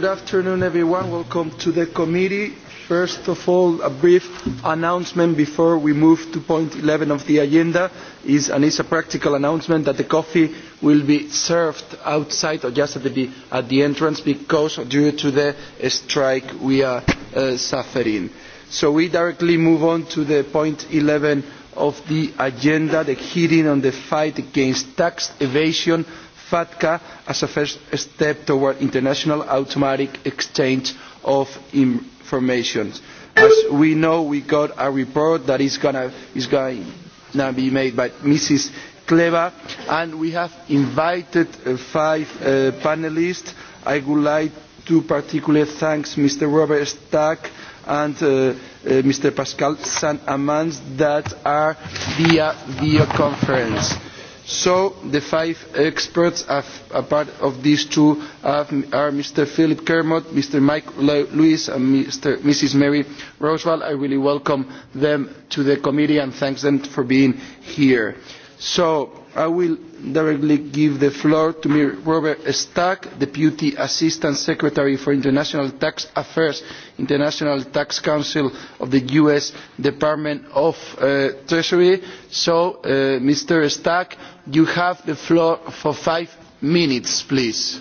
Good afternoon, everyone. Welcome to the committee. First of all, a brief announcement before we move to point 11 of the agenda is, and it's a practical announcement that the coffee will be served outside or just at the, at the entrance because due to the strike we are uh, suffering. So we directly move on to the point 11 of the agenda, the hearing on the fight against tax evasion FATCA as a first step toward international automatic exchange of information. As we know, we got a report that is, gonna, is going to be made by Mrs. Kleva, and we have invited uh, five uh, panelists. I would like to particularly thank Mr. Robert Stack and uh, uh, Mr. Pascal Saint-Amans that are via video conference. So the five experts have, a part of these two have, are Mr. Philip Kermot, Mr. Mike Lewis, and Mr. Mrs. Mary Roswell. I really welcome them to the committee and thanks them for being here. So I will directly give the floor to Mr. Robert Stack, Deputy Assistant Secretary for International Tax Affairs, International Tax Council of the U.S. Department of uh, Treasury. So, uh, Mr. Stack, you have the floor for five minutes please.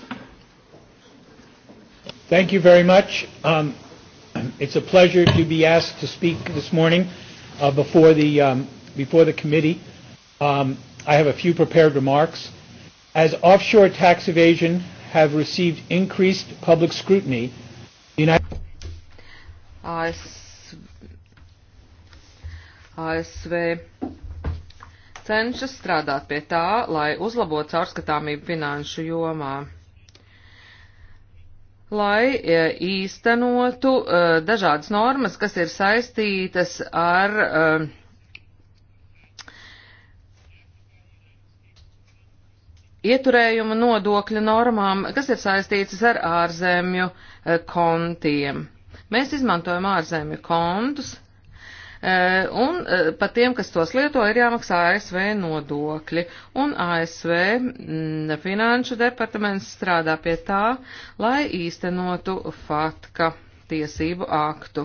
thank you very much. Um, it's a pleasure to be asked to speak this morning uh, before the um, before the committee. Um, I have a few prepared remarks. As offshore tax evasion have received increased public scrutiny, the United AS, ASV cenšas strādāt pie tā, lai uzlabotu caurskatāmību finanšu jomā, lai e, īstenotu uh, dažādas normas, kas ir saistītas ar uh, e, ieturējuma nodokļa normām, kas ir saistītas ar ārzemju kontiem. Mēs izmantojam ārzemju kontus, Eh, un eh, pat tiem, kas tos lieto, ir jāmaksā ASV nodokļi. Un ASV m, mm, finanšu departaments strādā pie tā, lai īstenotu FATKA tiesību aktu.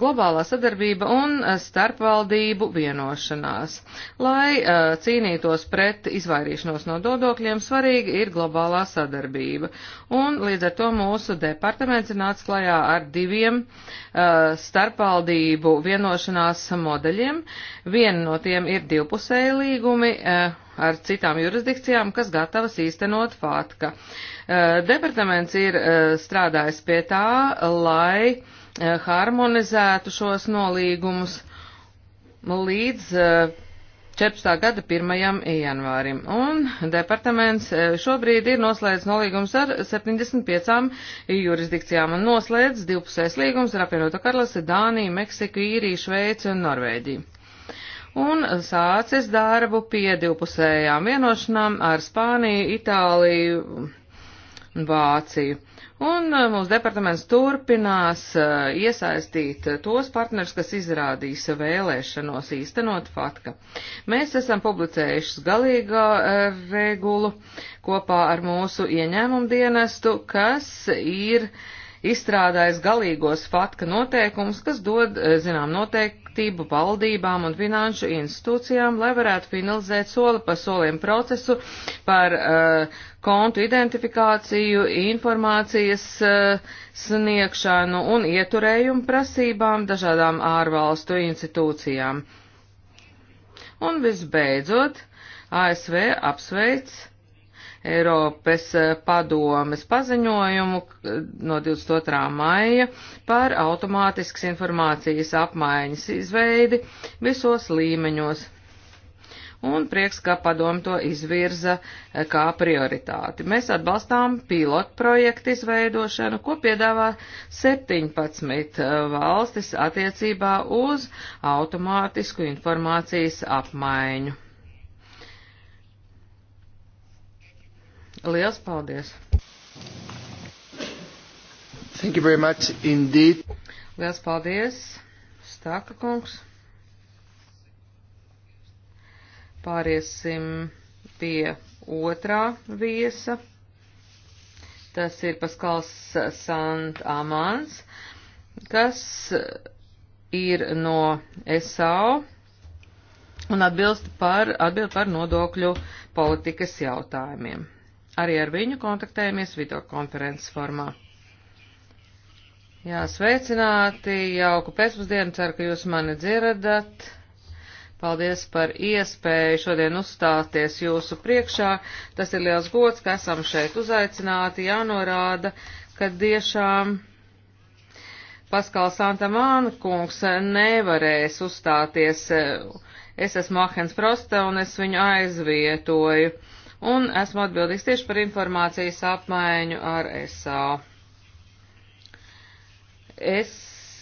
Globālā sadarbība un eh, starpvaldību vienošanās. Lai uh, cīnītos pret izvairīšanos no dodokļiem, svarīgi ir globālā sadarbība. Un līdz ar to mūsu departaments ir nācis klajā ar diviem uh, starpvaldību vienošanās modeļiem. Viena no tiem ir divpusēji līgumi. Uh, ar citām jurisdikcijām, kas gatavas īstenot FATKA. Eh, departaments ir eh, strādājis pie tā, lai eh, harmonizētu šos nolīgumus līdz 14. gada 1. janvārim. Un departaments šobrīd ir noslēdz nolīgums ar 75 jurisdikcijām un noslēdz divpusējs līgums ar apvienoto karalisti Dāniju, Meksiku, Īriju, Šveici un Norvēģiju un sācis darbu pie divpusējām vienošanām ar Spāniju, Itāliju un Vāciju. Un uh, mūsu departaments turpinās uh, iesaistīt uh, tos partnerus, kas izrādīs vēlēšanos īstenot FATKA. Mēs esam publicējuši galīgo regulu kopā ar mūsu ieņēmumu dienestu, kas ir izstrādājis galīgos FATKA noteikumus, kas dod, zinām, noteik attīstību, valdībām un finanšu institūcijām, lai varētu finalizēt soli pa solim procesu par uh, kontu identifikāciju, informācijas uh, sniegšanu un ieturējumu prasībām dažādām ārvalstu institūcijām. Un visbeidzot, ASV apsveic Eiropas eh, padomes paziņojumu eh, no 22. maija par automātiskas informācijas apmaiņas izveidi visos līmeņos. Un prieks, ka padomu to izvirza eh, kā prioritāti. Mēs atbalstām pilotu projektu izveidošanu, ko piedāvā 17 valstis attiecībā uz automātisku informācijas apmaiņu. Liels paldies! Thank you very much indeed. Liels paldies, Stāka kungs. Pāriesim pie otrā viesa. Tas ir Paskals Santamans, kas ir no SAO un atbild par, atbild par nodokļu politikas jautājumiem. Arī ar viņu kontaktējamies videokonferences formā. Jā, sveicināti, jauku pēcpusdienu, ceru, ka jūs mani dzirdat. Paldies par iespēju šodien uzstāties jūsu priekšā. Tas ir liels gods, ka esam šeit uzaicināti. Jānorāda, ka tiešām Paskals Santamāna kungs nevarēs uzstāties. Es esmu Ahens Prosta un es viņu aizvietoju un esmu atbildīgs tieši par informācijas apmaiņu ar SAO. Es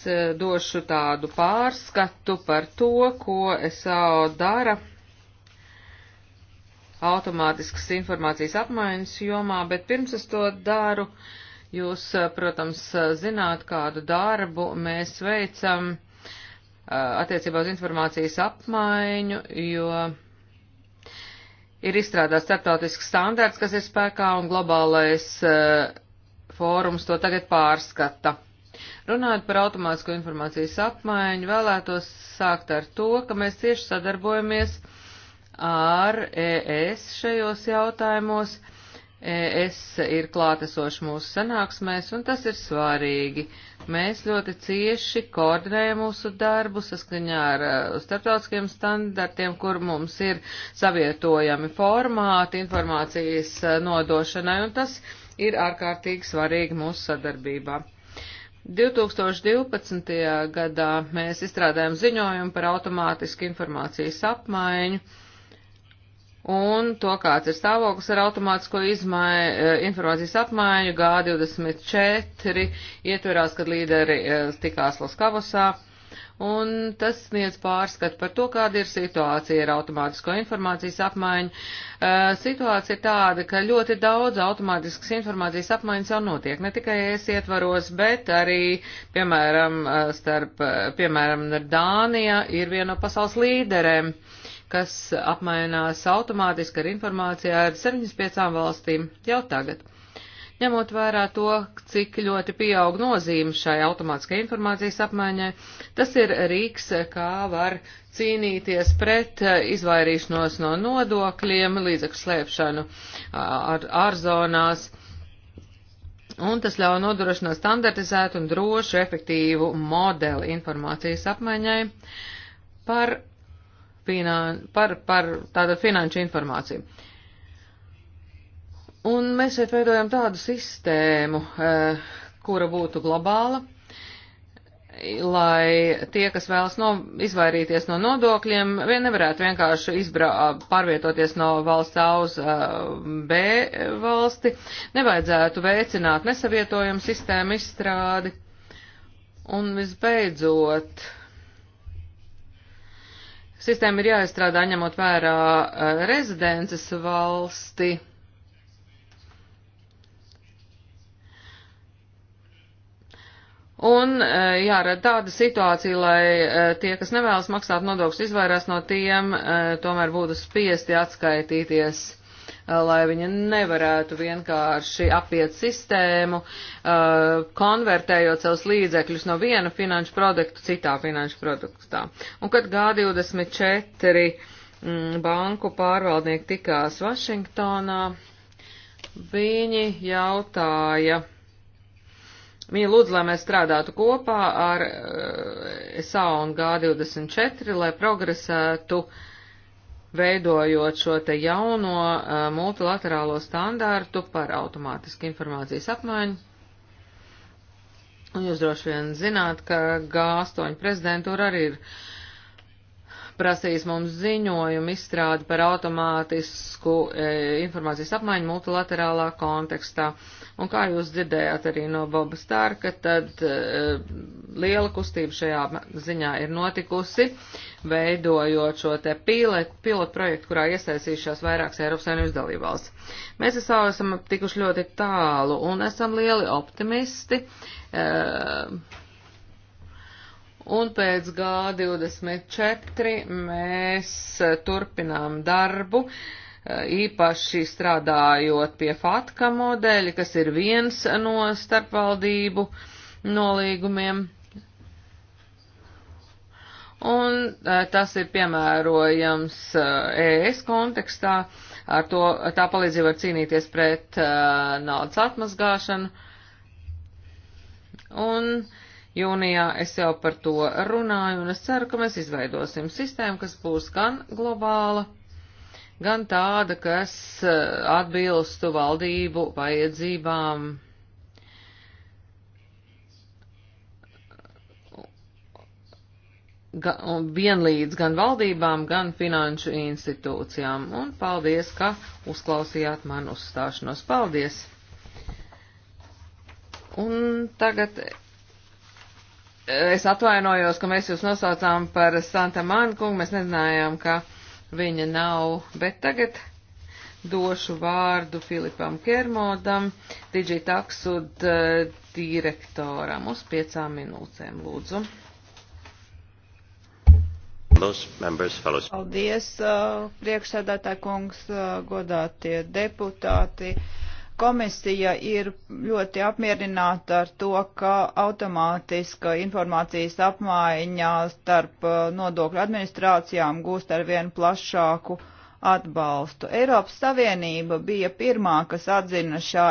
eh, došu tādu pārskatu par to, ko SAO dara automātiskas informācijas apmaiņas jomā, bet pirms es to daru, jūs, eh, protams, zināt, kādu darbu mēs veicam eh, attiecībā uz informācijas apmaiņu, jo ir izstrādāts starptautisks standārts, kas ir spēkā, un globālais uh, fórums to tagad pārskata. Runājot par automātisko informācijas apmaiņu, vēlētos sākt ar to, ka mēs cieši sadarbojamies ar ES šajos jautājumos. Uh, es ir klātesoši mūsu sanāksmēs, un tas ir svarīgi. Mēs ļoti cieši koordinējam mūsu darbu saskaņā ar e, starptautiskiem standartiem, kur mums ir savietojami formāti informācijas e, nodošanai, un tas ir ārkārtīgi svarīgi mūsu sadarbībā. 2012. gadā mēs izstrādājam ziņojumu par automātisku informācijas apmaiņu un to, kāds ir stāvoklis ar automātisko izmai, eh, informācijas apmaiņu G24 ietverās, kad līderi eh, tikās Laskavosā. Un tas sniedz pārskat par to, kāda ir situācija ar automātisko informācijas apmaiņu. Eh, situācija ir tāda, ka ļoti daudz automātiskas informācijas apmaiņas jau notiek, ne tikai es ietvaros, bet arī, piemēram, starp, piemēram, Dānija ir viena no pasaules līderēm. Uh, kas apmainās automātiski ar informāciju ar 75 valstīm jau tagad. Ņemot vērā to, cik ļoti pieaug nozīme šai automātiskai informācijas apmaiņai, tas ir rīks, kā var cīnīties pret izvairīšanos no nodokļiem, līdzekļu slēpšanu ārzonās. Ar, un tas ļauj nodrošināt standartizētu un drošu efektīvu modeli informācijas apmaiņai par finan, par, par tādu finanšu informāciju. Un mēs šeit veidojam tādu sistēmu, eh, kura būtu globāla, lai tie, kas vēlas no, izvairīties no nodokļiem, vien nevarētu vienkārši izbra, pārvietoties no valsts A uz eh, B valsti, nevajadzētu veicināt nesavietojumu sistēmu izstrādi. Un visbeidzot, uh, Sistēma ir jāizstrādā ņemot vērā eh, rezidences valsti. Un eh, jārada tāda situācija, lai eh, tie, kas nevēlas maksāt nodokļus, izvairās no tiem, tomēr būtu spiesti atskaitīties lai viņi nevarētu vienkārši apiet sistēmu, uh, konvertējot savus līdzekļus no viena finanšu produktu citā finanšu produktā. Un kad G24 mm, banku pārvaldnieki tikās Vašingtonā, viņi jautāja, Viņa lūdza, lai mēs strādātu kopā ar uh, SA un G24, lai progresētu uh, veidojot šo te jauno uh, multilaterālo standārtu par automātisku informācijas apmaiņu. Un jūs droši vien zināt, ka G8 prezidentūra arī ir prasīs mums ziņojumu izstrādi par automātisku e, informācijas apmaiņu multilaterālā kontekstā. Un kā jūs dzirdējāt arī no Boba Stārka, tad e, liela kustība šajā ziņā ir notikusi, veidojot šo te pilet, pilotu projektu, kurā iesaistījušās vairākas Eiropas Savienības dalībvalsts. Mēs esam, esam tikuši ļoti tālu un esam lieli optimisti. E, Un pēc G24 mēs eh, turpinām darbu, eh, īpaši strādājot pie FATKA modeļa, kas ir viens no starpvaldību nolīgumiem. Un eh, tas ir piemērojams ES e kontekstā, ar to tā palīdzību var cīnīties pret naudas atmazgāšanu. Un uh, Jūnijā es jau par to runāju, un es ceru, ka mēs izveidosim sistēmu, kas būs gan globāla, gan tāda, kas eh, atbilstu valdību vajadzībām. Gan, vienlīdz gan valdībām, gan finanšu institūcijām. Un paldies, ka uzklausījāt man uzstāšanos. Paldies! Un tagad Es atvainojos, ka mēs jūs nosaucām par Santa Mankungu, mēs nezinājām, ka viņa nav, bet tagad došu vārdu Filipam Kermodam, Digitaksud eh, direktoram uz piecām minūtēm, lūdzu. Paldies, eh, priekšsēdētāji kungs, eh, godātie deputāti. Komisija ir ļoti apmierināta ar to, ka automātiska informācijas apmaiņā starp uh, nodokļu administrācijām gūst ar vien plašāku atbalstu. Eiropas Savienība bija pirmā, kas atzina šā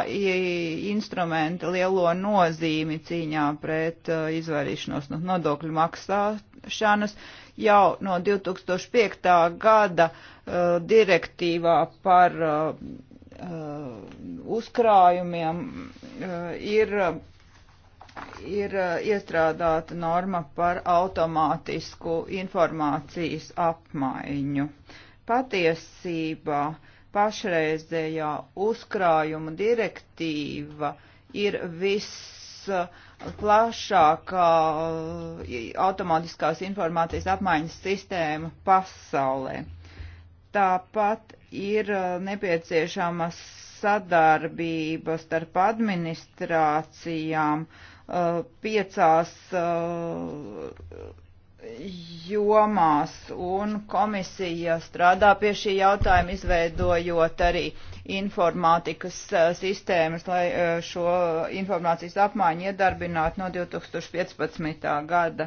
instrumenta lielo nozīmi cīņā pret uh, izvairīšanos no nodokļu maksāšanas. Jau no 2005. gada uh, direktīvā par uh, Uh, uzkrājumiem uh, ir, ir uh, iestrādāta norma par automātisku informācijas apmaiņu. Patiesībā pašreizējā uzkrājuma direktīva ir viss plašākā automātiskās informācijas apmaiņas sistēma pasaulē. Tāpat ir uh, nepieciešama sadarbība starp administrācijām uh, piecās uh, jomās, un komisija strādā pie šī jautājuma, izveidojot arī informātikas sistēmas, lai šo informācijas apmaiņu iedarbinātu no 2015. gada.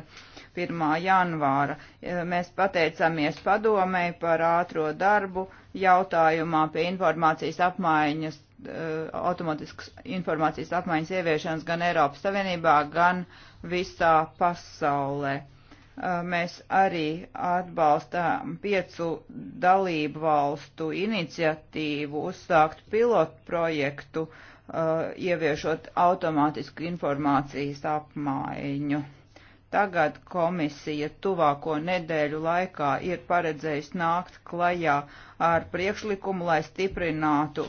1. janvāra. Mēs pateicamies padomēji par ātro darbu jautājumā pie informācijas apmaiņas, eh, automatiskas informācijas apmaiņas ieviešanas gan Eiropas Savienībā, gan visā pasaulē. Eh, mēs arī atbalstām piecu dalību valstu iniciatīvu uzsākt pilotu projektu uh, ieviešot automātisku informācijas apmaiņu. Tagad komisija tuvāko nedēļu laikā ir paredzējis nākt klajā ar priekšlikumu, lai stiprinātu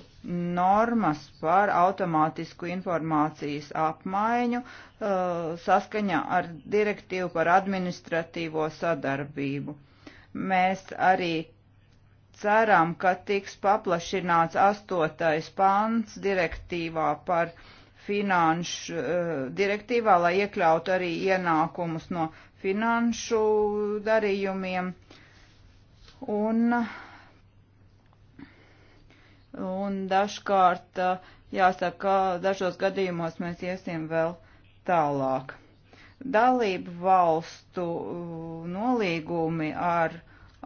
normas par automātisku informācijas apmaiņu uh, saskaņā ar direktīvu par administratīvo sadarbību. Mēs arī ceram, ka tiks paplašināts astotais pants direktīvā par uh, finanšu uh, direktīvā, lai iekļautu arī ienākumus no finanšu darījumiem. Un, un dažkārt, eh, jāsaka, dažos gadījumos mēs iesim vēl tālāk. Dalību valstu eh, nolīgumi ar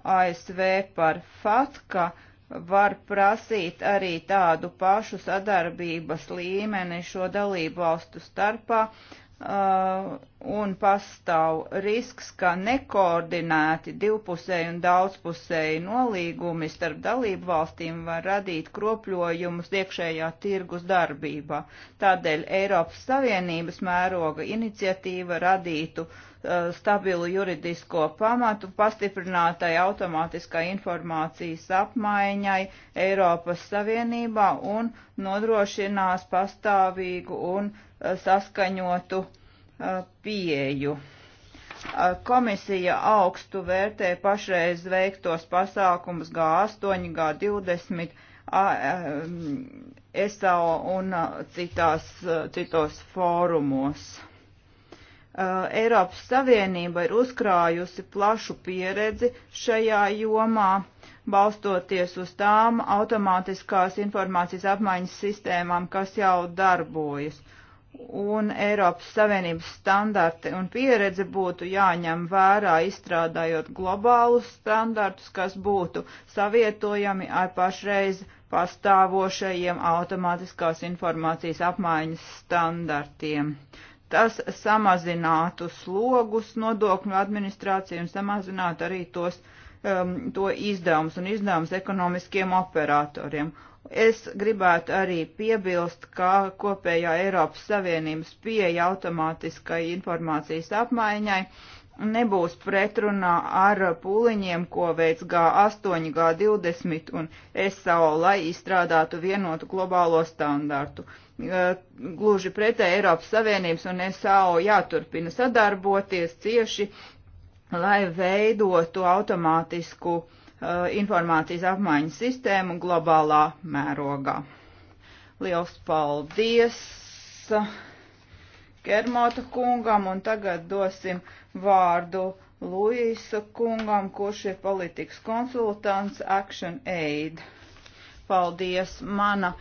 ASV par FATKA uh, var prasīt arī tādu pašu sadarbības līmeni šo dalību valstu starpā, Uh, un pastāv risks, ka nekoordinēti divpusēji un daudzpusēji nolīgumi starp dalību valstīm var radīt kropļojumus iekšējā tirgus darbībā. Tādēļ Eiropas Savienības mēroga iniciatīva radītu uh, stabilu juridisko pamatu pastiprinātai automātiskai informācijas apmaiņai Eiropas Savienībā un nodrošinās pastāvīgu un uh, saskaņotu pieju. Komisija augstu vērtē pašreiz veiktos pasākumus G8, G20, ESAO un citās, citos fórumos. Eiropas Savienība ir uzkrājusi plašu pieredzi šajā jomā, balstoties uz tām automātiskās informācijas apmaiņas sistēmām, kas jau darbojas un Eiropas Savienības standarti un pieredze būtu jāņem vērā, izstrādājot globālus standartus, kas būtu savietojami ar pašreiz pastāvošajiem automātiskās informācijas apmaiņas standartiem. Tas samazinātu slogus nodokļu administrāciju un samazinātu arī tos, um, to izdevumus un izdevumus ekonomiskiem operatoriem. Es gribētu arī piebilst, ka kopējā Eiropas Savienības pieeja automātiskai informācijas apmaiņai nebūs pretrunā ar pūliņiem, ko veids G8, G20 un SAO, lai izstrādātu vienotu globālo standartu. Gluži pretē Eiropas Savienības un SAO jāturpina sadarboties cieši, lai veidotu automātisku uh, Uh, informācijas apmaiņas sistēmu globālā mērogā. Liels paldies uh, Kermota kungam un tagad dosim vārdu Luisa kungam, kurš ir politikas konsultants Action Aid paldies, mana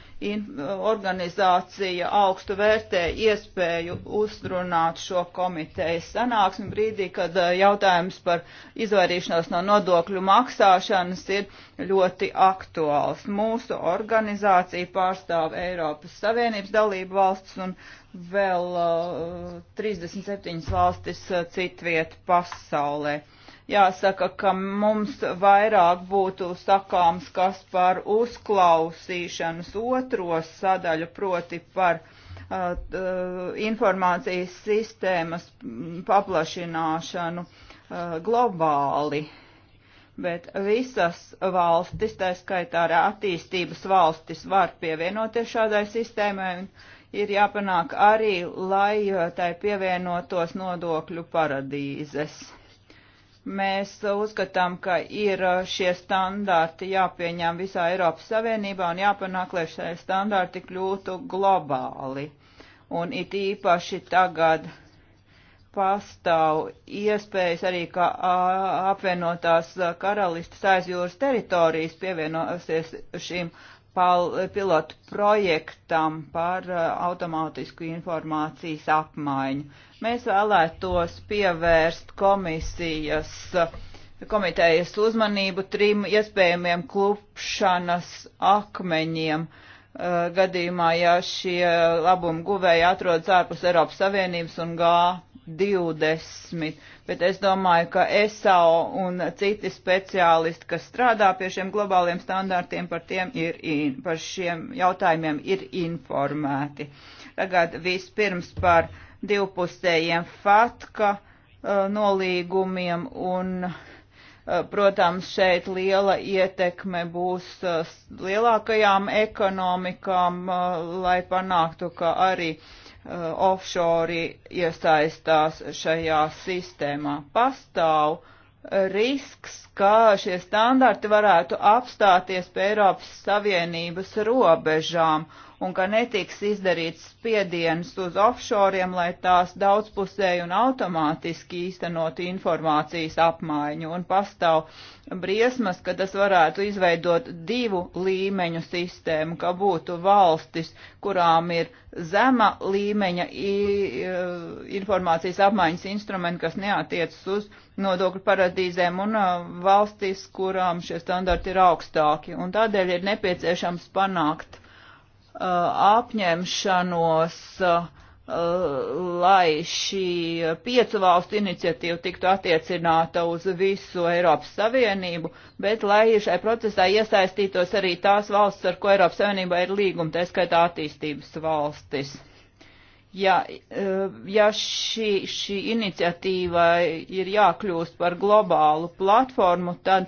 organizācija augstu vērtē iespēju uzrunāt šo komitejas sanāksmi brīdī, kad eh, jautājums par izvairīšanos no nodokļu maksāšanas ir ļoti aktuāls. Mūsu organizācija pārstāv Eiropas Savienības dalību valsts un vēl uh, eh, 37 valstis eh, citviet pasaulē. Uh, Jāsaka, ka mums vairāk būtu sakāms, kas par uzklausīšanas otro sadaļu, proti par uh, uh, informācijas sistēmas paplašināšanu uh, globāli bet visas valstis, tā skaitā arī attīstības valstis, var pievienoties šādai sistēmai. Ir jāpanāk arī, lai uh, tai pievienotos nodokļu paradīzes. Mēs uzskatām, ka ir uh, šie standarti jāpieņem visā Eiropas Savienībā un jāpanāk, lai šie standarti kļūtu globāli. Un it īpaši tagad pastāv iespējas arī, ka apvienotās karalistas aizjūras teritorijas pievienosies šīm pilotu projektam par automātisku informācijas apmaiņu. Mēs vēlētos pievērst komisijas komitejas uzmanību trim iespējamiem klupšanas akmeņiem uh, gadījumā, ja šie labumu guvēji atrodas ārpus Eiropas Savienības un G20. Bet es domāju, ka ESAO un citi speciālisti, kas strādā pie šiem globāliem standārtiem, par, ir, par šiem jautājumiem ir informēti. Tagad vispirms par uh, divpusējiem fatka uh, nolīgumiem un, uh, protams, šeit liela ietekme būs uh, lielākajām ekonomikām, lai panāktu, ka arī offshore iesaistās šajā sistēmā. Pastāv risks, ka šie standarti varētu apstāties pie Eiropas Savienības robežām un ka netiks izdarīts spiediens uz offshoriem, lai tās daudzpusēji un automātiski īstenot informācijas apmaiņu. Un pastāv briesmas, ka tas varētu izveidot divu līmeņu sistēmu, ka būtu valstis, kurām ir zema līmeņa e, informācijas apmaiņas instrumenti, kas neatiecas uz nodokļu paradīzēm un e, valstis, kurām šie standarti ir augstāki. Un tādēļ ir nepieciešams panākt Uh, apņemšanos, uh, lai šī piecu valstu iniciatīva tiktu attiecināta uz visu Eiropas Savienību, bet lai šai procesā iesaistītos arī tās valsts, ar ko Eiropas Savienībā ir līguma, tā skaitā attīstības valstis. Ja, uh, ja šī, šī iniciatīva ir jākļūst par globālu platformu, tad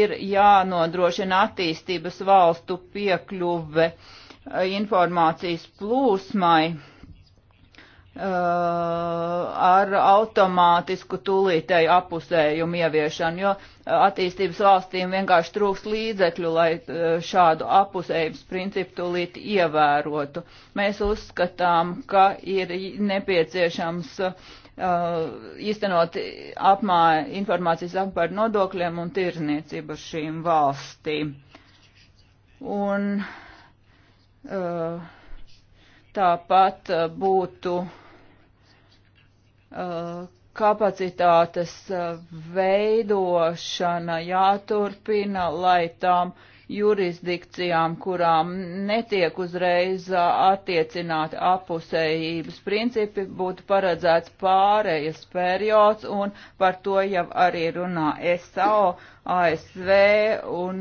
ir jānodrošina attīstības valstu piekļuve uh, informācijas plūsmai uh, ar automātisku tūlītēju apusējumu ieviešanu, jo attīstības valstīm vienkārši trūks līdzekļu, lai uh, šādu apusējums principu tūlīt ievērotu. Mēs uzskatām, ka ir nepieciešams uh, īstenot apmā, informācijas apmā par nodokļiem un tirzniecību ar šīm valstīm. Un uh, Eh, tāpat eh, būtu eh, kapacitātes veidošana jāturpina, lai tām jurisdikcijām, kurām netiek uzreiz attiecināti apusējības principi, būtu paredzēts pārējas periods, un par to jau arī runā SAO, ASV un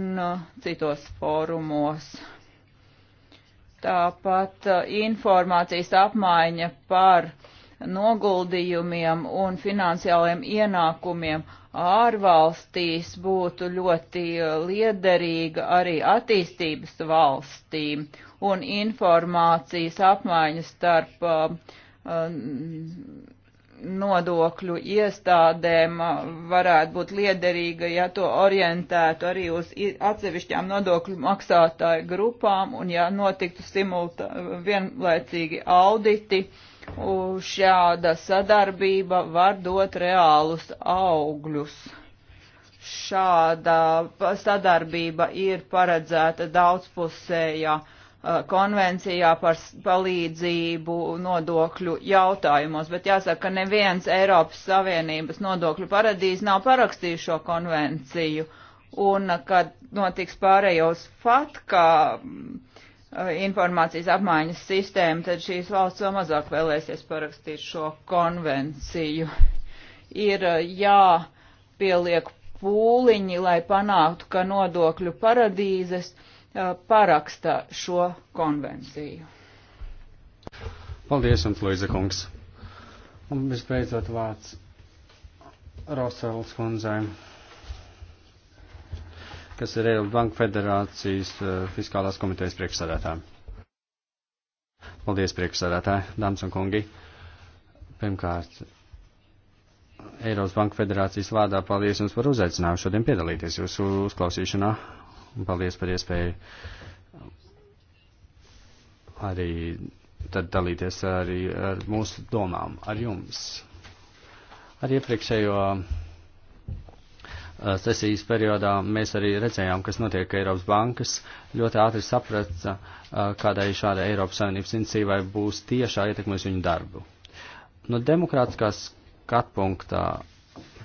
citos fórumos. Tāpat uh, informācijas apmaiņa par noguldījumiem un finansiāliem ienākumiem ārvalstīs būtu ļoti uh, liederīga arī attīstības valstīm un informācijas apmaiņa starp um, nodokļu iestādēm varētu būt liederīga, ja to orientētu arī uz atsevišķām nodokļu maksātāju grupām un ja notiktu simultā, vienlaicīgi auditi. Šāda sadarbība var dot reālus augļus. Šāda sadarbība ir paredzēta daudzpusējā. Ja Uh, konvencijā par palīdzību nodokļu jautājumos, bet jāsaka, ka neviens Eiropas Savienības nodokļu paradīze nav parakstījis šo konvenciju. Un uh, kad notiks pārējos FATKA uh, informācijas apmaiņas sistēma, tad šīs valsts vēl mazāk vēlēsies parakstīt šo konvenciju. Ir jāpieliek pūliņi, lai panāktu, ka nodokļu paradīzes uh, paraksta šo konvenciju. Paldies, Antluiza kungs. Un visbeidzot vārds Rosels kundzei, kas ir Eiropas Banka federācijas fiskālās komitejas priekšsādātāja. Paldies, priekšsādātāji, dāmas un kungi. Pirmkārt, Eiropas Banka federācijas vārdā paldies jums par uzaicinājumu šodien piedalīties jūsu uzklausīšanā Un paldies par iespēju arī tad dalīties arī ar mūsu domām, ar jums. Ar iepriekšējo sesijas periodā mēs arī redzējām, kas notiek Eiropas bankas, ļoti ātri saprata, kādai šāda Eiropas Savienības iniciatīvai būs tiešā ietekmes viņu darbu. No demokrātiskās skatpunktā,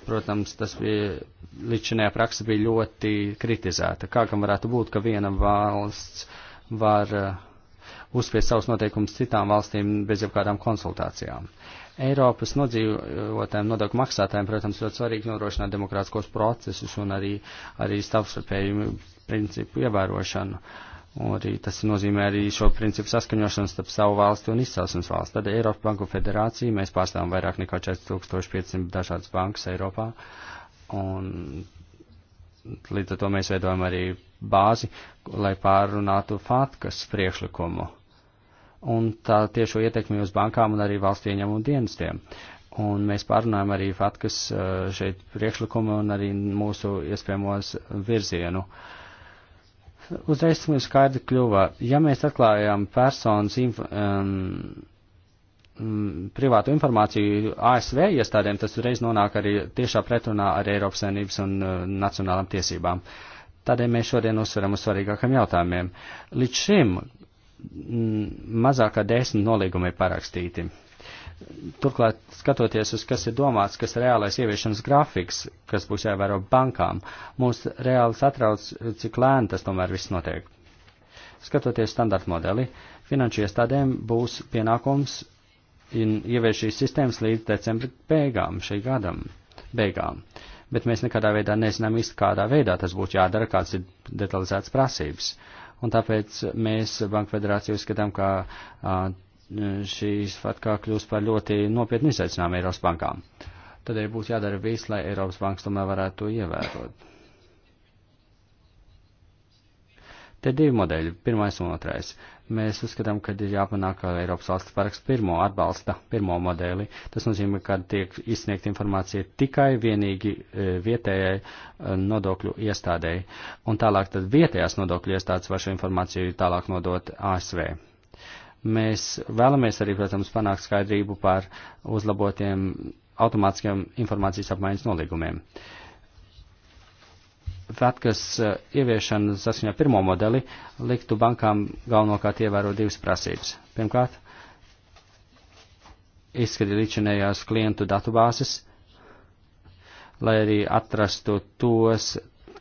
protams, tas bija līdzinējā praksa bija ļoti kritizēta. Kā gan varētu būt, ka viena valsts var uh, uzspiest savus noteikumus citām valstīm bez jebkādām konsultācijām? Eiropas nodzīvotājiem, nodokļu maksātājiem, protams, ļoti svarīgi nodrošināt demokrātiskos procesus un arī, arī savstarpēju principu ievērošanu. Un arī tas nozīmē arī šo principu saskaņošanu starp savu valsti un izcelsmes valsti. Tad Eiropas Banku federācija, mēs pārstāvam vairāk nekā 4500 dažādas bankas Eiropā. Uh, Un līdz ar to mēs veidojam arī bāzi, lai pārunātu FATKAS priekšlikumu. Un tā tiešo ietekmi uz bankām un arī valsts ieņemumu dienestiem. Un mēs pārunājam arī FATKAS šeit priekšlikumu un arī mūsu iespējamos virzienu. Uzreiz mums skaidri kļuva, ja mēs atklājām personas um, Mm, privātu informāciju ASV iestādēm, tas reiz nonāk arī tiešā pretrunā ar Eiropas saimnības un uh, nacionālām tiesībām. Tādēļ mēs šodien uzsveram uz svarīgākiem jautājumiem. Līdz šim mm, mazāk kā desmit nolīgumi ir parakstīti. Turklāt, skatoties uz, kas ir domāts, kas ir reālais ieviešanas grafiks, kas būs jāievēro bankām, mūs reāli satrauc, cik lēni tas tomēr viss notiek. Skatoties standarta modeli, finanšu iestādēm būs pienākums ievieš šīs sistēmas līdz decembra beigām, šī gadam beigām. Bet mēs nekādā veidā nezinām īsti, kādā veidā tas būtu jādara, kāds ir detalizēts prasības. Un tāpēc mēs Banka federāciju uzskatām, ka a, šīs fatkā kļūst par ļoti nopietnu izaicinājumu Eiropas bankām. Tad arī būtu jādara viss, lai Eiropas bankas tomēr varētu to ievērot. Te divi modeļi, pirmais un otrais. Mēs uzskatām, ka ir jāpanāk, ka Eiropas valsts paraksts pirmo atbalsta, pirmo modeli. Tas nozīmē, ka tiek izsniegta informācija tikai vienīgi e, vietējai e, nodokļu iestādēji. Un tālāk tad vietējās nodokļu iestādes var šo informāciju tālāk nodot ASV. Mēs vēlamies arī, protams, panākt skaidrību par uzlabotiem automātiskiem informācijas apmaiņas nolīgumiem. Uh, FATKAS eh, ieviešana saskaņā pirmo modeli liktu bankām galvenokārt ievērot divas prasības. Pirmkārt, izskatīt līdzinējās klientu datubāzes, lai arī atrastu tos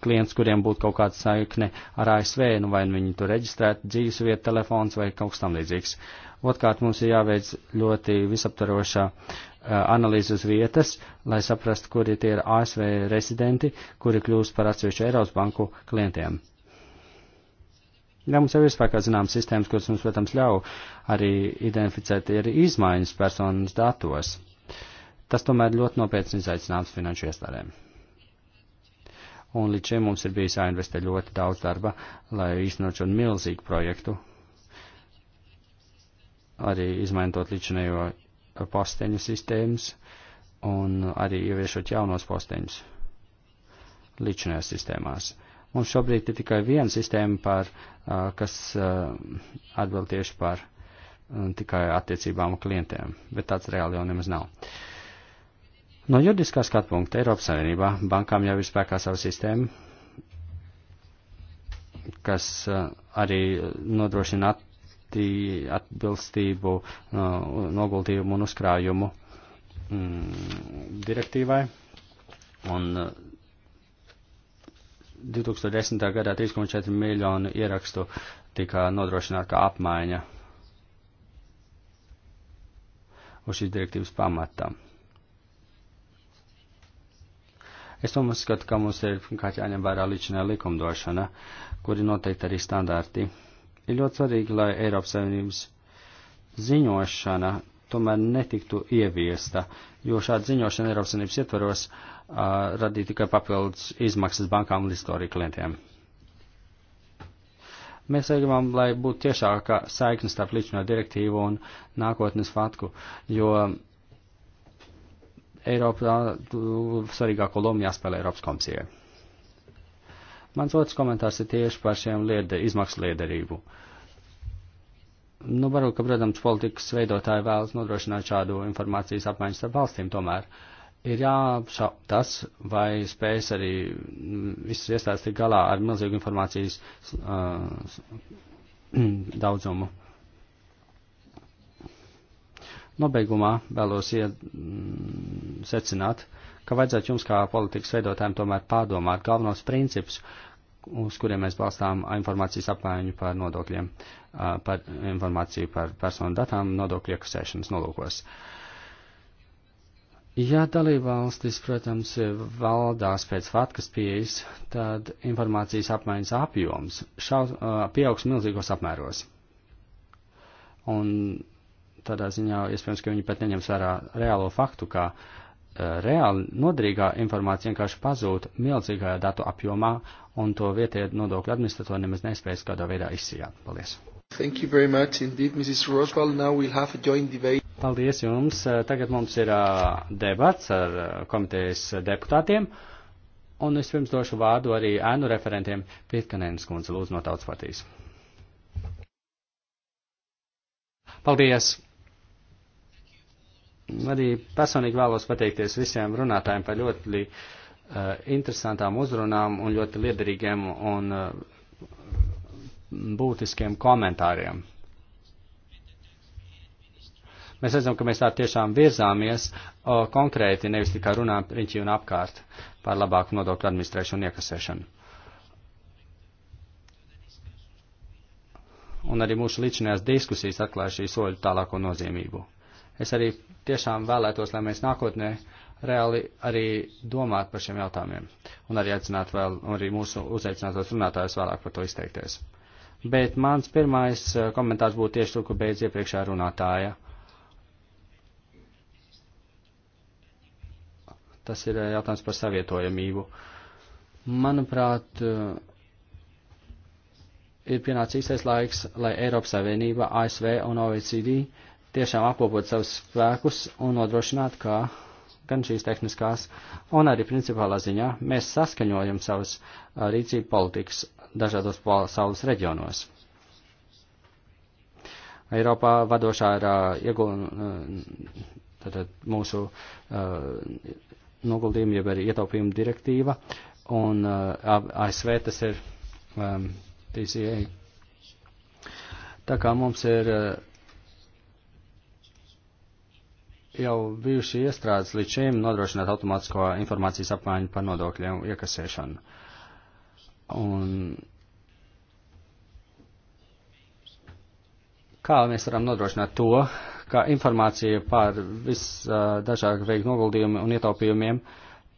klients, kuriem būtu kaut kāda saikne ar ASV, nu vai nu viņi tur reģistrētu dzīves vietu, telefons vai kaut kas tam līdzīgs. Otkārt, mums ir jāveic ļoti visaptarošā Eh, analīzes vietas, lai saprastu, kuri tie ir ASV rezidenti, kuri kļūst par atsevišķu Eiropas banku klientiem. Jā, mums jau ir spēkā zināmas sistēmas, kuras mums, protams, ļauj arī identificēt arī izmaiņas personas datos. Tas tomēr ļoti nopietns izaicinājums finanšu iestādēm. Un līdz šim mums ir bijis jāinvestē ļoti daudz darba, lai īstenot šo milzīgu projektu, arī izmainot līdzinējo posteņu sistēmas un arī ieviešot jaunos posteņus līdzinājās sistēmās. Mums šobrīd ir tikai viena sistēma, par, kas atbild tieši par tikai attiecībām ar klientiem, bet tāds reāli jau nemaz nav. No juridiskā skatu punkta Eiropas Savienībā bankām jau ir spēkā sava sistēma, kas arī nodrošina atbilstību noguldījumu un uzkrājumu mm, direktīvai. Un 2010. Eh, gadā 3,4 miljonu ierakstu tika nodrošināta kā apmaiņa uz šīs direktīvas pamatām. Es tomēr skatu, ka mums ir kāds jāņem vērā līdzinājā likumdošana, kuri noteikti arī standārti. Ir ļoti svarīgi, lai Eiropas Savienības ziņošana tomēr netiktu ieviesta, jo šāda ziņošana Eiropas Savienības ietvaros uh, radīja tikai papildus izmaksas bankām un istoriju klientiem. Mēs gribam, lai būtu tiešāka saikne starp līdzinājumu direktīvu un nākotnes fatku, jo Eiropā svarīgāko lomu jāspēlē Eiropas komisijai. Mans otrs komentārs ir tieši par šiem liede, izmaksu liederību. Nu, varbūt, ka, protams, politikas veidotāji vēlas nodrošināt šādu informācijas apmaiņu starp valstīm tomēr. Ir jāapšau tas, vai spējas arī mm, visas iestādes tik galā ar milzīgu informācijas uh, daudzumu. Nobeigumā vēlos iet, mm, secināt, uh, ka vajadzētu jums kā politikas veidotājiem tomēr pārdomāt galvenos principus, uz kuriem mēs balstām informācijas apmaiņu par nodokļiem, par informāciju par personu datām nodokļu iekasēšanas nolūkos. Ja dalībvalstis, protams, valdās pēc fatkas pieejas, tad informācijas apmaiņas apjoms šau, pieaugs milzīgos apmēros. Un tādā ziņā iespējams, ka viņi pat neņems vērā reālo faktu, kā uh, reāli noderīgā informācija vienkārši pazūd milzīgajā datu apjomā, un to vietējie nodokļu administratori nemaz nespējas kādā veidā izsijāt. Paldies! Thank you very much indeed, Mrs. Roswell. Now we'll have a joint debate. Paldies jums. Eh, tagad mums ir eh, debats ar eh, komitejas deputātiem. Un es pirms došu vārdu arī ēnu referentiem Pietkanēnas kundze lūdzu no tautas partijas. Paldies! arī personīgi vēlos pateikties visiem runātājiem par ļoti uh, interesantām uzrunām un ļoti liederīgiem un uh, būtiskiem komentāriem. Mēs redzam, ka mēs tā tiešām virzāmies uh, konkrēti, nevis tikai runājam riņķī un apkārt par labāku nodokļu administrēšanu un iekasēšanu. Un arī mūsu līdzinājās diskusijas atklāja šī soļu tālāko nozīmību. Es arī tiešām vēlētos, lai mēs nākotnē reāli arī domātu par šiem jautājumiem un arī aicinātu vēl arī mūsu uzaicinātos runātājus vēlāk par to izteikties. Bet mans pirmais eh, komentārs būtu tieši tur, kur beidz iepriekšā runātāja. Tas ir eh, jautājums par savietojamību. Manuprāt, eh, ir pienācis īstais laiks, lai Eiropas Savienība, ASV un OECD uh, tiešām apkopot savus spēkus un nodrošināt, ka gan šīs tehniskās un arī principālā ziņā mēs saskaņojam savas uh, rīcību politikas dažādos pasaules reģionos. Eiropā vadošā ir uh, iegul, uh, mūsu uh, noguldījuma, jeb arī ietaupījuma direktīva, un uh, ASV tas ir um, TCA. Tā kā mums ir uh, jau bijuši iestrādes līdz šim nodrošināt automātisko informācijas apmaiņu par nodokļiem iekasēšanu. Un kā mēs varam nodrošināt to, ka informācija par visdažādāk veikt noguldījumi un ietaupījumiem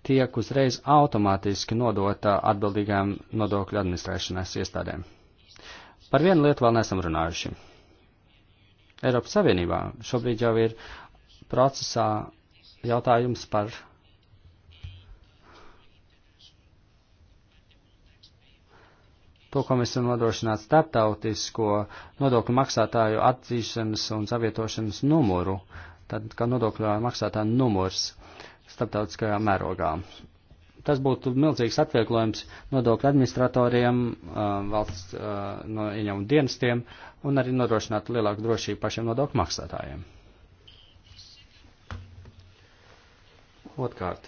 tiek uzreiz automātiski nodota atbildīgām nodokļu administrēšanas iestādēm. Par vienu lietu vēl nesam runājuši. Eiropas Savienībā šobrīd jau ir procesā jautājums par to, ko mēs varam nodrošināt starptautisko nodokļu maksātāju atzīšanas un savietošanas numuru, tad kā nodokļu maksātāja numurs starptautiskajā mērogā. Tas būtu milzīgs atvieglojums nodokļu administratoriem, valsts no ieņēmuma dienestiem un arī nodrošinātu lielāku drošību pašiem nodokļu maksātājiem. Otkārt,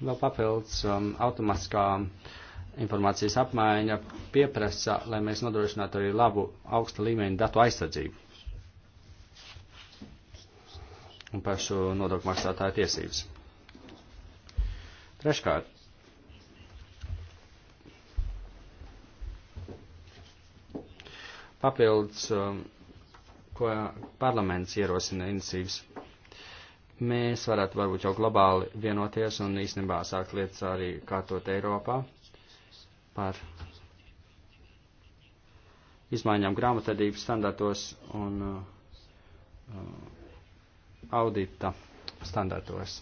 vēl papildus um, automātiskā informācijas apmaiņa pieprasa, lai mēs nodrošinātu arī labu augsta līmeņa datu aizsardzību un pašu nodokļu maksātāju tiesības. Treškārt, papildus um, ko parlaments ierosina iniciatīvas. Mēs varētu varbūt jau globāli vienoties un īstenībā sākt lietas arī kārtot Eiropā par izmaiņām grāmatvedības standartos un uh, uh audita standartos.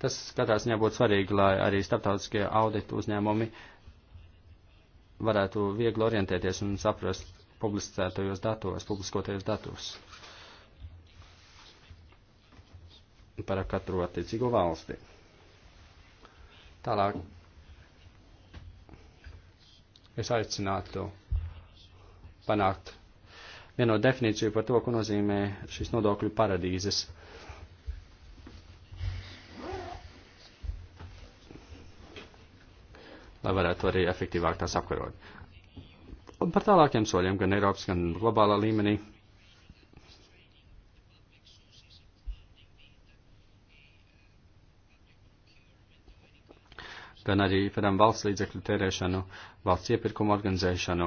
Tas katrā ziņā būtu svarīgi, lai arī starptautiskie audita uzņēmumi varētu viegli orientēties un saprast, publicētajos datos, publiskotajos datos par katru attiecīgo valsti. Tālāk es aicinātu panākt vieno definīciju par to, ko nozīmē šis nodokļu paradīzes. Lai varētu arī efektīvāk tās apkarot un par tālākiem soļiem gan Eiropas, gan globālā līmenī. gan arī, piemēram, valsts līdzekļu tērēšanu, valsts iepirkumu organizēšanu.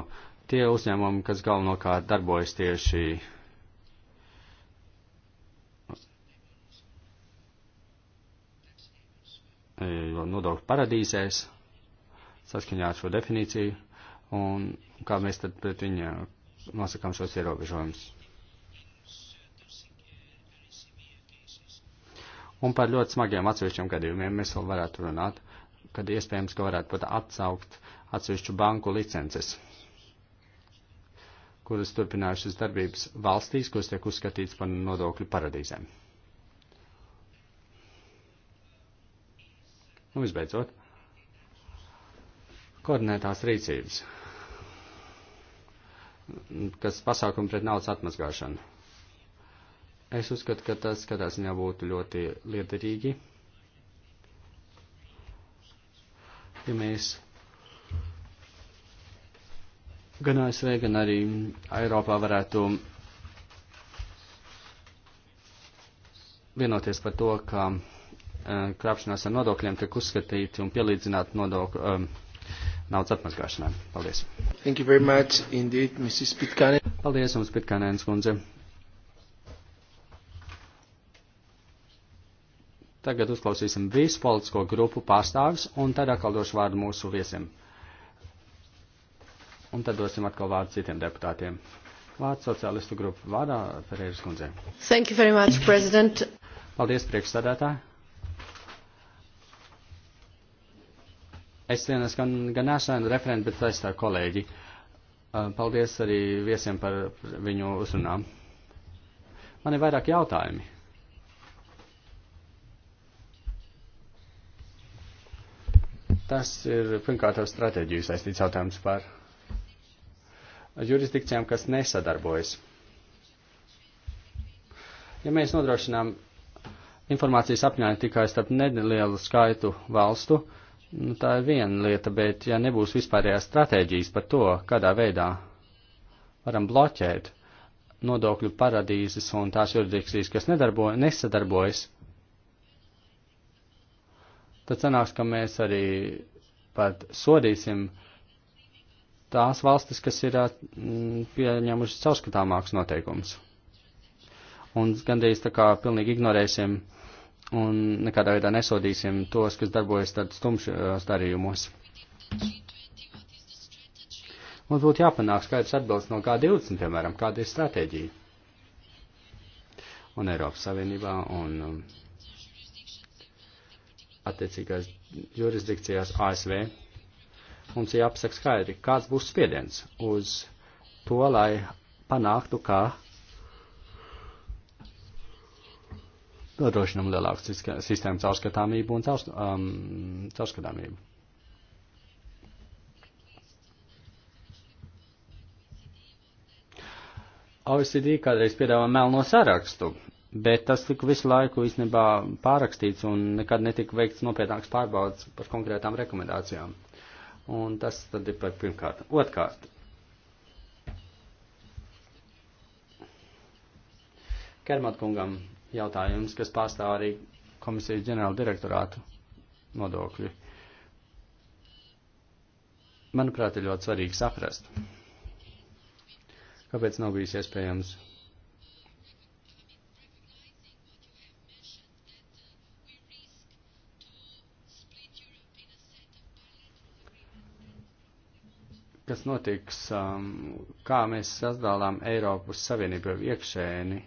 Tie uzņēmumi, kas galvenokārt darbojas tieši nodokļu paradīzēs, saskaņā ar šo definīciju un kā mēs tad pret viņa nosakām šos ierobežojumus. Un par ļoti smagiem atsevišķiem gadījumiem mēs vēl varētu runāt, kad iespējams, ka varētu pat atsaukt atsevišķu banku licences, kuras turpinājušas darbības valstīs, kuras tiek uzskatīts par nodokļu paradīzēm. Un visbeidzot koordinētās rīcības, kas pasākumi pret naudas atmazgāšanu. Es uzskatu, ka tas katrā ziņā būtu ļoti liederīgi, ja mēs gan ASV, gan arī Eiropā varētu vienoties par to, ka eh, krāpšanās ar nodokļiem tiek uzskatīti un pielīdzināti nodokļu. Um, eh, naudas atmazgāšanai. Paldies. Thank you very much indeed, Mrs. Pitkanen. Paldies, mums Pitkanēns kundze. Tagad uzklausīsim visu politisko grupu pārstāvis un tad atkal došu vārdu mūsu viesiem. Un tad dosim atkal vārdu citiem deputātiem. Vārds sociālistu grupu vārdā Ferēras kundzei. Thank you very much, President. Paldies, priekšsādātāji. Es dienas gan, gan nesēnu referentu, bet aizstāju kolēģi. Paldies arī viesiem par viņu uzrunām. Man ir vairāk jautājumi. Tas ir pirmkārt ar stratēģiju saistīts jautājums par jurisdikcijām, kas nesadarbojas. Ja mēs nodrošinām informācijas apņēmu tikai starp nelielu skaitu valstu, uh, Nu, tā ir viena lieta, bet ja nebūs vispārējās stratēģijas par to, kādā veidā varam bloķēt nodokļu paradīzes un tās juridikcijas, kas nedarbo, nesadarbojas, tad sanāks, ka mēs arī pat sodīsim tās valstis, kas ir mm, pieņēmušas caurskatāmākus noteikumus. Un gandrīz tā kā pilnīgi ignorēsim uh, un nekādā veidā nesodīsim tos, kas darbojas tad stumšos eh, darījumos. Mums būtu jāpanāk skaidrs atbildes no G20, piemēram, kāda ir stratēģija. Un Eiropas Savienībā un um, attiecīgās jurisdikcijās ASV mums jāpasaka skaidri, kāds būs spiediens uz to, lai panāktu, ka nodrošinam lielāku sistēmu caurskatāmību un caurs, um, caurskatāmību. OECD kādreiz piedāvā melno sarakstu, bet tas tika visu laiku īstenībā pārakstīts un nekad netika veikts nopietnāks pārbaudas par konkrētām rekomendācijām. Un tas tad ir par pirmkārt. Otkārt. Kermat kungam jautājums, kas pārstāv arī komisijas ģenerāla direktorātu nodokļu. Manuprāt, ir ļoti svarīgi saprast, kāpēc nav bijis iespējams kas notiks, um, kā mēs sadalām Eiropas Savienību iekšēni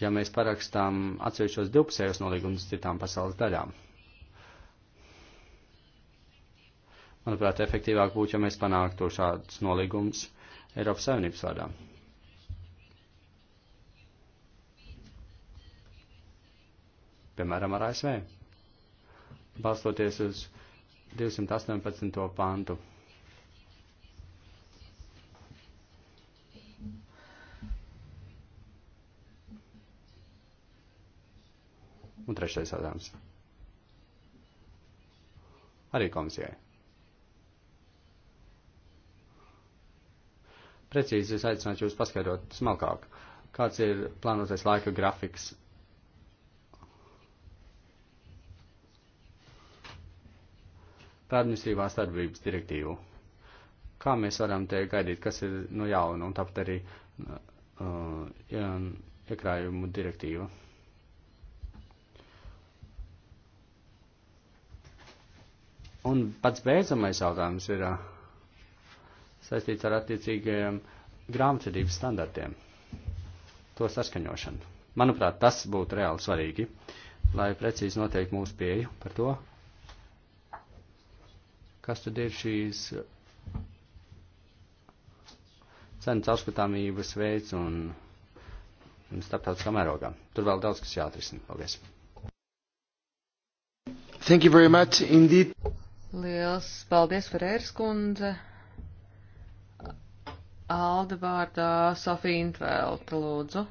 ja mēs parakstām atsevišķos divpusējos nolīgumus citām pasaules daļām. Manuprāt, efektīvāk būtu, ja mēs panāktu šādus nolīgumus Eiropas Savienības vārdā. Piemēram, ar ASV. Balstoties uz 218. pantu Un trešais jautājums. Arī komisijai. Precīzi es aicinātu jūs paskaidrot smalkāk, kāds ir plānotais laika grafiks par administrīvās darbības direktīvu. Kā mēs varam te gaidīt, kas ir no jauna, un tāpat arī uh, iekrājumu direktīva? Un pats beidzamais jautājums ir saistīts ar attiecīgajiem grāmatvedības standartiem, to saskaņošanu. Manuprāt, tas būtu reāli svarīgi, lai precīzi noteikti mūsu pieeju par to, kas tad ir šīs cenu caurskatāmības veids un starptautiskā mērogā. Tur vēl daudz kas jāatrisina. Paldies! Thank you very much indeed. Liels paldies, Ferēras kundze. Alda vārdā Sofija Intvēlta, lūdzu.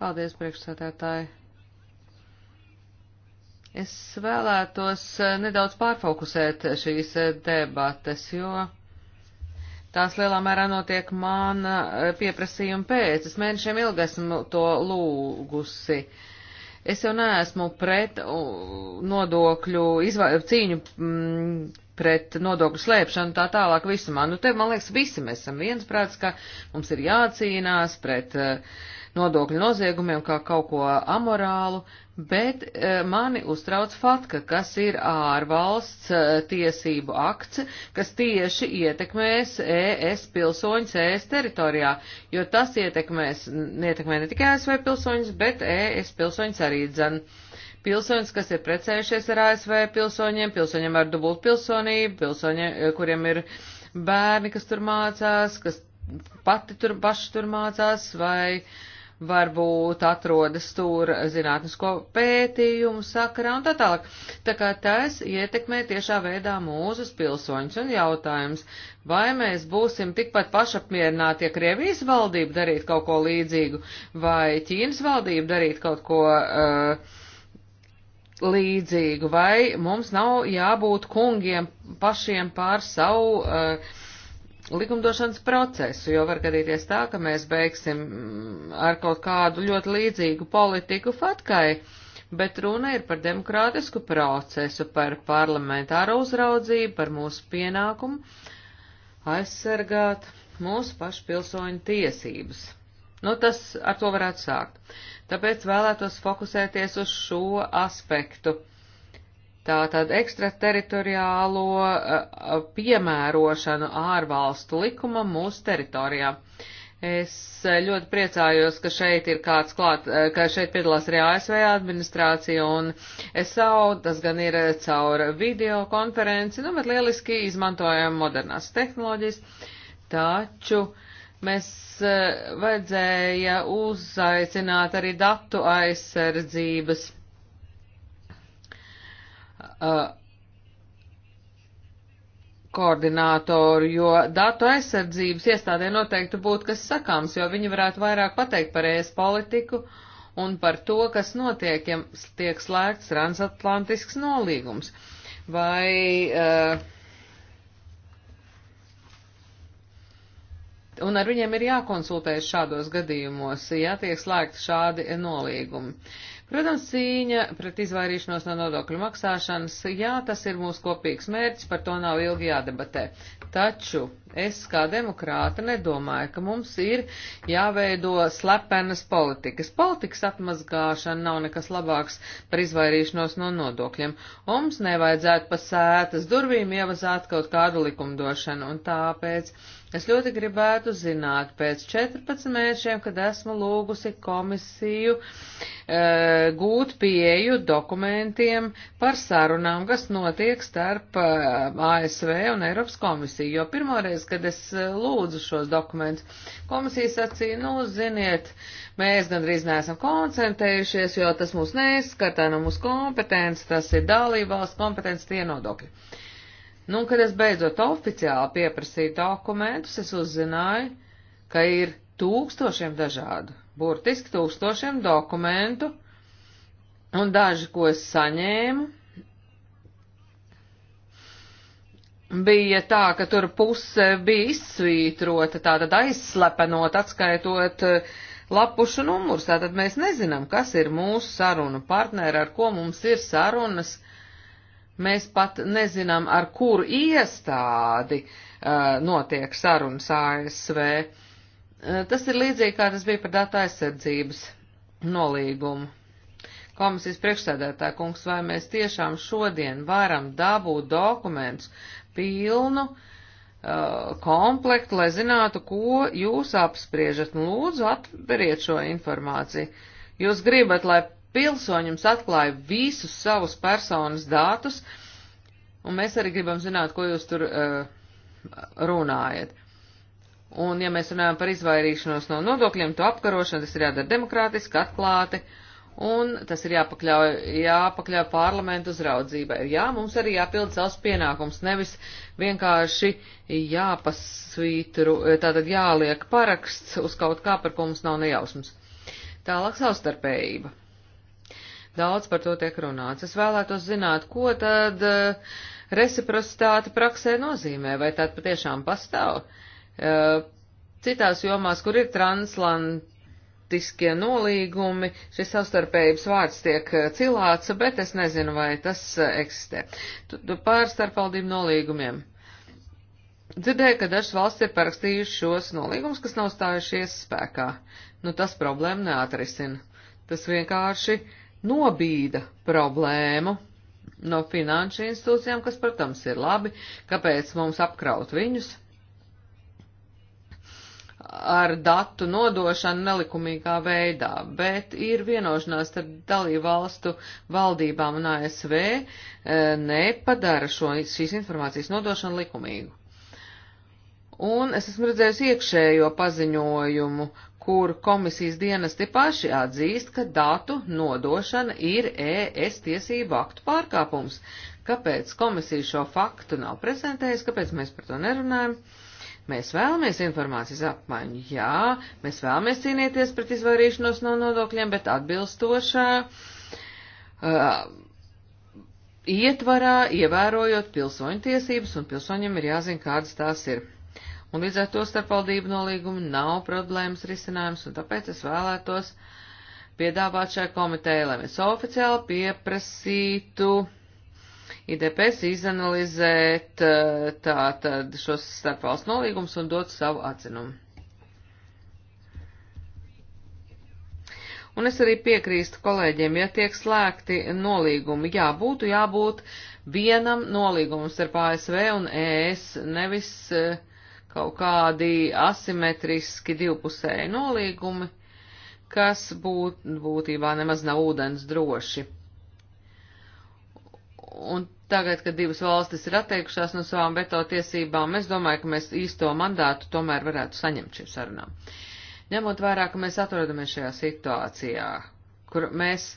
Paldies, priekšsētētāji. Es vēlētos eh, nedaudz pārfokusēt šīs eh, debates, jo tās lielā mērā notiek mana eh, pieprasījuma pēc. Es mēnešiem ilgi esmu to lūgusi. Uh, Es jau neesmu pret nodokļu izvā, cīņu m, mm, pret nodokļu slēpšanu tā tālāk visumā. Nu, te, man liekas, visi mēs esam viensprāts, ka mums ir jācīnās pret uh, nodokļu noziegumiem kā kaut ko amorālu, bet eh, mani uztrauc fatka, kas ir ārvalsts eh, tiesību akts, kas tieši ietekmēs ES pilsoņus ES teritorijā, jo tas ietekmēs, ietekmē ne tikai ASV pilsoņus, bet ES pilsoņus arī dzen. Pilsoņus, kas ir precējušies ar ASV pilsoņiem, pilsoņiem ar dubultpilsonību, pilsoņiem, eh, kuriem ir bērni, kas tur mācās, kas pati tur paši tur mācās, vai uh, varbūt atrodas tur zinātnisko pētījumu sakarā un tā tālāk. Tā kā tas ietekmē tiešā veidā mūsu pilsoņus un jautājums, vai mēs būsim tikpat pašapmierināti, ja Krievijas valdība darīt kaut ko līdzīgu, vai Ķīnas valdība darīt kaut ko uh, līdzīgu, vai mums nav jābūt kungiem pašiem pār savu uh, likumdošanas procesu, jo var gadīties tā, ka mēs beigsim mm, ar kaut kādu ļoti līdzīgu politiku fatkai, bet runa ir par demokrātisku procesu, par parlamentāro uzraudzību, par mūsu pienākumu aizsargāt mūsu pašu pilsoņu tiesības. Nu, tas ar to varētu sākt. Tāpēc vēlētos fokusēties uz šo aspektu Tātad ekstrateritoriālo eh, eh, piemērošanu ārvalstu likumam mūsu teritorijā. Es eh, ļoti priecājos, ka šeit ir kāds klāt, ka šeit piedalās arī ASV administrācija un SAU, tas gan ir caur video konferenci, nu, bet lieliski izmantojam modernās tehnoloģijas, taču mēs vajadzēja uzaicināt arī datu aizsardzības koordinātoru, jo datu aizsardzības iestādē noteikti būtu kas sakāms, jo viņi varētu vairāk pateikt par ēs politiku un par to, kas notiek, ja tiek slēgts transatlantisks nolīgums. Vai, uh, un ar viņiem ir jākonsultējas šādos gadījumos, ja tiek slēgti šādi nolīgumi. Uh, Protams, cīņa pret izvairīšanos no nodokļu maksāšanas, jā, tas ir mūsu kopīgs mērķis, par to nav ilgi jādebatē. Taču es kā demokrāta nedomāju, ka mums ir jāveido slepenas politikas. Politikas atmazgāšana nav nekas labāks par izvairīšanos no nodokļiem. Mums nevajadzētu pa sētas durvīm ievazāt kaut kādu likumdošanu, un tāpēc Es ļoti gribētu zināt, pēc 14 mēnešiem, kad esmu lūgusi komisiju e, gūt pieju dokumentiem par sarunām, kas notiek starp e, ASV un Eiropas komisiju, jo pirmoreiz, kad es e, lūdzu šos dokumentus, komisija sacīja, nu, ziniet, mēs gandrīz neesam koncentrējušies, jo tas mūs neskatā no nu, mūsu kompetences, tas ir dalībvalsts kompetences tie nodokļi. Nu, un, kad es beidzot oficiāli pieprasīju dokumentus, es uzzināju, ka ir tūkstošiem dažādu, burtiski tūkstošiem dokumentu, un daži, ko es saņēmu, bija tā, ka tur puse bija izsvītrota, tātad aizslepenot, atskaitot eh, lapušu numurus, tātad mēs nezinām, kas ir mūsu sarunu partneri, ar ko mums ir sarunas, Mēs pat nezinām, ar kuru iestādi uh, notiek sarunas ASV. Uh, tas ir līdzīgi, kā tas bija par datu aizsardzības nolīgumu. Komisijas priekšsēdētāja kungs, vai mēs tiešām šodien varam dabūt dokumentus pilnu uh, komplektu, lai zinātu, ko jūs apspriežat. Nu, lūdzu, atveriet šo informāciju. Jūs gribat, lai pilsoņums atklāja visus savus personas datus, un mēs arī gribam zināt, ko jūs tur uh, runājat. Un, ja mēs runājam par izvairīšanos no nodokļiem, to apkarošanu, tas ir jādara demokrātiski, atklāti, un tas ir jāpakļauj, jāpakļauj parlamentu uzraudzībai. Jā, mums arī jāpild savs pienākums, nevis vienkārši jāpasvītru, tātad jāliek paraksts uz kaut kā, par ko mums nav nejausmas. Tālāk savstarpējība. Daudz par to tiek runāts. Es vēlētos zināt, ko tad eh, reciprocitāte praksē nozīmē, vai tā patiešām pastāv. Eh, citās jomās, kur ir translantiskie nolīgumi, šis savstarpējības vārds tiek eh, cilāts, bet es nezinu, vai tas eksistē. Pār starpvaldību nolīgumiem. Dzirdēju, ka dažas valsts ir parakstījušas šos nolīgumus, kas nav stājušies spēkā. Nu, tas problēmu neatrisina. Tas vienkārši uh, nobīda problēmu no finanšu institūcijām, kas, protams, ir labi, kāpēc mums apkraut viņus ar datu nodošanu nelikumīgā veidā, bet ir vienošanās ar dalību valstu valdībām un ASV eh, nepadara šo, šīs informācijas nodošanu likumīgu. Un es esmu redzējusi iekšējo paziņojumu, kur komisijas dienesti paši atzīst, ka datu nodošana ir ES tiesību aktu pārkāpums. Kāpēc komisija šo faktu nav prezentējusi, kāpēc mēs par to nerunājam? Mēs vēlamies informācijas apmaiņu, jā, mēs vēlamies cīnīties pret izvairīšanos no nodokļiem, bet atbilstošā uh, ietvarā, ievērojot pilsoņu tiesības, un pilsoņiem ir jāzina, kādas tās ir un līdz ar to starpvaldību nolīgumu nav problēmas risinājums, un tāpēc es vēlētos piedāvāt šai komitejai, lai mēs oficiāli pieprasītu IDPS izanalizēt eh, tātad šos starpvalstu nolīgumus un dot savu atzinumu. un es arī piekrīstu kolēģiem, ja tiek slēgti nolīgumi, jā, būtu jābūt vienam nolīgumam starp ASV un ES, nevis uh, kaut kādi asimetriski divpusēji nolīgumi, kas būt, būtībā nemaz nav ūdens droši. Un tagad, kad divas valstis ir atteikušās no savām veto tiesībām, es domāju, ka mēs īsto mandātu tomēr varētu saņemt šīm sarunām. Ņemot vērā, ka mēs atrodamies šajā situācijā, kur mēs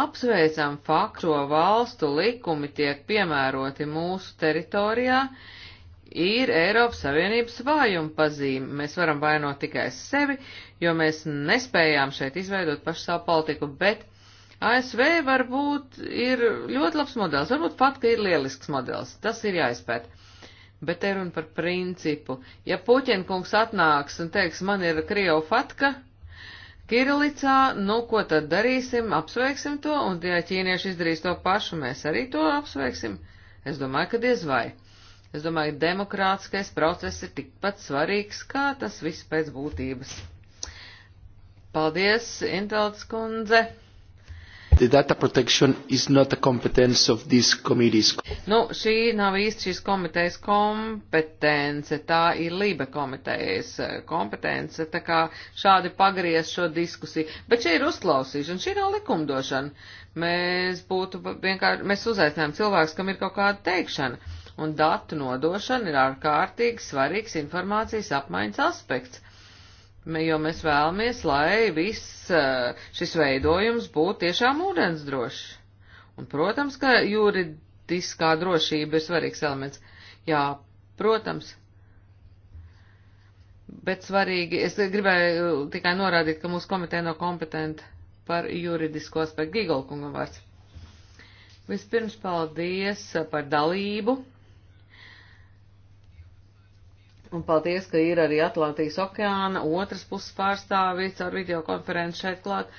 apsveicam fakto valstu likumi tiek piemēroti mūsu teritorijā, uh, ir Eiropas Savienības vājuma pazīme. Mēs varam vainot tikai sevi, jo mēs nespējām šeit izveidot pašu savu politiku, bet ASV varbūt ir ļoti labs modelis, varbūt pat, ka ir lielisks modelis. Tas ir jāizpēt. Bet te runa par principu. Ja Puķenkungs atnāks un teiks, man ir Krievu fatka, Kirilicā, nu ko tad darīsim, apsveiksim to, un ja ķīnieši izdarīs to pašu, mēs arī to apsveiksim. Es domāju, ka diez vai. Es domāju, demokrātiskais process ir tikpat svarīgs, kā tas viss pēc būtības. Paldies, Intelts kundze! The data protection is not a competence of these committees. Nu, šī nav īsti šīs komitejas kompetence, tā ir Lība komitejas eh, kompetence, tā kā šādi pagriez šo diskusiju. Bet šī ir uzklausīšana, šī nav likumdošana. Mēs būtu vienkārši, mēs uzaicinām cilvēkus, kam ir kaut kāda teikšana un datu nodošana ir ārkārtīgi svarīgs informācijas apmaiņas aspekts, jo mēs vēlamies, lai viss eh, šis veidojums būtu tiešām ūdensdrošs. Un, protams, ka juridiskā drošība ir svarīgs elements. Jā, protams. Bet svarīgi, es gribēju tikai norādīt, ka mūsu komiteja nav no kompetenta par juridisko aspektu. Gigolkungam vārds. Vispirms paldies par dalību Un paldies, ka ir arī Atlantijas okeāna otras puses pārstāvis ar videokonferenci šeit klāt.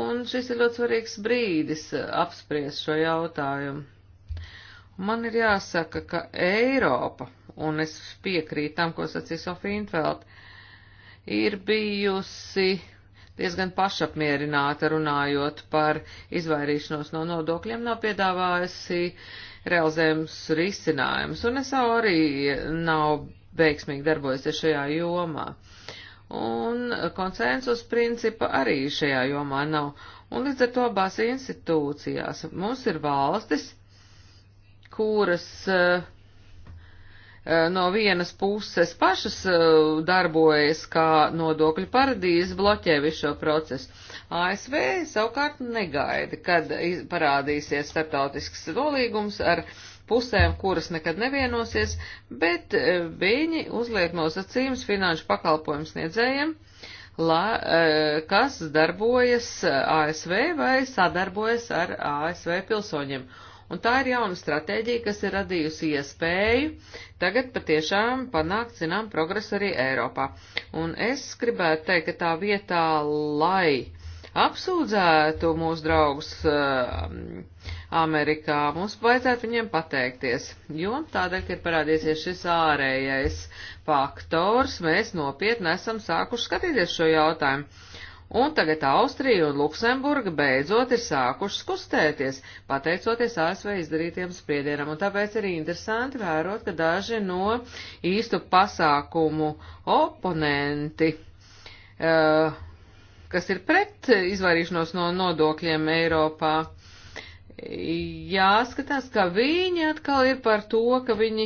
Un šis ir ļoti svarīgs brīdis apspriest šo jautājumu. Man ir jāsaka, ka Eiropa, un es piekrītu tam, ko sacīja Sofija Infeld, ir bijusi diezgan pašapmierināta runājot par izvairīšanos no nodokļiem, nav piedāvājusi realizējums risinājumus, un es arī nav veiksmīgi darbojas šajā jomā. Un konsensus principa arī šajā jomā nav. Un līdz ar to abās institūcijās mums ir valstis, kuras uh, no vienas puses pašas eh, darbojas kā nodokļu paradīze, bloķē visu šo procesu. ASV savukārt negaida, kad parādīsies starptautisks nolīgums ar pusēm, kuras nekad nevienosies, bet e, viņi uzliek nosacījums finanšu pakalpojumu sniedzējiem, la, e, kas darbojas ASV vai sadarbojas ar ASV pilsoņiem. Un tā ir jauna stratēģija, kas ir radījusi iespēju tagad patiešām panākt, zinām, progresu arī Eiropā. Un es gribētu teikt, ka tā vietā, lai apsūdzētu mūsu draugus uh, Amerikā. Mums vajadzētu viņiem pateikties, jo tādēļ, ka ir parādīsies šis ārējais faktors, mēs nopietni esam sākuši skatīties šo jautājumu. Un tagad Austrija un Luksemburga beidzot ir sākušas kustēties, pateicoties ASV izdarītiem spriedienam, un tāpēc ir interesanti vērot, ka daži no īstu pasākumu oponenti, uh, kas ir pret izvairīšanos no nodokļiem Eiropā, uh, jāskatās, ka viņi atkal ir par to, ka viņi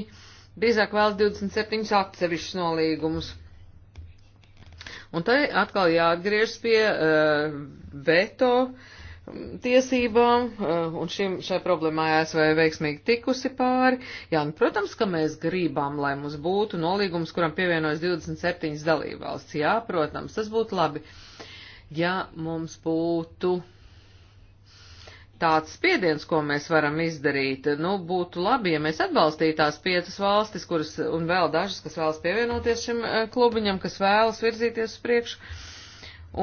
drīzāk vēlas 27 atsevišķus nolīgumus. Un tai atkal jāatgriežas pie uh, veto tiesībām, uh, un šim, šai problēmai ASV veiksmīgi tikusi pāri. Jā, nu, protams, ka mēs gribam, lai mums būtu nolīgums, kuram pievienojas 27 dalībvalsts. Jā, protams, tas būtu labi, ja mums būtu uh, tāds spiediens, ko mēs varam izdarīt. Nu, būtu labi, ja mēs atbalstītu tās piecas valstis, kuras un vēl dažas, kas vēlas pievienoties šim eh, klubiņam, kas vēlas virzīties uz priekšu.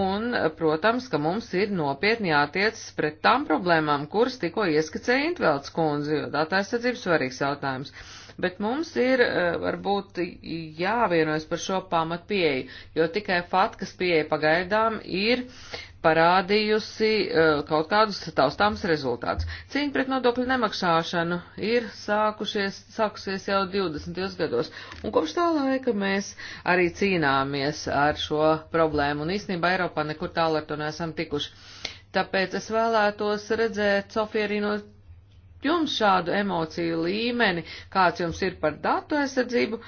Un, protams, ka mums ir nopietni jātiecas pret tām problēmām, kuras tikko ieskicēja Intvelds kundze, jo datu aizsardzības svarīgs jautājums bet mums ir eh, varbūt jāvienojas par šo pamat pieeju, jo tikai fatkas pieeja pagaidām ir parādījusi eh, kaut kādus taustāms rezultātus. Cīņa pret nodokļu nemaksāšanu ir sākušies, sākusies jau 20. gados, un kopš tā laika mēs arī cīnāmies ar šo problēmu, un īstenībā Eiropā nekur tālu ar to neesam tikuši. Tāpēc es vēlētos redzēt, Sofija, arī no jums šādu emociju līmeni, kāds jums ir par datu aizsardzību,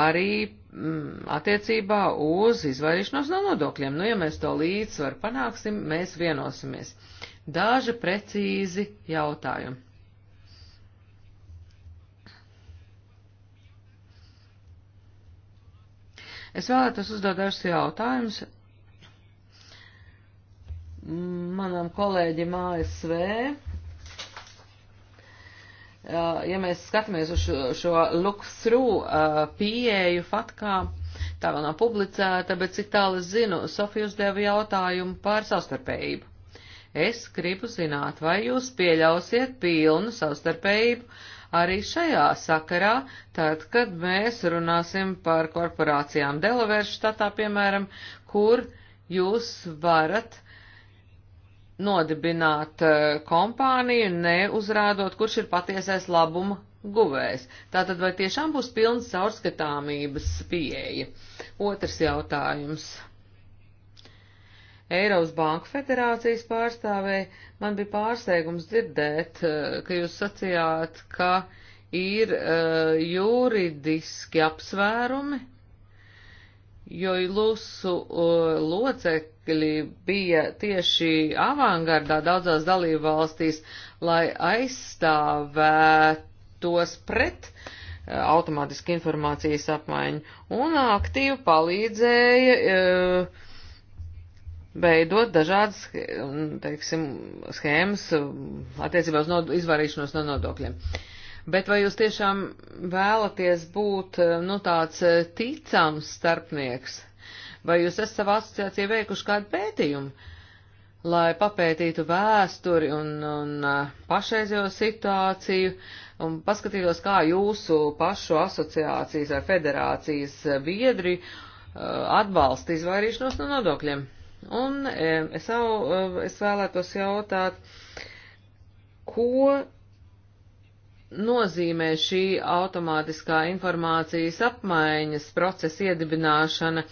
arī mm, attiecībā uz izvairīšanos no nodokļiem. Nu, ja mēs to līdzsvaru panāksim, mēs vienosimies. Daži precīzi jautājumi. Es vēlētos uzdot dažus jautājumus manam kolēģim ASV. Uh, ja mēs skatāmies uz šo, šo look-through uh, pieeju fatkā, tā vēl nav publicēta, bet cik tālu es zinu, Sofija uzdeva jautājumu par savstarpējību. Es gribu zināt, vai jūs pieļausiet pilnu savstarpējību arī šajā sakarā, tad, kad mēs runāsim par korporācijām Delavērs štatā, piemēram, kur jūs varat nodibināt eh, kompāniju, neuzrādot, kurš ir patiesais labuma guvējs. Tātad vai tiešām būs pilns caurskatāmības pieeja? Otrs jautājums. Eiropas Banka federācijas pārstāvēja, man bija pārsteigums dzirdēt, eh, ka jūs sacījāt, ka ir uh, juridiski apsvērumi jo Ilusu uh, locekļi bija tieši avangardā daudzās dalību valstīs, lai aizstāvētos pret uh, e, automātisku informācijas apmaiņu un aktīvi palīdzēja uh, veidot dažādas, teiksim, schēmas e, attiecībā uz izvairīšanos no nodokļiem. Uh, Bet vai jūs tiešām vēlaties būt, eh, nu, tāds eh, ticams starpnieks? Vai jūs esat savā asociācijā veikuši kādu pētījumu, lai papētītu vēsturi un, un eh, pašreizējo situāciju un paskatītos, kā jūsu pašu asociācijas vai federācijas biedri atbalsta izvairīšanos no nodokļiem? Un es, jau, es vēlētos jautāt, ko nozīmē šī automātiskā informācijas apmaiņas procesa iedibināšana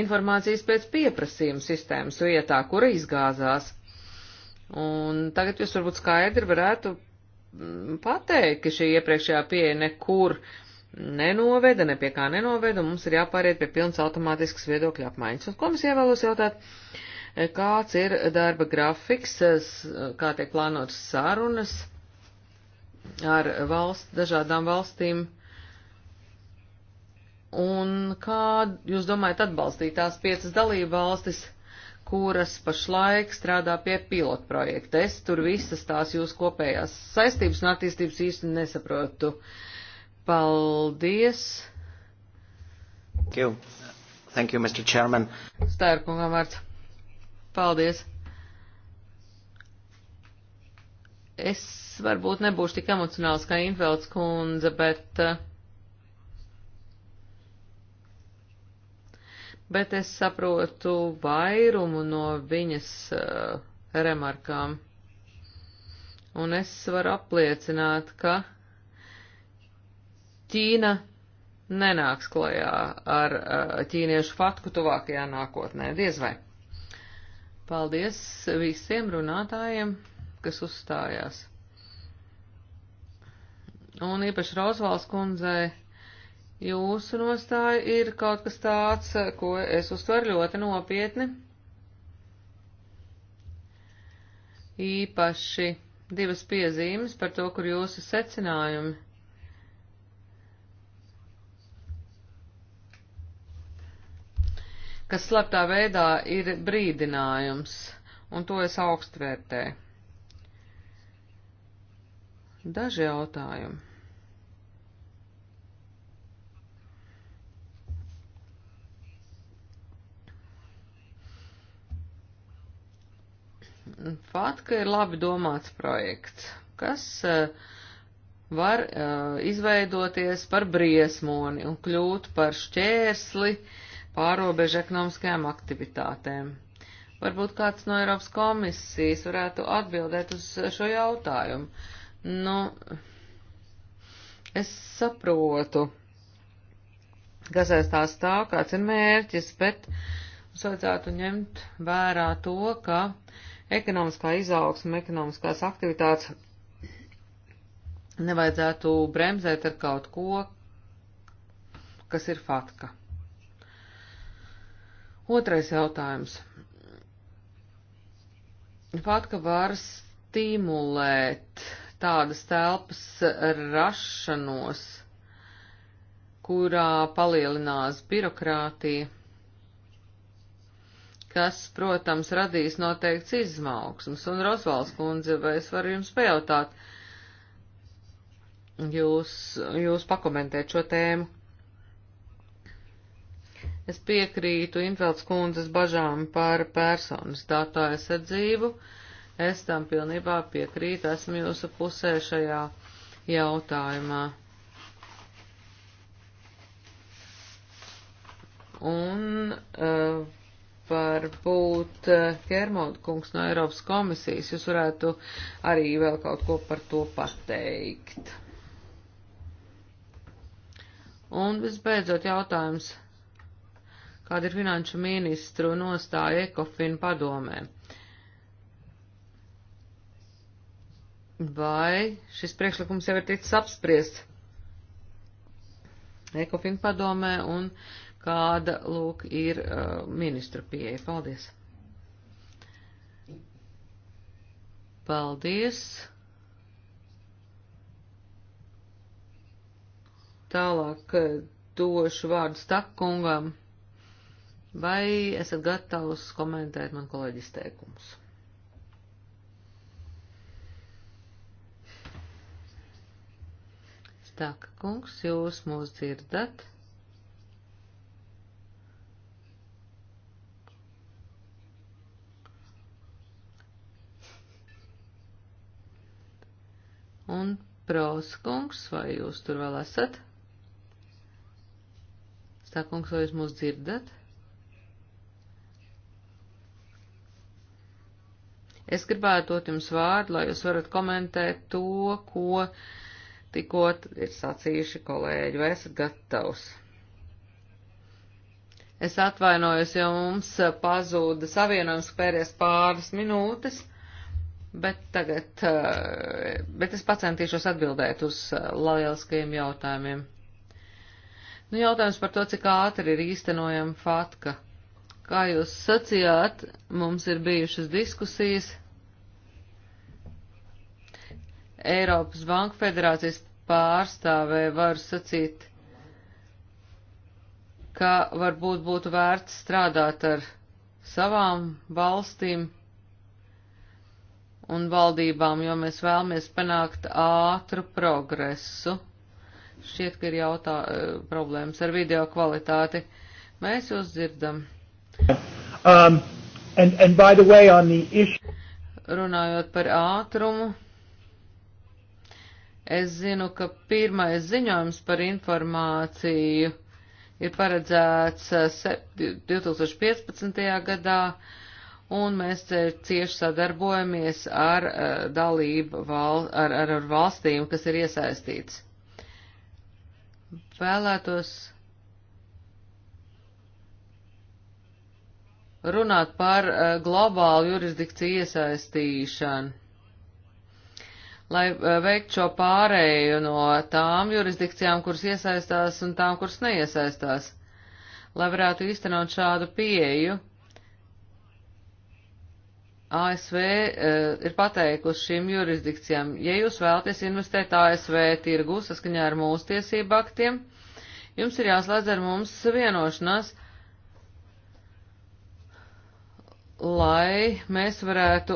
informācijas pēc pieprasījuma sistēmas vietā, kura izgāzās. Un tagad jūs varbūt skaidri varētu mm, pateikt, ka šī iepriekšējā pieeja nekur nenoveda, ne pie kā nenoveda, un mums ir jāpāriet pie pilnas automātiskas viedokļa apmaiņas. Un komisijā vēlos jautāt, kāds ir darba grafiks, kā tiek plānotas sarunas, ar valsts, dažādām valstīm. Un kā jūs domājat atbalstīt tās piecas dalību valstis, kuras pašlaik strādā pie pilotu projekta? Es tur visas tās jūs kopējās saistības un attīstības īsti nesaprotu. Paldies! Thank you. Thank you, Mr. Chairman. Stērkungam vārds. Paldies. Es varbūt nebūšu tik emocionāls kā Infelds kundze, bet, eh, bet es saprotu vairumu no viņas uh, remarkām. Un es varu apliecināt, ka Ķīna nenāks klajā ar eh, ķīniešu fatku tuvākajā nākotnē. Diez vai. Paldies visiem runātājiem kas uzstājās. Un īpaši Rozvalds kundzei jūsu nostāja ir kaut kas tāds, ko es uztveru ļoti nopietni. Īpaši divas piezīmes par to, kur jūsu secinājumi. kas slaptā veidā ir brīdinājums, un to es augstvērtēju. Daži jautājumi. Fatka ir labi domāts projekts, kas uh, var uh, izveidoties par briesmoni un kļūt par šķērsli pārobežu ekonomiskajām aktivitātēm. Varbūt kāds no Eiropas komisijas varētu atbildēt uz šo jautājumu. Nu, es saprotu, kas aizstās tā, kāds ir mērķis, bet mums vajadzētu ņemt vērā to, ka ekonomiskā izaugsme, ekonomiskās aktivitātes nevajadzētu bremzēt ar kaut ko, kas ir fatka. Otrais jautājums. Fatka var stimulēt uh, tādas telpas rašanos, kurā palielinās birokrātija, kas, protams, radīs noteikts izmauksmes. Un Rozvalds kundze, vai es varu jums pajautāt, jūs, jūs pakomentēt šo tēmu? Es piekrītu Infelds kundzes bažām par personas datu aizsardzību. Uh, Es tam pilnībā piekrītu, esmu jūsu pusē šajā jautājumā. Un uh, varbūt eh, Kermod kungs no Eiropas komisijas, jūs varētu arī vēl kaut ko par to pateikt. Un visbeidzot jautājums, kāda ir finanšu ministru nostāja Ekofin padomē? Uh, vai šis priekšlikums jau ir ticis apspriests Ekofin padomē un kāda, lūk, ir uh, ministru pieeja. Paldies! Paldies! Tālāk uh, došu vārdu stakungam. Vai esat gatavs komentēt man kolēģis teikumus? Tā, ka kungs, jūs mūs dzirdat? Un Prauskungs, vai jūs tur vēl esat? Stākungs, vai jūs mūs dzirdat? Es gribētu dot jums vārdu, lai jūs varat komentēt to, ko tikko ir sacījuši kolēģi, vai esat gatavs? Es atvainojos, jo mums pazūda savienojums pēdējās pāris minūtes, bet tagad, eh, bet es pacentīšos atbildēt uz eh, lieliskajiem jautājumiem. Nu, jautājums par to, cik ātri ir īstenojama fatka. Kā jūs sacījāt, mums ir bijušas diskusijas Eiropas Banku federācijas pārstāvē varu sacīt, ka varbūt būtu vērts strādāt ar savām valstīm un valdībām, jo mēs vēlamies panākt ātru progresu. Šķiet, ka ir jautā, eh, problēmas ar video kvalitāti. Mēs jūs dzirdam. Um, and, and by the way, on the issue... Runājot par ātrumu. Es zinu, ka pirmais ziņojums par informāciju ir paredzēts 2015. Eh, gadā, un mēs cieši sadarbojamies ar eh, dalību val, ar, ar, ar valstīm, kas ir iesaistīts. Vēlētos runāt par eh, globālu jurisdikciju iesaistīšanu lai eh, veikt šo pārēju no tām jurisdikcijām, kuras iesaistās un tām, kuras neiesaistās, lai varētu īstenot šādu pieeju. ASV uh, eh, ir pateikusi šīm jurisdikcijām, ja jūs vēlaties investēt ASV tirgu saskaņā ar mūsu tiesību aktiem, jums ir jāslēdz ar mums vienošanās, uh, lai mēs varētu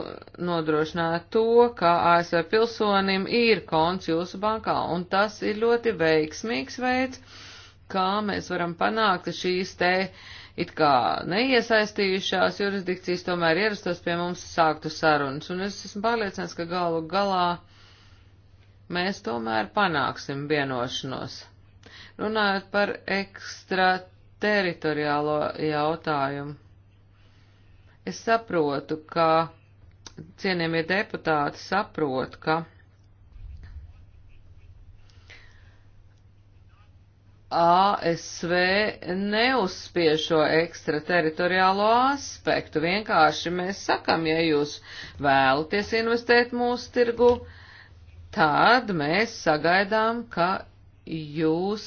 nodrošināt to, ka ASV pilsonim ir konts jūsu bankā, un tas ir ļoti veiksmīgs veids, kā mēs varam panākt, ka šīs te it kā neiesaistījušās jurisdikcijas tomēr ierastos pie mums sāktu sarunas, un es esmu pārliecināts, ka galu galā mēs tomēr panāksim vienošanos. Runājot par ekstra teritoriālo jautājumu Es saprotu, ka cienījamie deputāti saprot, ka ASV neuzspiež šo ekstrateritoriālo aspektu. Vienkārši mēs sakam, ja jūs vēlaties investēt mūsu tirgu, tad mēs sagaidām, ka jūs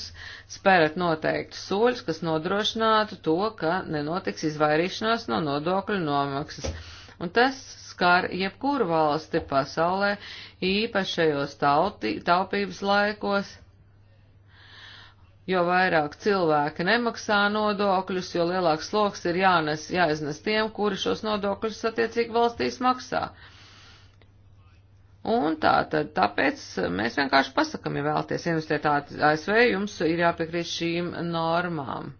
spērat noteikti soļus, kas nodrošinātu to, ka nenotiks izvairīšanās no nodokļu nomaksas. Un tas skar jebkuru valsti pasaulē, īpašajos tauti, taupības laikos. Jo vairāk cilvēki nemaksā nodokļus, jo lielāks sloks ir jānes, jāiznes tiem, kuri šos nodokļus attiecīgi valstīs maksā. Uh, Un tā tad tāpēc mēs vienkārši pasakam, ja vēlaties investēt ASV, jums ir jāpiekrīt šīm normām.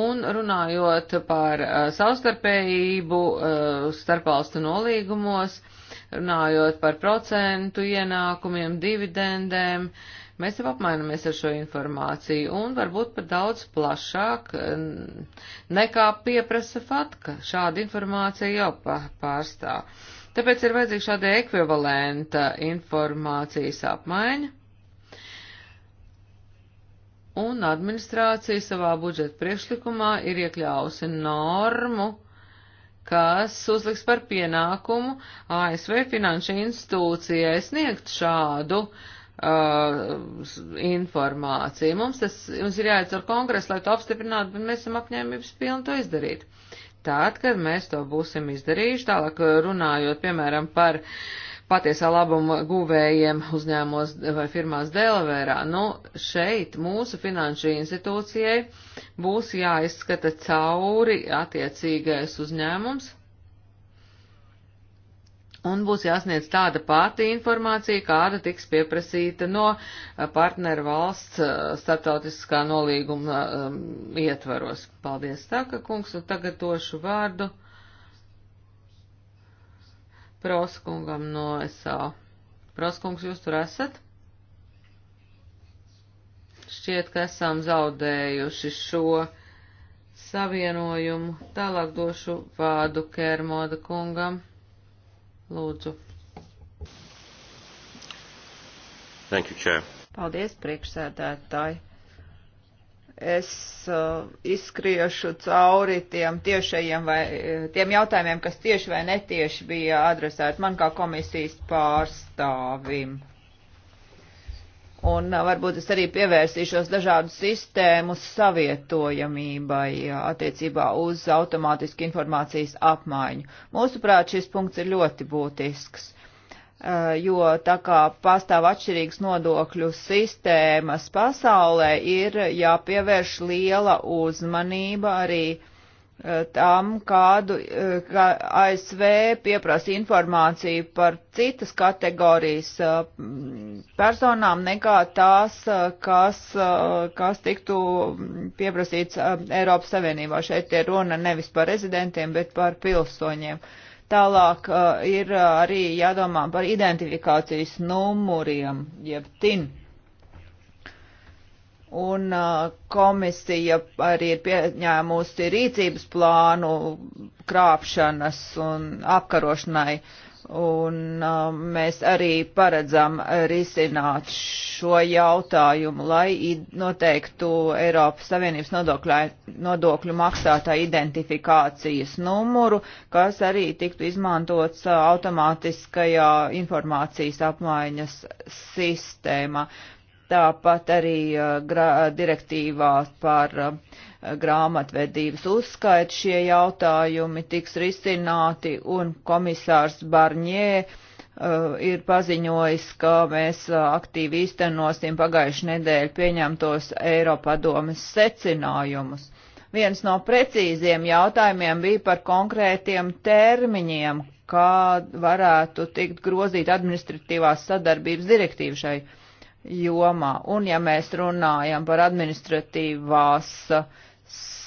Un runājot par uh, savstarpējību uh, starpvalstu nolīgumos, runājot par procentu ienākumiem, dividendēm, mēs jau apmainamies ar šo informāciju un varbūt pat daudz plašāk uh, nekā pieprasa fatka. Šāda informācija jau pārstāv. Tāpēc ir vajadzīga šāda ekvivalenta informācijas apmaiņa. Un administrācija savā budžeta priekšlikumā ir iekļāvusi normu, kas uzliks par pienākumu ASV finanšu institūcijai sniegt šādu uh, informāciju. Mums tas mums ir jāiet ar kongresu, lai to apstiprinātu, bet mēs esam apņēmības pilni to izdarīt. Tad, kad mēs to būsim izdarījuši, tālāk eh, runājot, piemēram, par patiesā labuma guvējiem uzņēmos vai firmās Delaware, nu, šeit mūsu finanšu institūcijai būs jāizskata cauri attiecīgais uzņēmums, un būs jāsniedz tāda pati informācija, kāda tiks pieprasīta no eh, partneru valsts eh, starptautiskā nolīguma um, ietvaros. Paldies, Taka kungs, un tagad došu vārdu Proskungam no SAO. Proskungs, jūs tur esat? Šķiet, ka esam zaudējuši šo savienojumu. Tālāk došu vārdu Kērmoda kungam. Lūdzu. Thank you, Chair. Paldies, priekšsēdētāji. Es uh, izskriešu cauri tiem tiešajiem vai tiem jautājumiem, kas tieši vai netieši bija adresēti man kā komisijas pārstāvim. Uh, Un varbūt es arī pievērsīšos dažādu sistēmu savietojamībai attiecībā uz automātisku informācijas apmaiņu. Mūsuprāt, šis punkts ir ļoti būtisks, jo tā kā pastāv atšķirīgas nodokļu sistēmas pasaulē, ir jāpievērš liela uzmanība arī uh, Eh, tam, kādu eh, kā ASV pieprasa informāciju par citas kategorijas eh, personām nekā tās, kas, kas tiktu mm, pieprasīts Eiropas Savienībā. Šeit ir runa nevis par rezidentiem, bet par pilsoņiem. Tālāk ir arī jādomā par identifikācijas numuriem, jeb TIN un uh, komisija arī ir pieņēmusi rīcības plānu krāpšanas un apkarošanai, un uh, mēs arī paredzam risināt šo jautājumu, lai noteiktu Eiropas Savienības nodokļu maksātā identifikācijas numuru, kas arī tiktu izmantots uh, automātiskajā informācijas apmaiņas sistēmā Tāpat arī direktīvā par grāmatvedības uzskaitu šie jautājumi tiks risināti un komisārs Barņē ir paziņojis, ka mēs aktīvi īstenosim pagājušajā nedēļā pieņemtos Eiropadomes secinājumus. Viens no precīziem jautājumiem bija par konkrētiem termiņiem, kā varētu tikt grozīt administratīvās sadarbības direktīvu šai jomā. Un ja mēs runājam par administratīvās uh,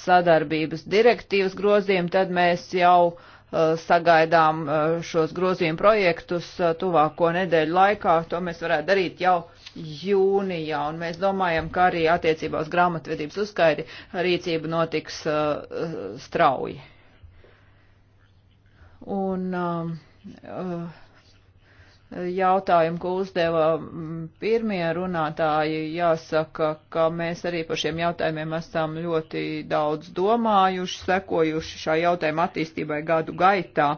sadarbības direktīvas grozījumu, tad mēs jau uh, sagaidām uh, šos grozījumu projektus tuvāko nedēļu laikā. To mēs varētu darīt jau jūnijā, un mēs domājam, ka arī attiecībā uz grāmatvedības uzskaidi rīcība notiks uh, strauji. Un um, uh, uh, jautājumu, ko uzdeva mm, pirmie runātāji, jāsaka, ka mēs arī par šiem jautājumiem esam ļoti daudz domājuši, sekojuši šā jautājuma attīstībai gadu gaitā.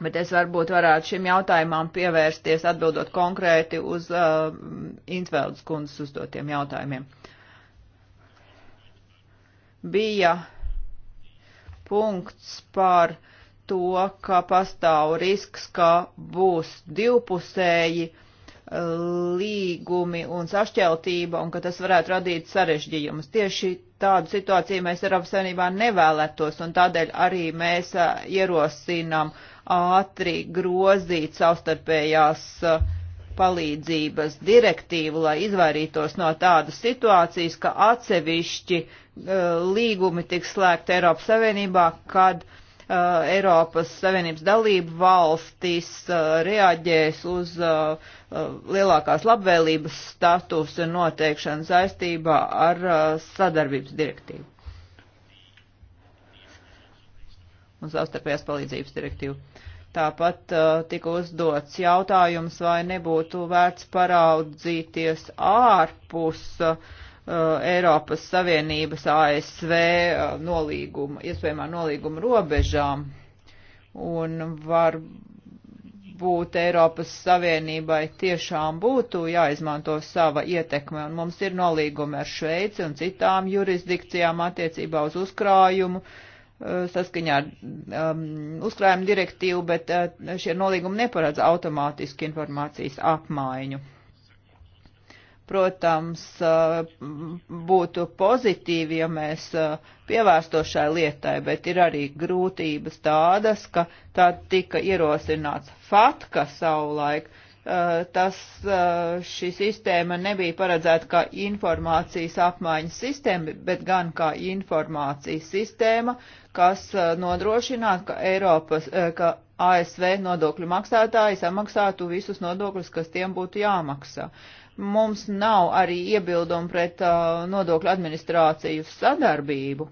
Bet es varbūt varētu šim jautājumam pievērsties atbildot konkrēti uz uh, Intveldes kundzes uzdotiem jautājumiem. Bija punkts par uh, to, ka pastāv risks, ka būs divpusēji e, līgumi un sašķeltība un ka tas varētu radīt sarežģījumus. Tieši tādu situāciju mēs Eiropas Savienībā nevēlētos un tādēļ arī mēs e, ierosinām ātri grozīt savstarpējās e, palīdzības direktīvu, lai izvairītos no tādas situācijas, ka atsevišķi līgumi tiks slēgti Eiropas Savienībā, kad uh, Uh, Eiropas Savienības dalību valstis uh, reaģēs uz uh, lielākās labvēlības statusa noteikšanu saistībā ar sadarbības direktīvu un savstarpējās palīdzības direktīvu. Tāpat uh, tika uzdots jautājums, vai nebūtu vērts paraudzīties ārpus uh, Eh, Eiropas Savienības ASV eh, nolīguma, iespējamā nolīguma robežām. Un var būt Eiropas Savienībai tiešām būtu jāizmanto sava ietekme, un mums ir nolīgumi ar Šveici un citām jurisdikcijām attiecībā uz uzkrājumu, eh, saskaņā ar um, uzkrājumu direktīvu, bet uh, šie nolīgumi neparedz automātiski informācijas apmaiņu. Protams, būtu pozitīvi, ja mēs pievērstos šai lietai, bet ir arī grūtības tādas, ka tā tika ierosināts fatka savulaik. Tas, šī sistēma nebija paredzēta kā informācijas apmaiņas sistēma, bet gan kā informācijas sistēma, kas nodrošinātu, ka Eiropas, ka ASV nodokļu maksātāji samaksātu visus nodokļus, kas tiem būtu jāmaksā. Uh, mums nav arī iebildumu pret uh, nodokļu administrāciju sadarbību.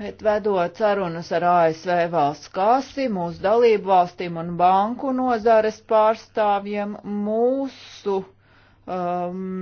Bet vedot sarunas ar ASV valsts kasi, mūsu dalību valstīm un banku nozares pārstāvjiem, mūsu uh,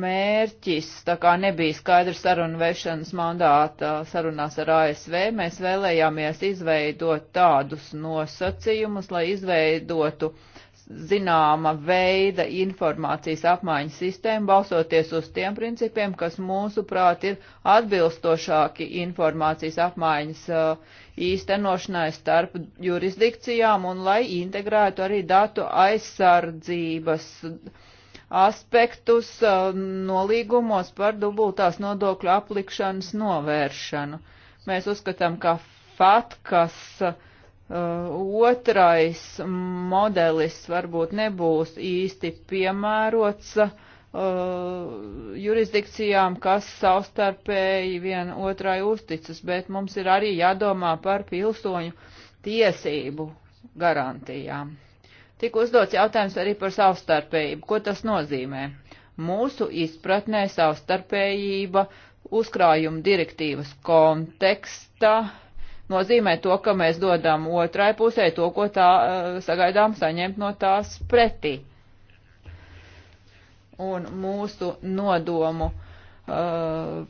mērķis, tā kā nebija skaidrs sarunu vešanas mandāta sarunās ar ASV, mēs vēlējāmies izveidot tādus nosacījumus, lai izveidotu uh, zināma veida informācijas apmaiņas sistēmu, balsoties uz tiem principiem, kas mūsuprāt ir atbilstošāki informācijas apmaiņas uh, īstenošanai starp jurisdikcijām un lai integrētu arī datu aizsardzības aspektus uh, nolīgumos par dubultās nodokļu aplikšanas novēršanu. Mēs uzskatām, ka FATKAS uh, Uh, otrais modelis varbūt nebūs īsti piemērots uh, jurisdikcijām, kas savstarpēji vien otrai uzticas, bet mums ir arī jādomā par pilsoņu tiesību garantijām. Tik uzdots jautājums arī par savstarpējību. Ko tas nozīmē? Mūsu izpratnē savstarpējība uzkrājuma direktīvas konteksta uh, nozīmē to, ka mēs dodam otrai pusē to, ko tā eh, sagaidām saņemt no tās pretī. Un mūsu nodomu uh,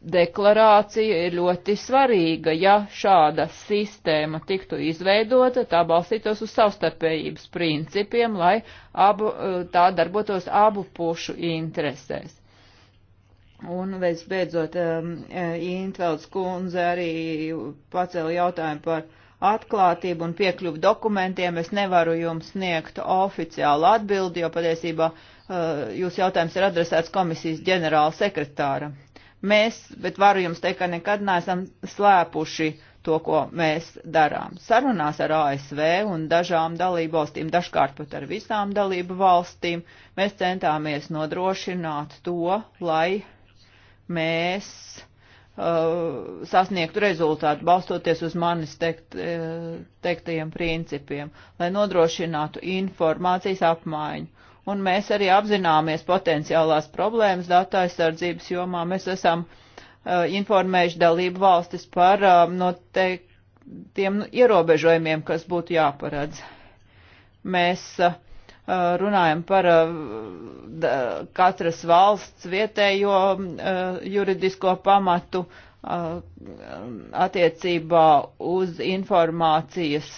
deklarācija ir ļoti svarīga. Ja šāda sistēma tiktu izveidota, tā balstītos uz savstarpējības principiem, lai abu, eh, tā darbotos abu pušu interesēs. Un visbeidzot, um, Intvelds kundze arī pacēla jautājumu par atklātību un piekļuvu dokumentiem. Es nevaru jums sniegt oficiālu atbildi, jo patiesībā uh, jūs jautājums ir adresēts komisijas ģenerāla sekretāra. Mēs, bet varu jums teikt, ka nekad neesam slēpuši to, ko mēs darām. Sarunās ar ASV un dažām dalību valstīm, dažkārt pat ar visām dalību valstīm, mēs centāmies nodrošināt to, lai mēs uh, sasniegtu rezultātu, balstoties uz manis teikt, uh, teiktajiem principiem, lai nodrošinātu informācijas apmaiņu. Un mēs arī apzināmies potenciālās problēmas datu aizsardzības jomā. Mēs esam uh, informējuši dalību valstis par uh, noteiktiem ierobežojumiem, kas būtu jāparedz. Mēs uh, runājam par katras valsts vietējo juridisko pamatu attiecībā uz informācijas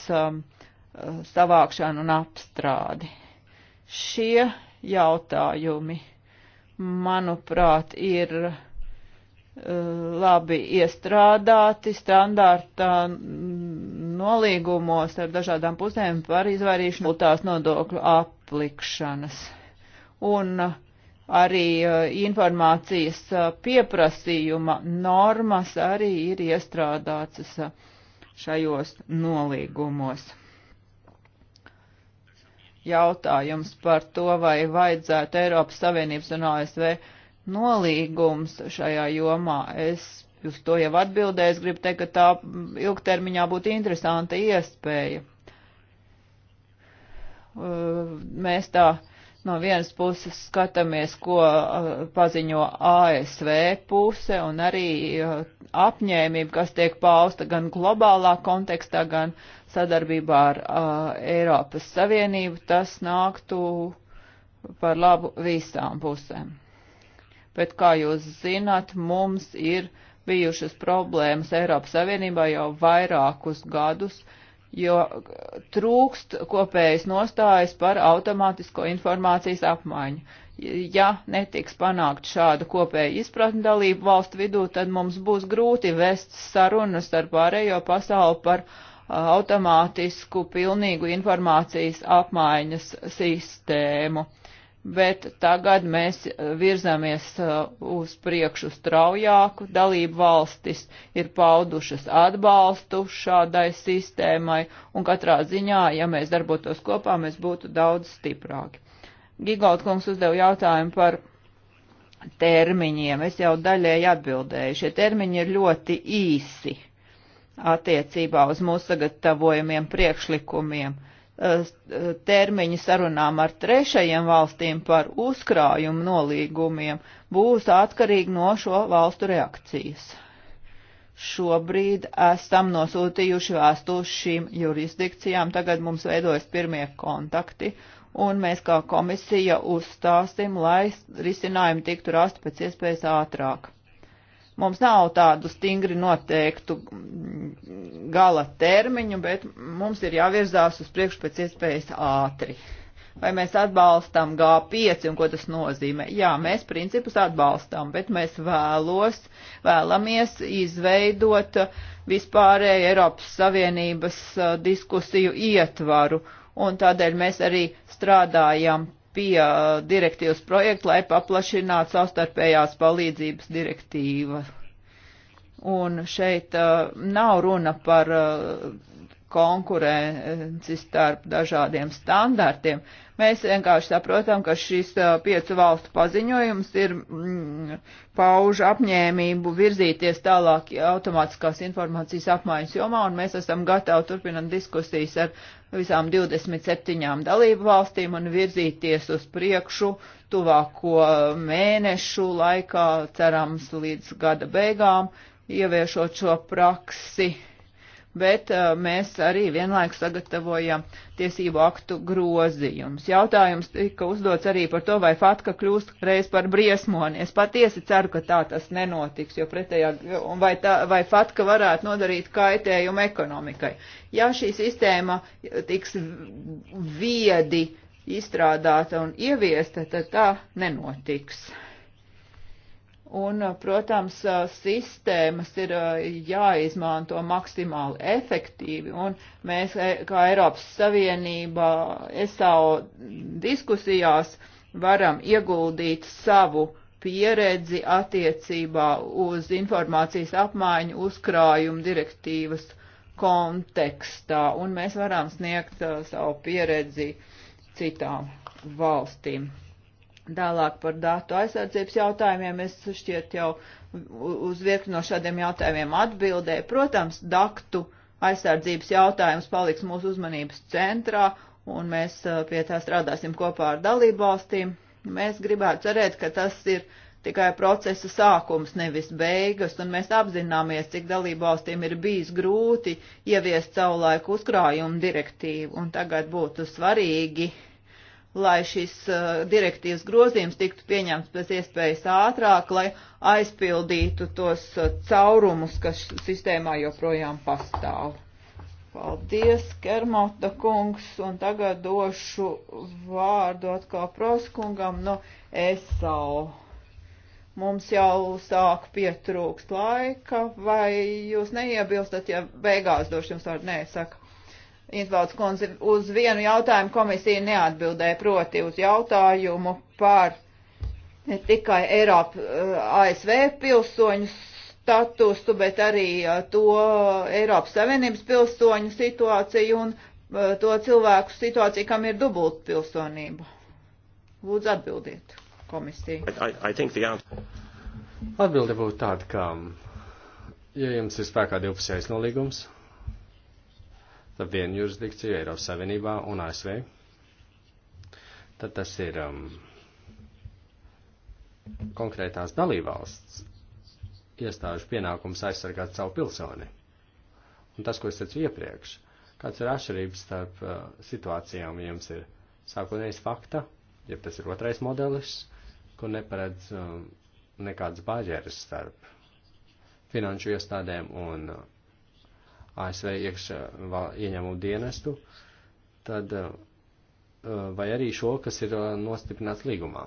savākšanu un apstrādi. Šie jautājumi, manuprāt, ir labi iestrādāti standārta nolīgumos ar dažādām pusēm par izvairīšanu tās nodokļu ap atlikšanas. Un arī eh, informācijas eh, pieprasījuma normas arī ir iestrādātas eh, šajos nolīgumos jautājums par to, vai vajadzētu Eiropas Savienības un ASV nolīgums šajā jomā. Es uz to jau atbildēju, es gribu teikt, ka tā ilgtermiņā būtu interesanta iespēja. Eh, mēs tā no vienas puses skatāmies, ko eh, paziņo ASV puse un arī eh, apņēmība, kas tiek pausta gan globālā kontekstā, gan sadarbībā ar uh, Eiropas Savienību, tas nāktu par labu visām pusēm. Bet, kā jūs zināt, mums ir bijušas problēmas Eiropas Savienībā jau vairākus gadus, uh, jo trūkst kopējas nostājas par automātisko informācijas apmaiņu. Ja netiks panākt šādu kopēju izpratni dalību valstu vidū, tad mums būs grūti vest sarunas ar pārējo pasauli par uh, automātisku pilnīgu informācijas apmaiņas sistēmu bet tagad mēs eh, virzamies eh, uz priekšu straujāku. Dalību valstis ir paudušas atbalstu šādai sistēmai, un katrā ziņā, ja mēs darbotos kopā, mēs būtu daudz stiprāki. Gigaut kungs uzdev jautājumu par termiņiem. Es jau daļēji atbildēju. Šie termiņi ir ļoti īsi attiecībā uz mūsu sagatavojamiem priekšlikumiem Eh, termiņi sarunām ar trešajiem valstīm par uzkrājumu nolīgumiem būs atkarīgi no šo valstu reakcijas. Šobrīd esam nosūtījuši vēstules šīm jurisdikcijām, tagad mums veidojas pirmie kontakti, un mēs kā komisija uzstāstim, lai risinājumi tiktu rasti pēc iespējas ātrāk. Mums nav tādu stingri noteiktu gala termiņu, bet mums ir jāvirzās uz priekšu pēc iespējas ātri. Vai mēs atbalstam G5 un ko tas nozīmē? Jā, mēs principus atbalstam, bet mēs vēlos, vēlamies izveidot vispārēju Eiropas Savienības uh, diskusiju ietvaru un tādēļ mēs arī strādājam pie uh, direktīvas projekta, lai paplašinātu savstarpējās palīdzības direktīvu. Un šeit uh, nav runa par uh, konkurenci starp dažādiem standartiem. Mēs vienkārši saprotam, ka šis piecu valstu paziņojums ir mm, pauž apņēmību virzīties tālāk automātiskās informācijas apmaiņas jomā, un mēs esam gatavi turpināt diskusijas ar visām 27 dalību valstīm un virzīties uz priekšu tuvāko mēnešu laikā, cerams, līdz gada beigām, ieviešot šo praksi bet uh, mēs arī vienlaikus sagatavojam tiesību aktu grozījumus. Jautājums tika uzdots arī par to, vai FATKA kļūst reiz par briesmoni. Es patiesi ceru, ka tā tas nenotiks, jo pretējā, vai, tā, vai FATKA varētu nodarīt kaitējumu ekonomikai. Ja šī sistēma tiks viedi izstrādāta un ieviesta, tad tā nenotiks. Un, protams, sistēmas ir jāizmanto maksimāli efektīvi, un mēs, e, kā Eiropas Savienība, ESAO diskusijās varam ieguldīt savu pieredzi attiecībā uz informācijas apmaiņu uzkrājumu direktīvas kontekstā, un mēs varam sniegt savu pieredzi citām valstīm. Tālāk par datu aizsardzības jautājumiem es šķiet jau uz virkni no šādiem jautājumiem atbildēju. Protams, daktu aizsardzības jautājums paliks mūsu uzmanības centrā un mēs uh, pie tā strādāsim kopā ar dalību valstīm. Mēs gribētu cerēt, ka tas ir tikai procesa sākums, nevis beigas, un mēs apzināmies, cik dalībvalstīm ir bijis grūti ieviest savu laiku uzkrājumu direktīvu, un tagad būtu svarīgi lai šis uh, direktīvas grozījums tiktu pieņemts pēc iespējas ātrāk, lai aizpildītu tos uh, caurumus, kas sistēmā joprojām pastāv. Paldies, Kermota kungs, un tagad došu vārdu atkal proskungam no ESAU. Mums jau sāk pietrūkst laika, vai jūs neiebilstat, ja beigās došu jums vārdu? Nē, saka Intvalds kundze, uz vienu jautājumu komisija neatbildēja, proti uz jautājumu par ne tikai Eiropu, eh, ASV pilsoņu statusu, bet arī eh, to Eiropas Savienības pilsoņu situāciju un eh, to cilvēku situāciju, kam ir dubult pilsonība. Lūdzu atbildiet komisiju. I, I answer... Atbilde būtu tāda, ka, ja jums ir spēkā divpusējais nolīgums, starp vienu jurisdikciju Eiropas Savienībā un ASV, tad tas ir um, konkrētās dalībvalsts iestāžu pienākums aizsargāt savu pilsoni. Un tas, ko es teicu iepriekš, kāds ir atšķirības starp uh, situācijām, ja jums ir sākotnējs fakta, ja tas ir otrais modelis, kur neparedz um, nekādas bāģeres starp finanšu iestādēm un uh, ASV iekšā ieņēmumu dienestu, tad eh, vai arī šo, kas ir eh, nostiprināts līgumā.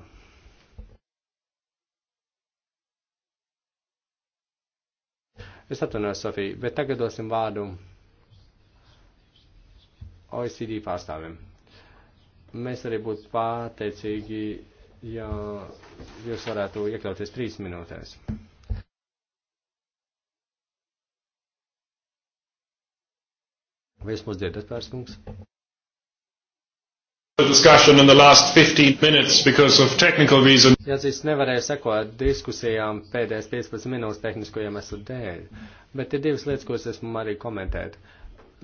Es atvainojos, Sofija, bet tagad dosim vārdu OECD pārstāvim. Mēs arī būtu pateicīgi, ja jūs varētu iekļauties trīs minūtēs. Vai jūs mūs dzirdat, Pārskungs? Jāatzīst, nevarēju sekot diskusijām pēdējās 15 minūtes tehnisko iemeslu dēļ, bet ir divas lietas, ko es esmu arī komentēt.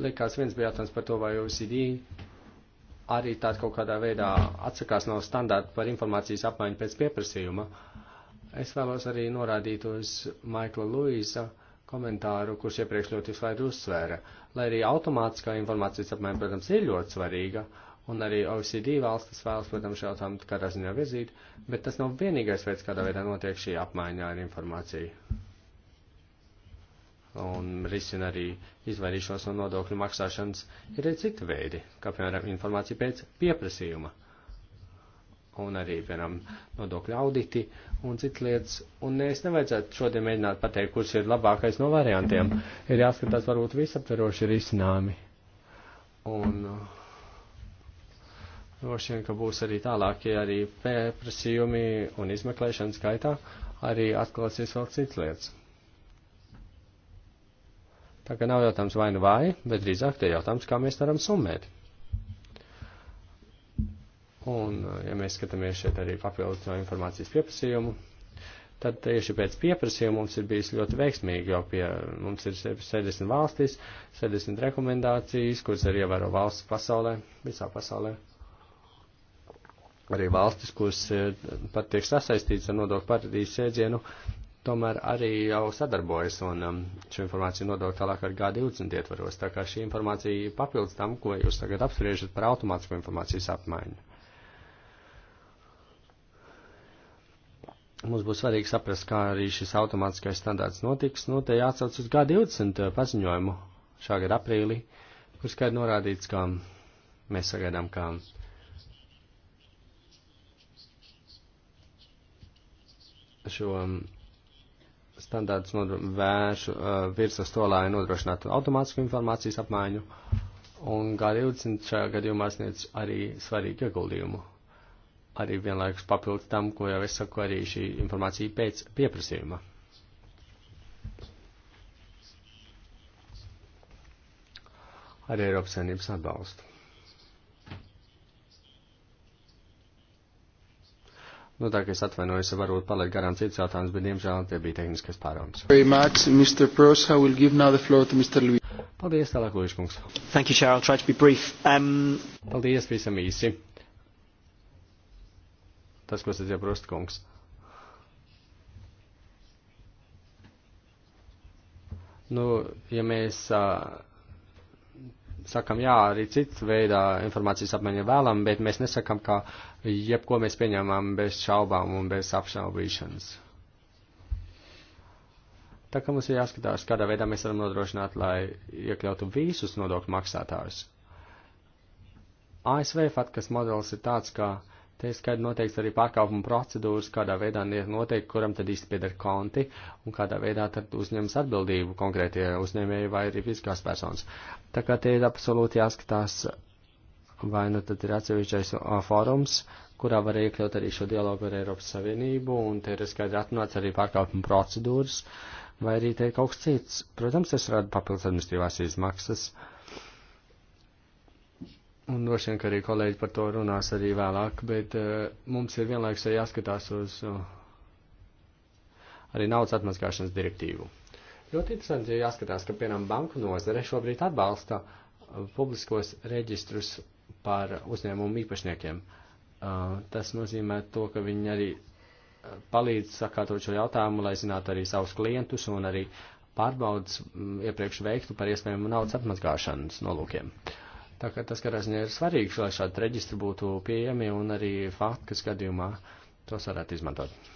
Likās viens bija jautājums par to, vai OECD arī tā kaut kādā veidā atsakās no standārta par informācijas apmaiņu pēc pieprasījuma. Es vēlos arī norādīt uz Maikla Luisa. Uh, komentāru, kurš iepriekš ļoti skaidri uzsvēra. Lai arī automātiskā informācijas apmaiņa, protams, ir ļoti svarīga, un arī OECD valstis vēlas, protams, šo jautājumu kādā ziņā virzīt, bet tas nav vienīgais veids, kādā veidā notiek šī apmaiņa ar informāciju. Un risina arī izvairīšos no nodokļu maksāšanas ir arī citi veidi, kā piemēram informācija pēc pieprasījuma. Un arī, piemēram, nodokļu auditi un citas lietas. Un es nevajadzētu šodien mēģināt pateikt, kurš ir labākais no variantiem. Ir jāskatās varbūt visaptveroši risinājumi. Un uh, droši vien, ka būs arī tālākie arī pieprasījumi un izmeklēšanas skaitā arī atklāsies vēl citas lietas. Tā kā nav jautājums vai nu vai, bet drīzāk te jautājums, kā mēs varam summēt. Un, eh, ja mēs skatāmies šeit arī papildus no informācijas pieprasījumu, tad tieši pēc pieprasījuma mums ir bijis ļoti veiksmīgi, jo pie mums ir 70 valstis, 70 rekomendācijas, kuras arī ievēro valsts pasaulē, visā pasaulē. Arī valstis, kuras eh, pat tiek sasaistīts ar nodokļu paradīzes iedzienu, tomēr arī jau sadarbojas un um, šo informāciju nodod tālāk ar G20 ietvaros. Tā kā šī informācija papildus tam, ko jūs tagad apspriežat par automātisko informācijas apmaiņu. mums būs svarīgi saprast, kā arī šis automātiskais standārts notiks. Nu, te jāatsauc uz G20 uh, paziņojumu šā gada aprīlī, kur skaidri norādīts, ka mēs sagaidām, ka šo um, standārts vēršu uh, virs uz to, lai nodrošinātu automātisku informācijas apmaiņu, un G20 šajā gadījumā sniedz arī svarīgu ieguldījumu arī vienlaikus papildus tam, ko jau es saku, arī šī informācija pēc pieprasījuma. Ar Eiropas Savienības atbalstu. Nu, tā kā es atvainojos, varbūt paliek garām cits jautājums, bet, diemžēl, tie bija tehniskais pārāms. Paldies, tālāk, Lūdzu, kungs. Thank you, Chair. I'll try to be brief. Um... Paldies, visam īsi tas, ko sacīja Prostkungs. Nu, ja mēs uh, sakam, jā, arī citu veidā informācijas apmaiņu vēlam, bet mēs nesakam, ka jebko mēs pieņemam bez šaubām un bez apšaubīšanas. Tā kā mums ir jāskatās, kādā veidā mēs varam nodrošināt, lai iekļautu visus nodokļu maksātājus. ASV fatkas modelis ir tāds, ka Te skaidri noteikts arī pārkāpuma procedūras, kādā veidā noteikti, kuram tad īsti pieder konti un kādā veidā tad uzņems atbildību konkrētie uzņēmēji vai arī fiziskās personas. Tā kā te ir absolūti jāskatās, vai nu tad ir atsevišķais fórums, kurā var iekļaut arī šo dialogu ar Eiropas Savienību, un te ir skaidri atrunāts arī pārkāpuma procedūras, vai arī te ir kaut kas cits. Protams, tas rada papildus administratīvās izmaksas. Uh, Un droši vien, ka arī kolēģi par to runās arī vēlāk, bet uh, mums ir vienlaikus arī jāskatās uz uh, arī naudas atmazgāšanas direktīvu. Ļoti interesanti, ja jāskatās, ka, piemēram, banku nozare šobrīd atbalsta uh, publiskos reģistrus par uzņēmumu īpašniekiem. Uh, tas nozīmē to, ka viņi arī palīdz sakārtot šo jautājumu, lai zinātu arī savus klientus un arī pārbaudas mm, iepriekš veiktu par iespējamu naudas atmazgāšanas nolūkiem. Uh, Tā kā tas, kādā ziņā ir svarīgi, lai šādi reģistri būtu pieejami un arī faktu skatījumā tos varētu izmantot.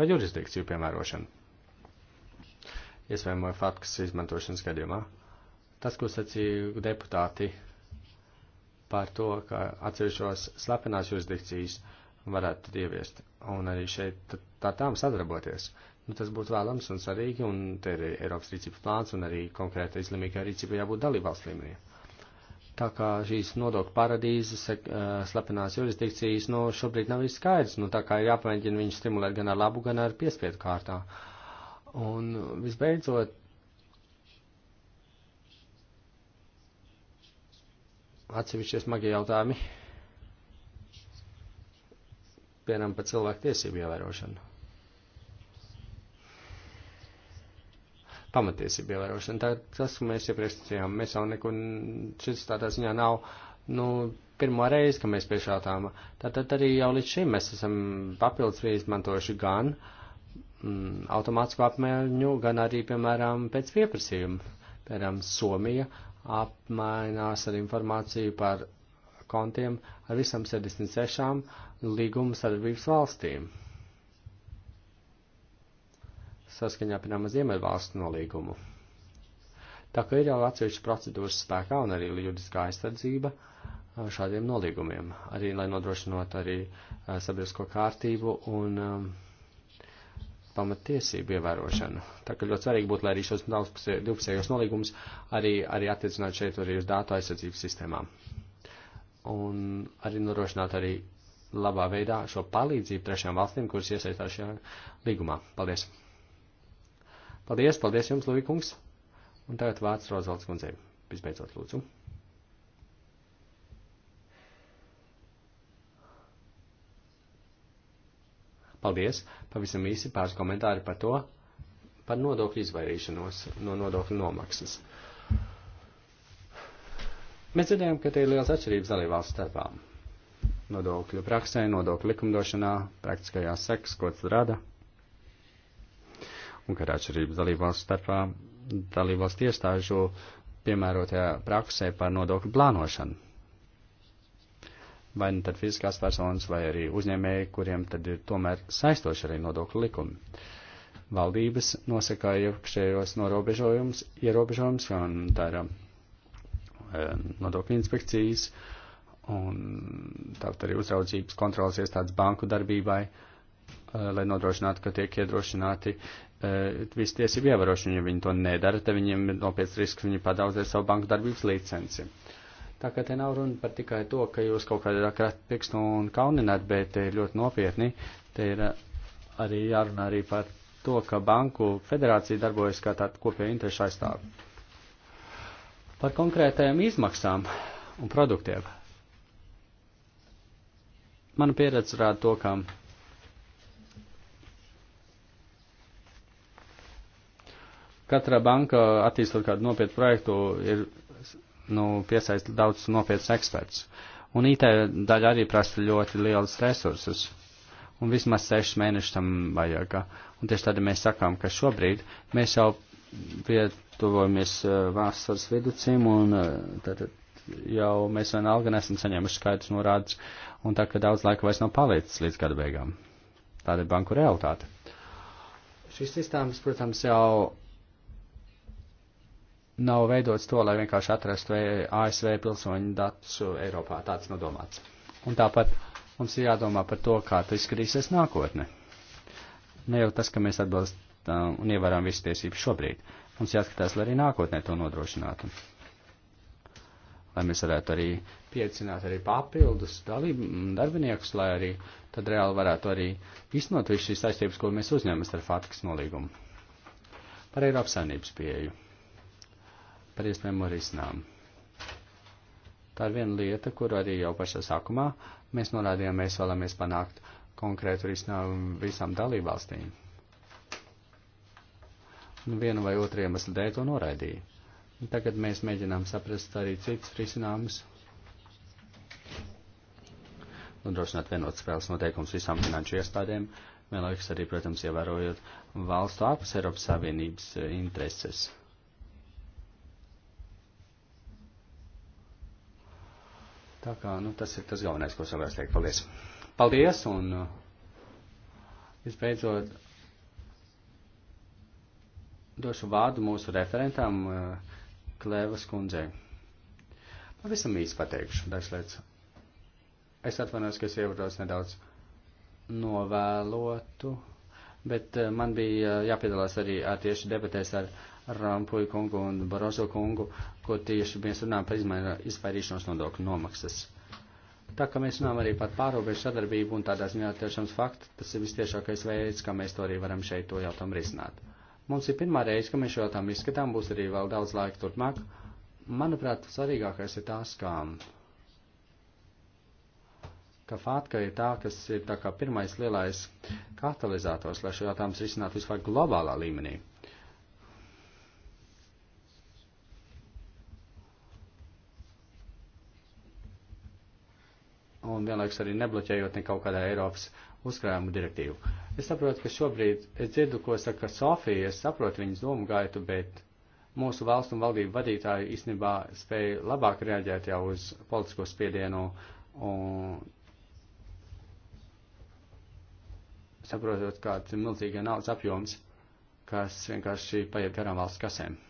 Par jurisdikciju piemērošanu. Iespējamo faktu izmantošanas gadījumā. Tas, ko sacīja deputāti par to, ka atsevišķos slepenās jurisdikcijas varētu ieviest un arī šeit tā tām sadarboties. Nu, tas būtu vēlams un svarīgi, un te ir Eiropas rīcības plāns, un arī konkrēta izlēmīgā rīcība jābūt dalībvalsts līmenī tā kā šīs nodokļu paradīzes, eh, slepenās jurisdikcijas, nu, šobrīd nav viss skaidrs, nu, tā kā ir jāpamēģina viņus stimulēt gan ar labu, gan ar piespiedu kārtā. Un visbeidzot, atsevišķie smagie jautājumi, piemēram, par cilvēku tiesību ievērošanu. pamatiesību ievērošana. Tā, tas, ko mēs iepriekš teicām, mēs jau nekur, šis tādā ziņā nav, nu, pirmo reizi, ka mēs pie šā tām. Tātad arī jau līdz šim mēs esam papildus izmantojuši gan mm, automātisku apmaiņu, gan arī, piemēram, pēc pieprasījuma. Piemēram, Somija apmainās ar informāciju par kontiem ar visam 76 līgumus ar brīvs valstīm saskaņā, piemēram, Ziemeļvalstu nolīgumu. Tā kā ir jau atsevišķas procedūras spēkā un arī juridiskā aizsardzība šādiem nolīgumiem, arī lai nodrošinātu arī sabiedrisko kārtību un um, pamatiesību ievērošanu. Tā kā ļoti svarīgi būtu, lai arī šos divpusējos nolīgumus arī, arī attiecinātu šeit arī uz datu aizsardzības sistēmām. Un arī nodrošinātu arī labā veidā šo palīdzību trešajām valstīm, kuras iesaistās šajā līgumā. Paldies! Paldies, paldies jums, Lūvikungs. Un tagad vārds Rozalds kundzei. Visbeidzot, lūdzu. Paldies! Pavisam īsi pāris komentāri par to, par nodokļu izvairīšanos no nodokļu nomaksas. Mēs dzirdējām, ka te ir liels atšķirības dalībvalsts starpā. Nodokļu praksē, nodokļu likumdošanā, praktiskajā seks, ko tas rada un ka ir atšķirības dalībvalstu starpā dalībvalstu iestāžu piemērotajā praksē par nodokļu plānošanu. Vai nu tad fiziskās personas vai arī uzņēmēji, kuriem tad ir tomēr saistoši arī nodokļu likumi. Valdības nosaka iekšējos norobežojums, ierobežojums, un tā ir um, nodokļu inspekcijas un tāpat arī uzraudzības kontrolas iestādes banku darbībai. Uh, lai nodrošinātu, ka tiek iedrošināti Eh, visu tiesību ievērošanu. Ja viņi to nedara, tad viņiem ir nopietns risks, viņi padaudzē savu banku darbības licenci. Tā kā te nav runa par tikai to, ka jūs kaut kādā krat pikstu un kaunināt, bet te ir ļoti nopietni. Te ir eh, arī jārunā arī par to, ka banku federācija darbojas kā tāda kopēja interešu aizstāve. Par konkrētajām izmaksām un produktiem. Mana pieredze rāda to, ka Katra banka, attīstot kādu nopietnu projektu, ir nu, piesaista daudz nopietnus eksperts. Un IT daļa arī prasa ļoti lielus resursus. Un vismaz sešas mēnešus tam vajag. Un tieši tādēļ mēs sakām, ka šobrīd mēs jau pietuvojamies eh, vasaras viducim un tātad eh, jau mēs vienalga nesam saņēmuši skaidrs norādes. Un tā, ka daudz laika vairs nav palicis līdz gada beigām. Tāda ir banku realitāte. Šīs sistēmas, protams, jau nav veidots to, lai vienkārši atrastu ASV pilsoņu datus Eiropā. Tāds nav domāts. Un tāpat mums ir jādomā par to, kā tas izskatīsies nākotne. Ne jau tas, ka mēs atbalstam un ievaram visas tiesības šobrīd. Mums jāskatās, lai arī nākotnē to nodrošinātu. Lai mēs varētu arī piecināt arī papildus dalību darbiniekus, lai arī tad reāli varētu arī iznot visu šīs saistības, ko mēs uzņēmas ar Fatikas nolīgumu. Par Eiropas saimnības pieeju par iespējamo risinājumu. Tā ir viena lieta, kur arī jau pašā sākumā mēs norādījām, mēs vēlamies panākt konkrētu risinājumu visām dalībvalstīm. Nu, Vienu vai otru iemeslu dēļ to noraidīja. Tagad mēs mēģinām saprast arī citas risinājumus, nodrošināt vienotas spēles noteikums visām finanšu iestādēm, vienlaikus arī, protams, ievērojot valstu ārpus Eiropas Savienības intereses. Tā kā, nu, tas ir tas galvenais, ko savās teikt. Paldies! Paldies, un uh, visbeidzot došu vārdu mūsu referentam uh, Klēvas kundzei. Pavisam īsti pateikšu dažas lietas. Es atvainojos, ka es ievados nedaudz novēlotu, bet uh, man bija jāpiedalās arī tieši debatēs ar Rampuju kungu un Barozo kungu, ko tieši mēs runājam par izmaiņu izvairīšanos nodokļu nomaksas. Tā kā mēs runājam arī par pārobežu sadarbību un tādā ziņā tiešams faktu, tas ir vistiešākais veids, kā mēs to arī varam šeit to jautājumu risināt. Mums ir pirmā reize, ka mēs šo jautājumu izskatām, būs arī vēl daudz laika turpmāk. Manuprāt, svarīgākais ir tās, kā, ka FATKA ir tā, kas ir tā kā pirmais lielais katalizators, lai šo jautājumu risinātu vispār globālā līmenī. un vienlaiks arī nebloķējot ne kaut kādā Eiropas uzkrājumu direktīvu. Es saprotu, ka šobrīd es dzirdu, ko saka Sofija, es saprotu viņas domu gaitu, bet mūsu valstu un valdību vadītāji īstenībā spēja labāk reaģēt jau uz politisko spiedienu un saprotot, kāds ir milzīgais naudas apjoms, kas vienkārši paiet garām valsts kasēm.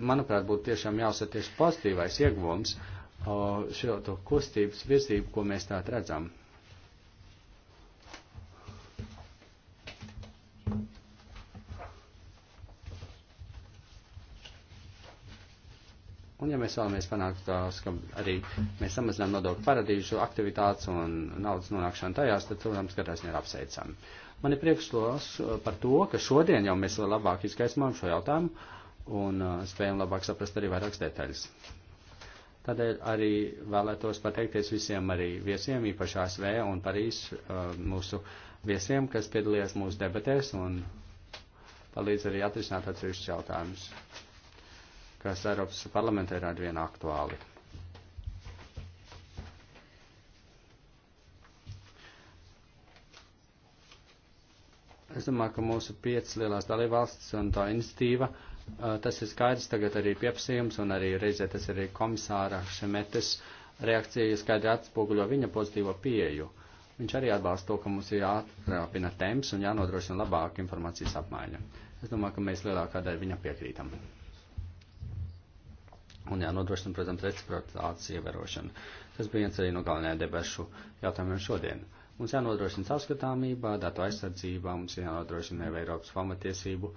manuprāt, būtu tiešām jāuzsver tieši pozitīvais ieguvums šo to kustības virzību, ko mēs tā redzam. Un, ja mēs vēlamies panākt tās, ka arī mēs samazinām nodokļu paradīžu aktivitātes un naudas nonākšanu tajās, tad, protams, ka tas ir apsveicami. Man ir priekšlos par to, ka šodien jau mēs labāk izgaismojam šo jautājumu un uh, spējam labāk saprast arī vairākas detaļas. Tādēļ arī vēlētos pateikties visiem arī viesiem, īpaši ASV un Parīs uh, mūsu viesiem, kas piedalījās mūsu debatēs un palīdz arī atrisināt atsevišķus jautājumus, kas Eiropas parlamentē ir arvien aktuāli. Es domāju, ka mūsu piecas lielās dalībvalstis un tā institīva uh, Uh, tas ir skaidrs, tagad arī pieprasījums un arī reizē tas arī komisāra Šemetes reakcija skaidri atspoguļo viņa pozitīvo pieju. Viņš arī atbalsta to, ka mums ir jāatrāpina temps un jānodrošina labāka informācijas apmaiņa. Es domāju, ka mēs lielākā daļa viņam piekrītam. Un jānodrošina, protams, reciprocitātes ievērošana. Tas bija viens arī no galvenajiem debašu jautājumiem šodien. Mums jānodrošina savskatāmība, datu aizsardzība, mums jānodrošina Eiropas pamatiesību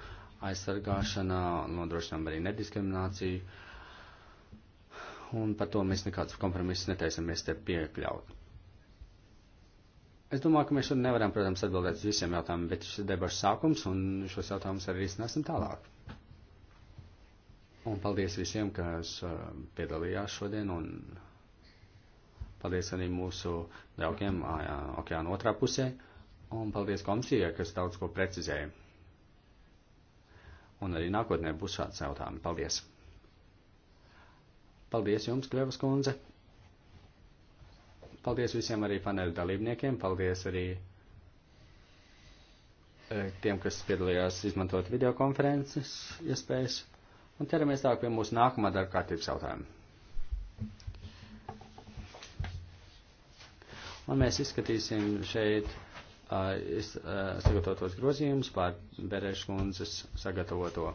aizsargāšanā, nodrošinām arī nediskrimināciju. Un par to mēs nekādus kompromisus netaisamies te piekļaut. Es domāju, ka mēs šodien nevaram, protams, atbildēt uz visiem jautājumiem, bet šis ir debašu sākums, un šos jautājumus arī risināsim tālāk. Un paldies visiem, kas uh, piedalījās šodien, un paldies arī mūsu draugiem uh, okeāna otrā pusē, un paldies komisijai, kas daudz ko precizēja. Un arī nākotnē būs šāds jautājumi. Paldies! Paldies jums, Grevas kundze! Paldies visiem arī paneļu dalībniekiem, paldies arī e, tiem, kas piedalījās izmantot videokonferences iespējas. Un ķeramies tālāk pie mūsu nākamā darba kārtības jautājuma. Un mēs izskatīsim šeit es sagatavotos grozījumus par Berēšu kundzes sagatavoto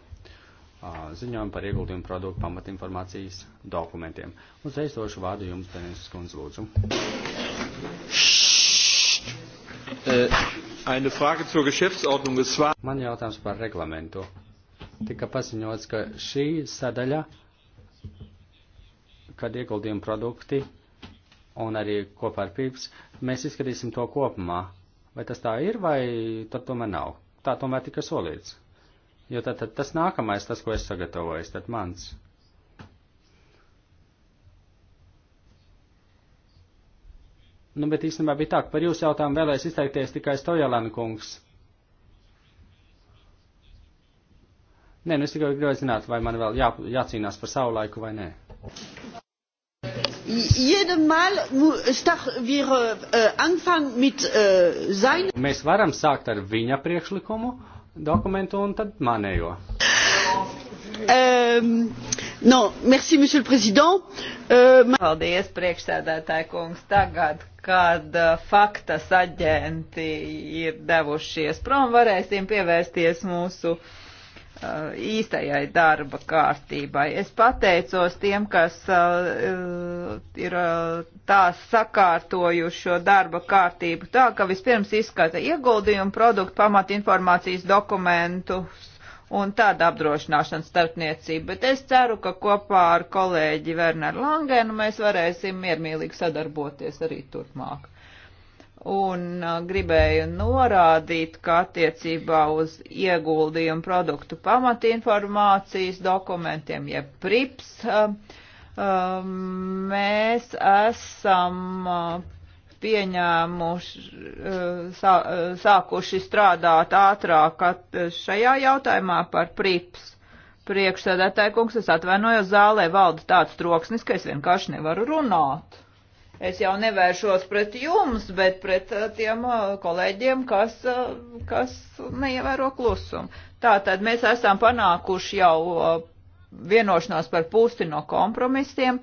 ziņojumu par ieguldījumu produktu pamatinformācijas dokumentiem. Uzreiz došu vārdu jums, Berēšu kundze, lūdzu. Man jautājums par reglamentu. Tika paziņots, ka šī sadaļa, kad ieguldījumi produkti un arī kopā ar PIPS, mēs izskatīsim to kopumā Vai tas tā ir, vai tad tomēr nav? Tā tomēr tika solīts. Jo tad, tad tas nākamais, tas, ko es sagatavoju, tad mans. Nu, bet īstenībā bija tā, ka par jūsu jautājumu vēlēs izteikties tikai Stojalēna kungs. Nē, nu es tikai gribēju zināt, vai man vēl jā, jācīnās par savu laiku vai nē jedem Mal stach, wir, uh, mit, uh, äh, sein... Mēs varam sākt ar viņa priekšlikumu dokumentu un tad manējo. Um, no, merci, monsieur le président. Uh, ehm, man... Paldies, priekšsēdētāji kungs. Tagad, kad uh, faktas aģenti ir devušies prom, varēsim pievērsties mūsu uh, Uh, īstajai darba kārtībai. Es pateicos tiem, kas uh, ir uh, tā sakārtojušo darba kārtību tā, ka vispirms izskata ieguldījumu produktu pamatinformācijas dokumentus un tāda apdrošināšanas starpniecība, bet es ceru, ka kopā ar kolēģi Werneru Langenu mēs varēsim miermīlīgi sadarboties arī turpmāk un uh, gribēju norādīt, ka attiecībā uz ieguldījumu produktu pamatinformācijas dokumentiem, jeb ja PRIPS, uh, um, mēs esam uh, pieņēmuši, sākuši strādāt ātrāk šajā jautājumā par PRIPS. Priekšsēdētāji kungs, es atvainojos zālē, valda tāds troksnis, ka es vienkārši nevaru runāt es jau nevēršos pret jums, bet pret eh, tiem eh, kolēģiem, kas, eh, kas neievēro klusumu. Tātad mēs esam panākuši jau vienošanās par pusti no kompromisiem.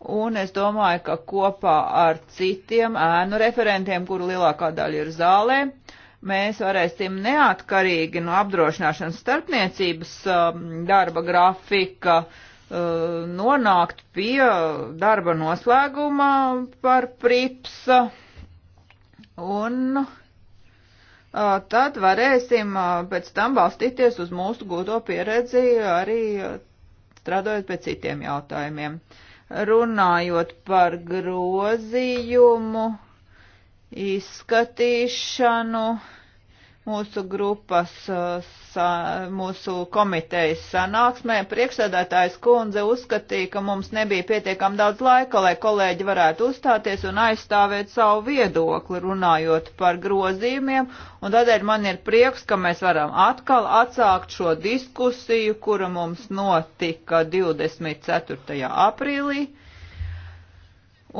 Un es domāju, ka kopā ar citiem ēnu referentiem, kuru lielākā daļa ir zālē, mēs varēsim neatkarīgi no apdrošināšanas starpniecības darba grafika uh, Uh, nonākt pie darba noslēgumā par pripsa. Un uh, tad varēsim uh, pēc tam balstīties uz mūsu gūto pieredzi arī strādājot pie citiem jautājumiem. Runājot par grozījumu, izskatīšanu, uh, mūsu grupas, uh, sa, mūsu komitejas sanāksmē. Priekšsēdētājs kundze uzskatīja, ka mums nebija pietiekam daudz laika, lai kolēģi varētu uzstāties un aizstāvēt savu viedokli runājot par grozījumiem, un tādēļ man ir prieks, ka mēs varam atkal atsākt šo diskusiju, kura mums notika 24. aprīlī.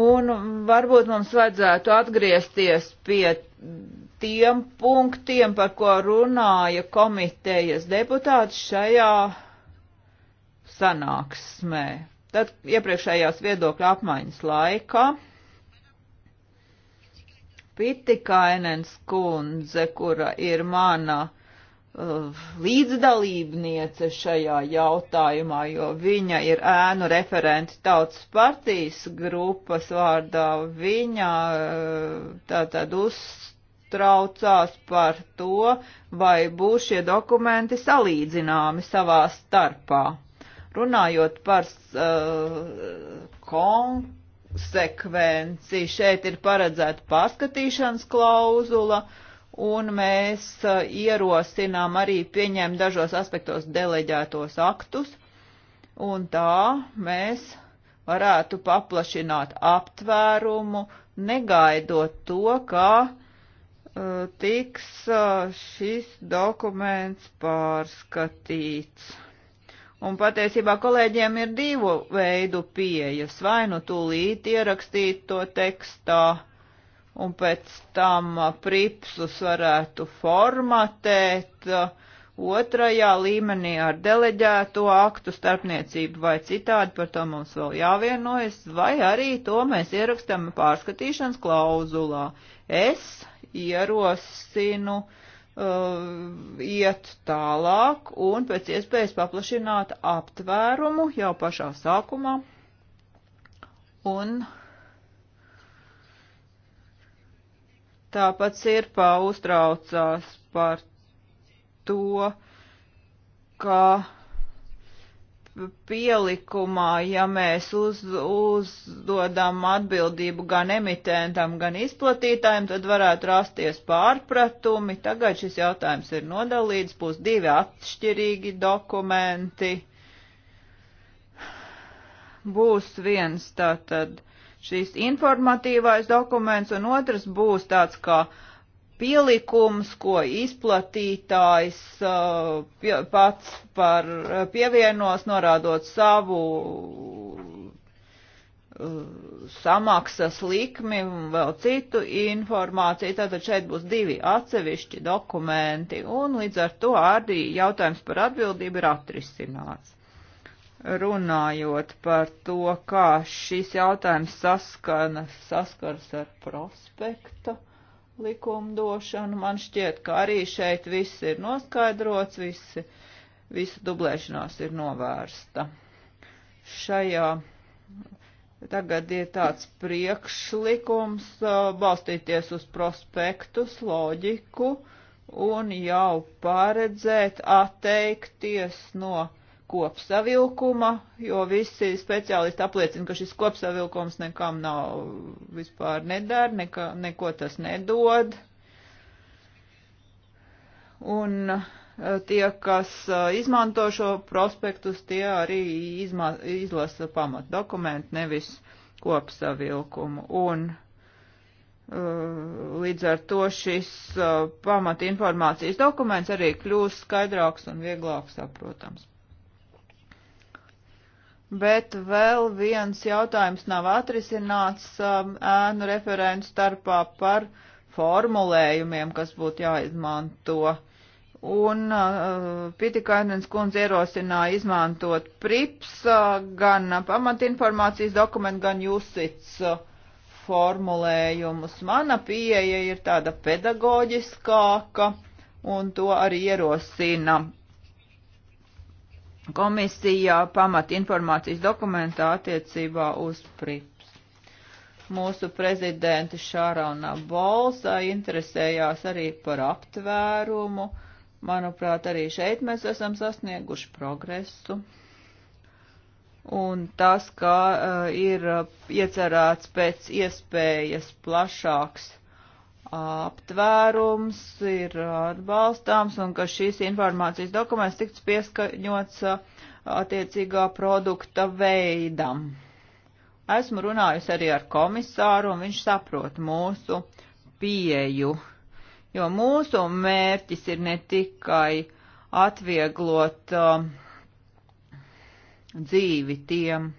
Un varbūt mums vajadzētu atgriezties pie tiem punktiem, par ko runāja komitejas deputāts šajā sanāksmē. Tad iepriekšējās viedokļa apmaiņas laikā Pitikainens kundze, kura ir mana uh, līdzdalībniece šajā jautājumā, jo viņa ir ēnu referenti tautas partijas grupas vārdā, viņa uh, tātad uz traucās par to, vai būs šie dokumenti salīdzināmi savā starpā. Runājot par uh, konsekvenci, šeit ir paredzēta pārskatīšanas klauzula, un mēs uh, ierosinām arī pieņemt dažos aspektos deleģētos aktus, un tā mēs varētu paplašināt aptvērumu, negaidot to, ka tiks uh, šis dokuments pārskatīts. Un patiesībā kolēģiem ir divu veidu pieejas. Vai nu tūlīt ierakstīt to tekstā, un pēc tam uh, pripsus varētu formatēt, uh, otrajā līmenī ar deleģēto aktu starpniecību vai citādi, par to mums vēl jāvienojas, vai arī to mēs ierakstam pārskatīšanas klauzulā. Es ierosinu uh, iet tālāk un pēc iespējas paplašināt aptvērumu jau pašā sākumā un Tāpat Sirpā uztraucās par to, ka pielikumā, ja mēs uz, uzdodam atbildību gan emitentam, gan izplatītājiem, tad varētu rasties pārpratumi. Tagad šis jautājums ir nodalīts, būs divi atšķirīgi dokumenti. Būs viens tātad šīs informatīvais dokuments, un otrs būs tāds kā uh, pielikums, ko izplatītājs uh, pats par uh, pievienos, norādot savu uh, samaksas likmi un vēl citu informāciju. Tātad šeit būs divi atsevišķi dokumenti, un līdz ar to arī jautājums par atbildību ir atrisināts. Runājot par to, kā šis jautājums saskana, saskars ar prospektu likumdošanu. Man šķiet, ka arī šeit viss ir noskaidrots, visi, visa dublēšanās ir novērsta. Šajā Tagad ir tāds priekšlikums balstīties uz prospektus, loģiku un jau paredzēt atteikties no kopsavilkuma, jo visi speciālisti apliecina, ka šis kopsavilkums nekam nav vispār nedara, neka, neko tas nedod. Un eh, tie, kas eh, izmanto šo prospektus, tie arī izma, izlasa pamatdokumentu, nevis kopsavilkumu. Un eh, līdz ar to šis pamata informācijas dokuments arī kļūs skaidrāks un vieglāk saprotams bet vēl viens jautājums nav atrisināts um, ēnu referentu starpā par formulējumiem, kas būtu jāizmanto. Un uh, Pitikainens kundze ierosināja izmantot prips uh, gan pamatinformācijas dokumentu, gan jūsits uh, formulējumus. Mana pieeja ir tāda pedagoģiskāka, un to arī ierosina komisijā pamat informācijas dokumentā attiecībā uz PRIP mūsu prezidenti Šārona Bolsa interesējās arī par aptvērumu. Manuprāt, arī šeit mēs esam sasnieguši progresu. Un tas, kā uh, eh, ir eh, iecerēts pēc iespējas plašāks aptvērums ir atbalstāms un ka šīs informācijas dokuments tiks pieskaņots uh, attiecīgā produkta veidam. Esmu runājusi arī ar komisāru un viņš saprot mūsu pieju, jo mūsu mērķis ir ne tikai atvieglot uh, dzīvi tiem,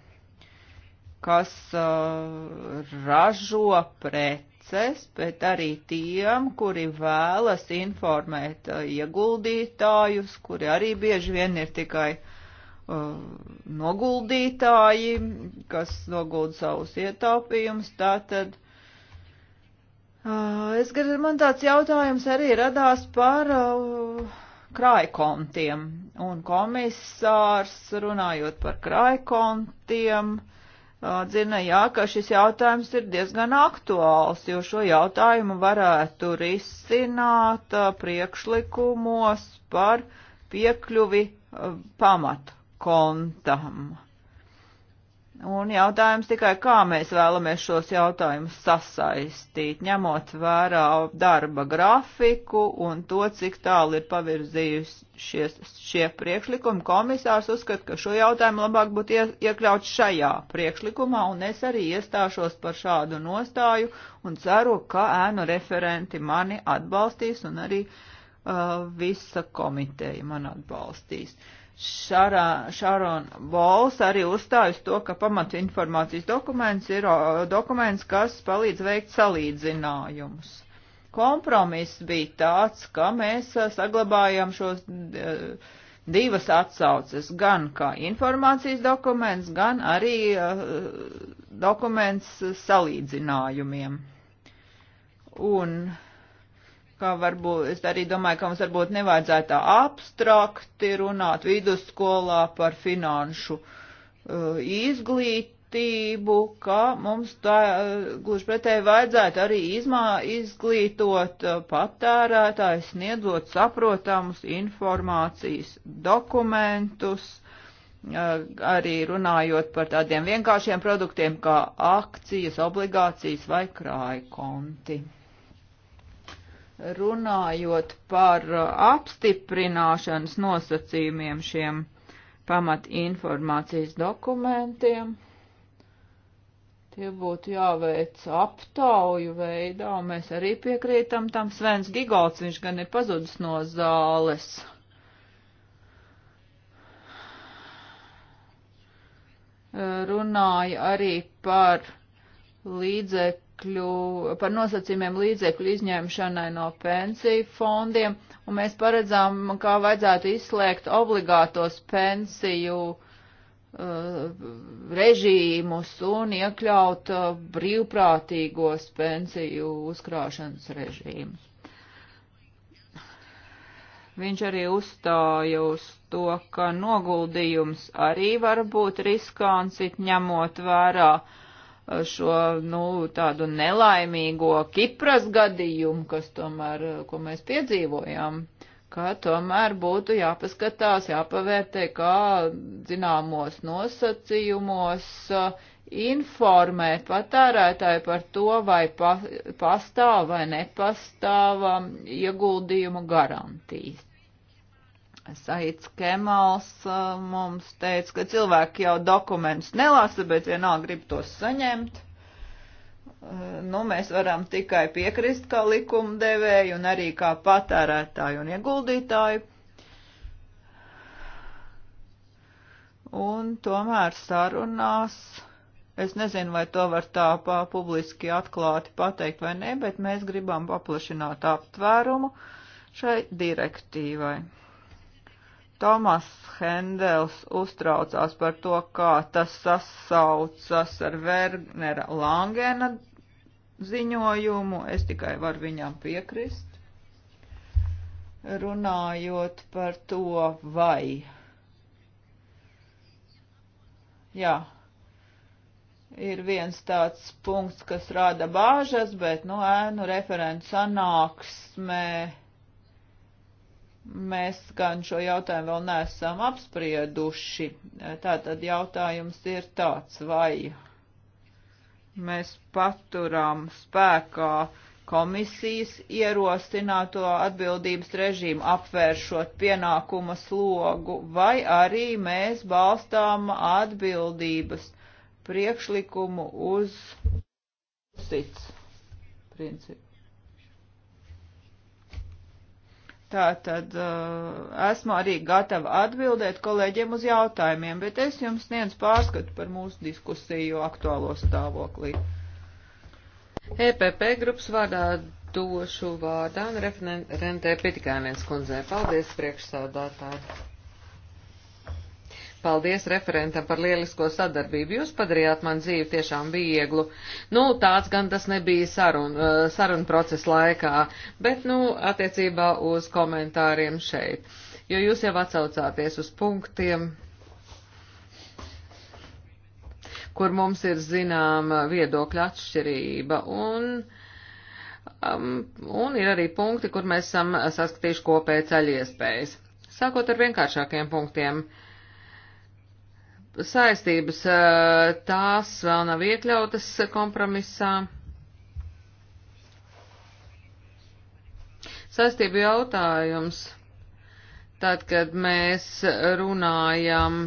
kas uh, ražo pret preces, bet arī tiem, kuri vēlas informēt uh, ieguldītājus, kuri arī bieži vien ir tikai uh, noguldītāji, kas noguld savus ietaupījumus. Tātad uh, es gribu, man tāds jautājums arī radās par uh, krājkontiem. Un komisārs runājot par krājkontiem, uh, atzina, jā, ka šis jautājums ir diezgan aktuāls, jo šo jautājumu varētu risināt priekšlikumos par piekļuvi pamatkontam. kontam Un jautājums tikai, kā mēs vēlamies šos jautājumus sasaistīt, ņemot vērā darba grafiku un to, cik tālu ir pavirzījušies šie priekšlikumi. Komisārs uzskata, ka šo jautājumu labāk būtu iekļaut šajā priekšlikumā, un es arī iestāšos par šādu nostāju un ceru, ka ēnu referenti mani atbalstīs un arī uh, visa komiteja man atbalstīs. Uh, Šarona Bols arī uzstājas to, ka pamatu informācijas dokuments ir dokuments, kas palīdz veikt salīdzinājumus. Kompromiss bija tāds, ka mēs saglabājam šos e, divas atsauces, gan kā informācijas dokuments, gan arī dokuments salīdzinājumiem. Un ka varbūt, es arī domāju, ka mums varbūt nevajadzētu tā abstrakti runāt vidusskolā par finanšu uh, izglītību, ka mums tā uh, gluži pretēji vajadzētu arī izmā, izglītot uh, patērētāju, sniedzot saprotamus informācijas dokumentus, uh, arī runājot par tādiem vienkāršiem produktiem kā akcijas, obligācijas vai krājkonti. konti runājot par uh, apstiprināšanas nosacījumiem šiem pamat informācijas dokumentiem. Tie būtu jāveic aptauju veidā, un mēs arī piekrītam tam Svens Gigolds, viņš gan ir pazudis no zāles. Uh, runāja arī par līdzekļu līdzekļu, par nosacījumiem līdzekļu izņemšanai no pensiju fondiem, un mēs paredzām, kā vajadzētu izslēgt obligātos pensiju uh, režīmus un iekļaut uh, brīvprātīgos pensiju uzkrāšanas režīmus. Viņš arī uzstāja uz to, ka noguldījums arī var būt riskants, it ņemot vērā uh, šo, nu, tādu nelaimīgo Kipras gadījumu, kas tomēr, ko mēs piedzīvojam, ka tomēr būtu jāpaskatās, jāpavērtē, kā zināmos nosacījumos eh, informēt patērētāju par to, vai pa, pastāv vai nepastāv um, ieguldījumu garantijas. Saits Kemals uh, mums teica, ka cilvēki jau dokumentus nelasa, bet vienalga grib tos saņemt. Uh, nu, mēs varam tikai piekrist kā likumdevēji un arī kā patērētāji un ieguldītāji. Un tomēr sarunās, es nezinu, vai to var tā publiski atklāti pateikt vai nē, bet mēs gribam paplašināt aptvērumu šai direktīvai. Tomas Hendels uztraucās par to, kā tas sasaucas ar Wernera Langena ziņojumu. Es tikai varu viņam piekrist. Runājot par to, vai. Jā, ir viens tāds punkts, kas rada bāžas, bet, nu, ēnu referents sanāksmē Mēs gan šo jautājumu vēl neesam apsprieduši. Tātad jautājums ir tāds, vai mēs paturām spēkā komisijas ierostināto atbildības režīmu apvēršot pienākuma slogu, vai arī mēs balstām atbildības priekšlikumu uz sits principu. Tātad uh, esmu arī gatava atbildēt kolēģiem uz jautājumiem, bet es jums sniedzu pārskatu par mūsu diskusiju aktuālo stāvoklī. EPP grupas vārdā došu vārdā referentē Pitikānienes kundzē. Paldies, priekšsādātāji! Paldies referentam par lielisko sadarbību. Jūs padarījāt man dzīvi tiešām vieglu. Nu, tāds gan tas nebija sarun, uh, sarun procesa laikā, bet, nu, attiecībā uz komentāriem šeit. Jo jūs jau atsaucāties uz punktiem, kur mums ir zināma viedokļa atšķirība. Un, um, un ir arī punkti, kur mēs esam saskatījuši kopēja ceļiespējas. Sākot ar vienkāršākiem punktiem. Uh, saistības tās vēl nav iekļautas kompromisā. Saistību jautājums, tad, kad mēs runājam,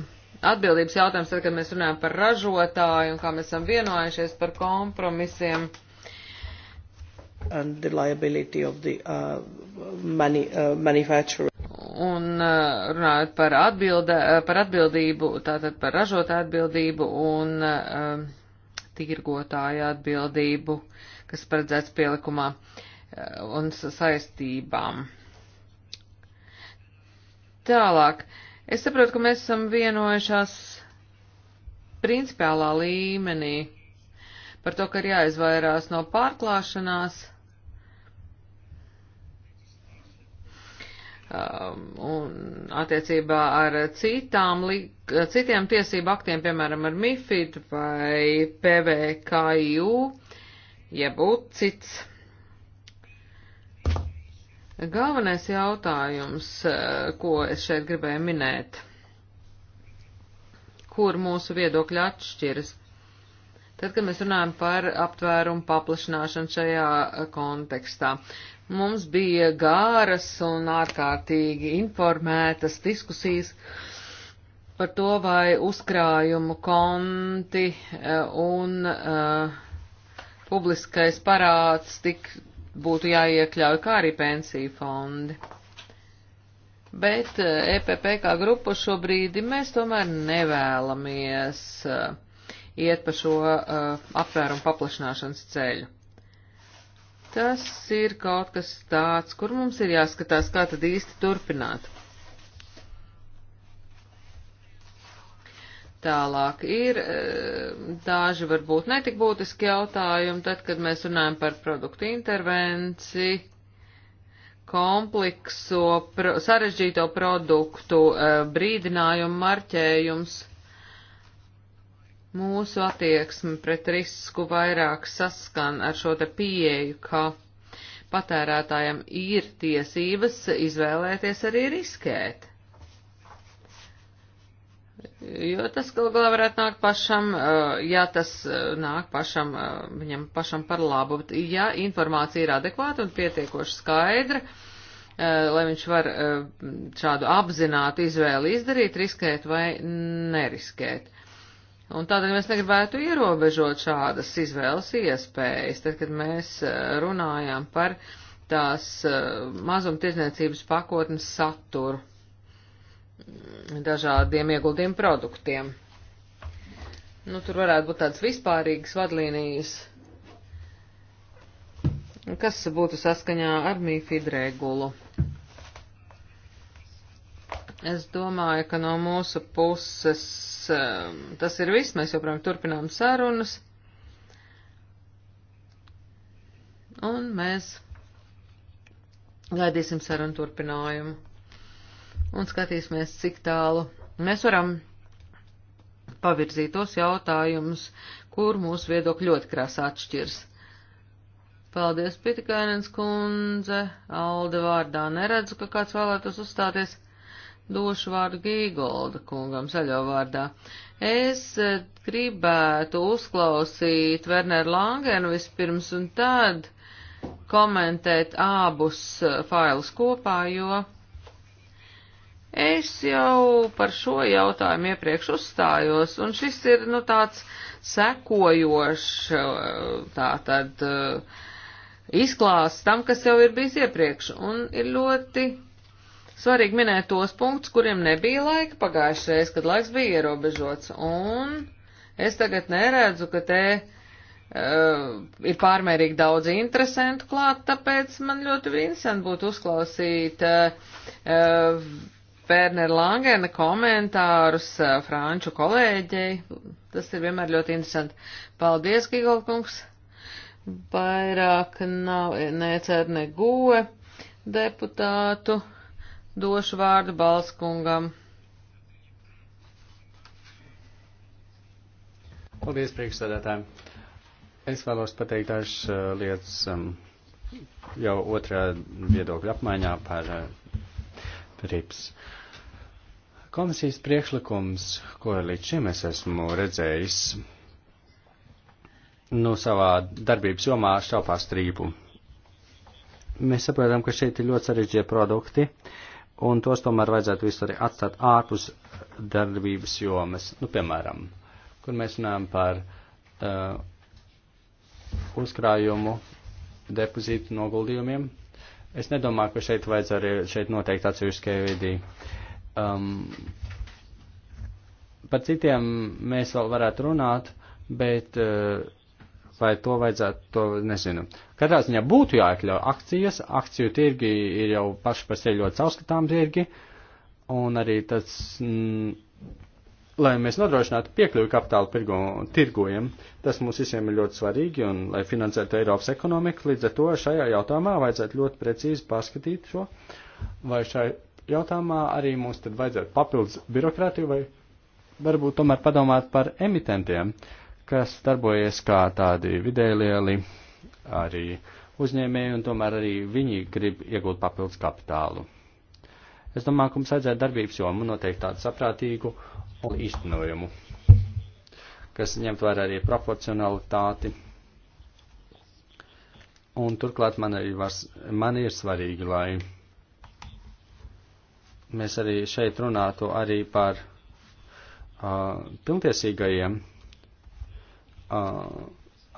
atbildības jautājums, tad, kad mēs runājam par ražotāju un kā mēs esam vienojušies par kompromisiem. And the liability of the uh, mani, uh, manufacturer. Un eh, runājot par, atbilda, eh, par atbildību, tātad par ražotāju atbildību un eh, tirgotāju atbildību, kas paredzēts pielikumā un saistībām. Tālāk, es saprotu, ka mēs esam vienojušās principiālā līmenī par to, ka ir jāizvairās no pārklāšanās Um, un attiecībā ar citām, citiem tiesību aktiem, piemēram, ar MIFID vai PVKU, jeb UCITS. Galvenais jautājums, eh, ko es šeit gribēju minēt, kur mūsu viedokļi atšķiras, tad, kad mēs runājam par aptvērumu paplašināšanu šajā eh, kontekstā. Mums bija gāras un ārkārtīgi informētas diskusijas par to, vai uzkrājumu konti eh, un uh, publiskais parāds tik būtu jāiekļauj, kā arī pensiju fondi. Bet EPP eh, e kā grupa šobrīd mēs tomēr nevēlamies iet pa šo apvērumu paplašināšanas ceļu. Tas ir kaut kas tāds, kur mums ir jāskatās, kā tad īsti turpināt. Tālāk ir eh, daži varbūt netik būtiski jautājumi, tad, kad mēs runājam par produktu intervenciju, komplekso, pro, sarežģīto produktu eh, brīdinājumu marķējums mūsu attieksme pret risku vairāk saskan ar šo te pieeju, ka patērētājiem ir tiesības izvēlēties arī riskēt. Jo tas galu galā varētu nākt pašam, eh, ja tas eh, nāk pašam, eh, viņam pašam par labu, bet ja informācija ir adekvāta un pietiekoši skaidra, lai viņš var šādu apzinātu izvēli izdarīt, riskēt vai neriskēt. Un tādēļ mēs negribētu ierobežot šādas izvēles iespējas. Tad, kad mēs eh, runājām par tās eh, mazumtirdzniecības pakotnes saturu mm, dažādiem ieguldījumu produktiem. Nu, tur varētu būt tādas vispārīgas vadlīnijas, kas būtu saskaņā ar MIFID regulu. Es domāju, ka no mūsu puses um, tas ir viss. Mēs joprojām turpinām sarunas. Un mēs gaidīsim sarunu turpinājumu. Un skatīsimies, cik tālu mēs varam pavirzīt tos jautājumus, kur mūsu viedokļi ļoti krāsā atšķirs. Paldies, Pitikainens kundze, Alde vārdā neredzu, ka kāds vēlētos uzstāties došu vārdu Gīgolda kungam zaļo vārdā. Es eh, gribētu uzklausīt Werneru Langenu vispirms un tad komentēt abus eh, failus kopā, jo es jau par šo jautājumu iepriekš uzstājos, un šis ir, nu, tāds sekojošs, eh, tā tad, izklāsts tam, kas jau ir bijis iepriekš, un ir ļoti Svarīgi minēt tos punktus, kuriem nebija laika pagājušreiz, kad laiks bija ierobežots, un es tagad neredzu, ka te uh, ir pārmērīgi daudz interesantu klāt, tāpēc man ļoti interesanti būtu uzklausīt uh, eh, uh, Pērnera Langena komentārus uh, franču kolēģei. Tas ir vienmēr ļoti interesanti. Paldies, Gigolkungs! Vairāk nav necēr ne goe deputātu. Došu vārdu Balskungam. Paldies, priekšsēdētājiem. Es vēlos pateikt dažas uh, lietas um, jau otrā viedokļa apmaiņā par uh, prips. Komisijas priekšlikums, ko līdz šim es esmu redzējis, nu savā darbības jomā šaupā strīpu. Mēs saprotam, ka šeit ir ļoti sarežģīti produkti. Uh, un tos tomēr vajadzētu visu arī atstāt ārpus darbības jomas. Nu, piemēram, kur mēs runājam par uh, uzkrājumu depozītu noguldījumiem. Es nedomāju, ka šeit vajadz arī šeit noteikti atsevišķi KVD. Um, par citiem mēs vēl varētu runāt, bet uh, vai to vajadzētu, to nezinu. Katrā ziņā būtu jāiekļauj akcijas, akciju tirgi ir jau paši par sevi ļoti caurskatām tirgi, un arī tas, mm, lai mēs nodrošinātu piekļuvi kapitāla pirgo, tirgojiem, tas mums visiem ir ļoti svarīgi, un lai finansētu Eiropas ekonomiku, līdz ar to šajā jautājumā vajadzētu ļoti precīzi paskatīt šo, vai šai jautājumā arī mums tad vajadzētu papildus birokrātiju, vai varbūt tomēr padomāt par emitentiem. Uh, kas darbojas kā tādi vidēlieli arī uzņēmēji, un tomēr arī viņi grib iegūt papildus kapitālu. Es domāju, ka mums vajadzētu darbības jomu noteikti tādu saprātīgu un īstenojumu, kas ņemt vērā arī proporcionalitāti. Un turklāt man, arī vars, man ir svarīgi, lai mēs arī šeit runātu arī par uh, pilntiesīgajiem uh,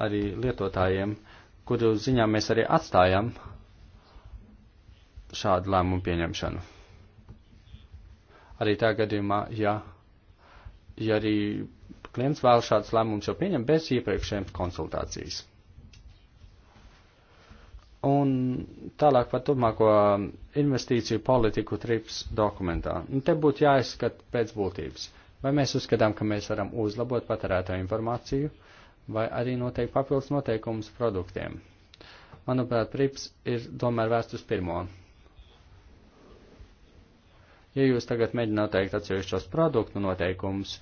arī lietotājiem, kuru ziņā mēs arī atstājam šādu lēmumu pieņemšanu. Arī tā gadījumā, ja, ja arī klients vēl šāds lēmums jau pieņem bez iepriekšējiem konsultācijas. Un tālāk par turpmāko investīciju politiku trips dokumentā. Un nu, te būtu jāizskat pēc būtības. Vai mēs uzskatām, ka mēs varam uzlabot patērētāju informāciju, uh, vai arī noteikti papildus noteikumus produktiem. Manuprāt, prips ir tomēr vērsts uz pirmo. Ja jūs tagad mēģināt teikt atsevišķos produktu noteikumus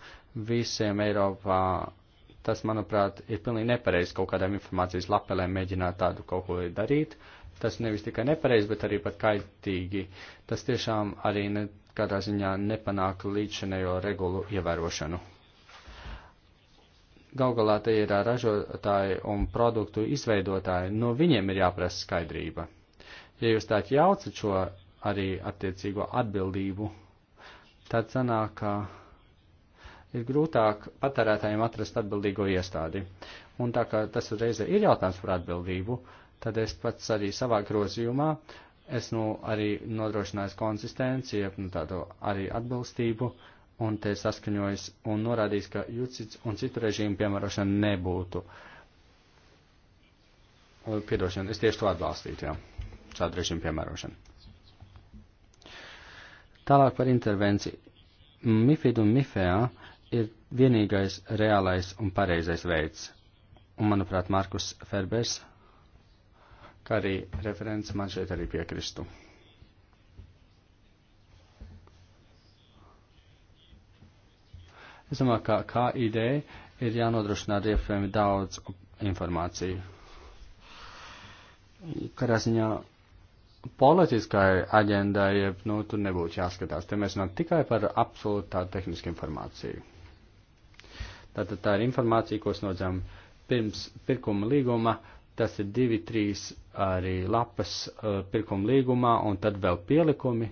visiem Eiropā, tas, manuprāt, ir pilnīgi nepareizi kaut kādām informācijas lapelēm mēģināt tādu kaut ko darīt. Tas nevis tikai nepareizi, bet arī pat kaitīgi. Tas tiešām arī nekādā ziņā nepanāk līdzšanējo regulu ievērošanu. Gal galā te ir ražotāji un produktu izveidotāji, no viņiem ir jāprasa skaidrība. Ja jūs tā jaucat šo arī attiecīgo atbildību, tad sanāk, ka ir grūtāk patērētājiem atrast atbildīgo iestādi. Un tā kā tas uzreiz ir jautājums par atbildību, tad es pats arī savā grozījumā es nu arī nodrošināju konsistenci, jeb nu, tādu arī atbilstību, uh, un te saskaņojas un norādījis, ka jucits un citu režīmu piemērošana nebūtu. Piedošana, es tieši to atbalstītu, jā, šādu režīmu piemērošanu. Tālāk par intervenciju. MIFID un MIFEA ir vienīgais reālais un pareizais veids. Un, manuprāt, Markus Ferbers, kā arī referents, man šeit arī piekristu. Es domāju, ka kā ideja ir jānodrošina ar iepēmi daudz informāciju. Karā ziņā politiskai aģendai, ja, nu, tur nebūtu jāskatās. Te mēs runājam tikai par absolūti tādu tehnisku informāciju. Tātad tā ir informācija, ko snodzam pirms pirkuma līguma, tas ir divi, trīs arī lapas uh, pirkuma līgumā, un tad vēl pielikumi,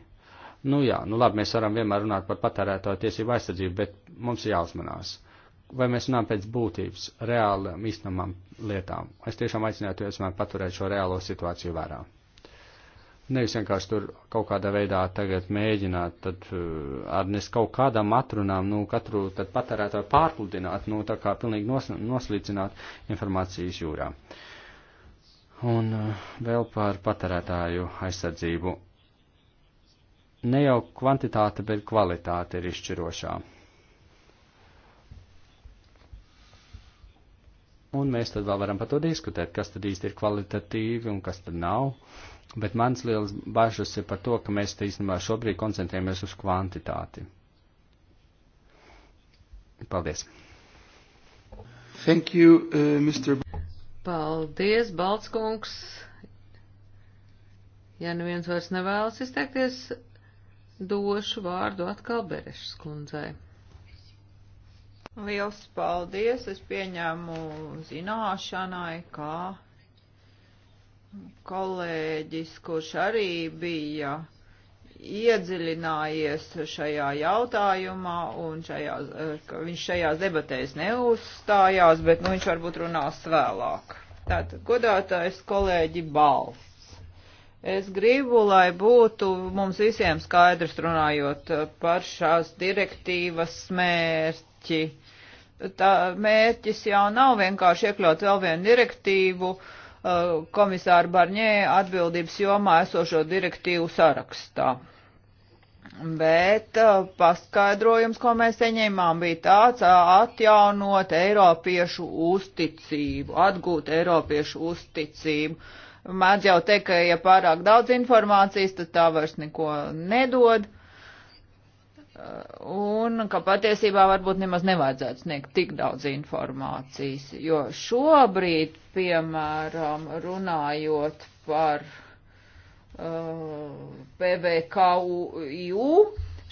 Nu jā, nu labi, mēs varam vienmēr runāt par patērēto tiesību aizsardzību, bet mums jāuzmanās. Vai mēs runājam pēc būtības, reālam, īstenamām lietām? Es tiešām aicinātu jūs man paturēt šo reālo situāciju vērā. Nevis vienkārši tur kaut kādā veidā tagad mēģināt, tad uh, ar nes kaut kādām atrunām, nu, katru tad patērētāju pārpludināt, nu, tā kā pilnīgi nos, noslīcināt informācijas jūrā. Un uh, vēl par patērētāju aizsardzību ne jau kvantitāte, bet kvalitāte ir izšķirošā. Un mēs tad vēl varam par to diskutēt, kas tad īsti ir kvalitatīvi un kas tad nav. Bet mans liels bažas ir par to, ka mēs te īstenībā šobrīd koncentrējamies uz kvantitāti. Paldies. Thank you, uh, Mr. Paldies, Baltskungs. Ja neviens vairs nevēlas izteikties, došu vārdu atkal Berešas kundzei. Liels paldies! Es pieņēmu zināšanai, kā kolēģis, kurš arī bija iedziļinājies šajā jautājumā, un šajā, viņš šajās debatēs neuzstājās, bet nu, viņš varbūt runās vēlāk. Tātad, godātais kolēģi Balts. Es gribu, lai būtu mums visiem skaidrs runājot par šās direktīvas mērķi. Tā mērķis jau nav vienkārši iekļaut vēl vienu direktīvu uh, komisāru Barņē atbildības jomā esošo direktīvu sarakstā. Bet uh, paskaidrojums, ko mēs saņēmām, bija tāds uh, atjaunot Eiropiešu uzticību, atgūt Eiropiešu uzticību mēdz jau teikt, ka ja pārāk daudz informācijas, tad tā vairs neko nedod. Un ka patiesībā varbūt nemaz nevajadzētu sniegt tik daudz informācijas, jo šobrīd, piemēram, runājot par uh, PVKU,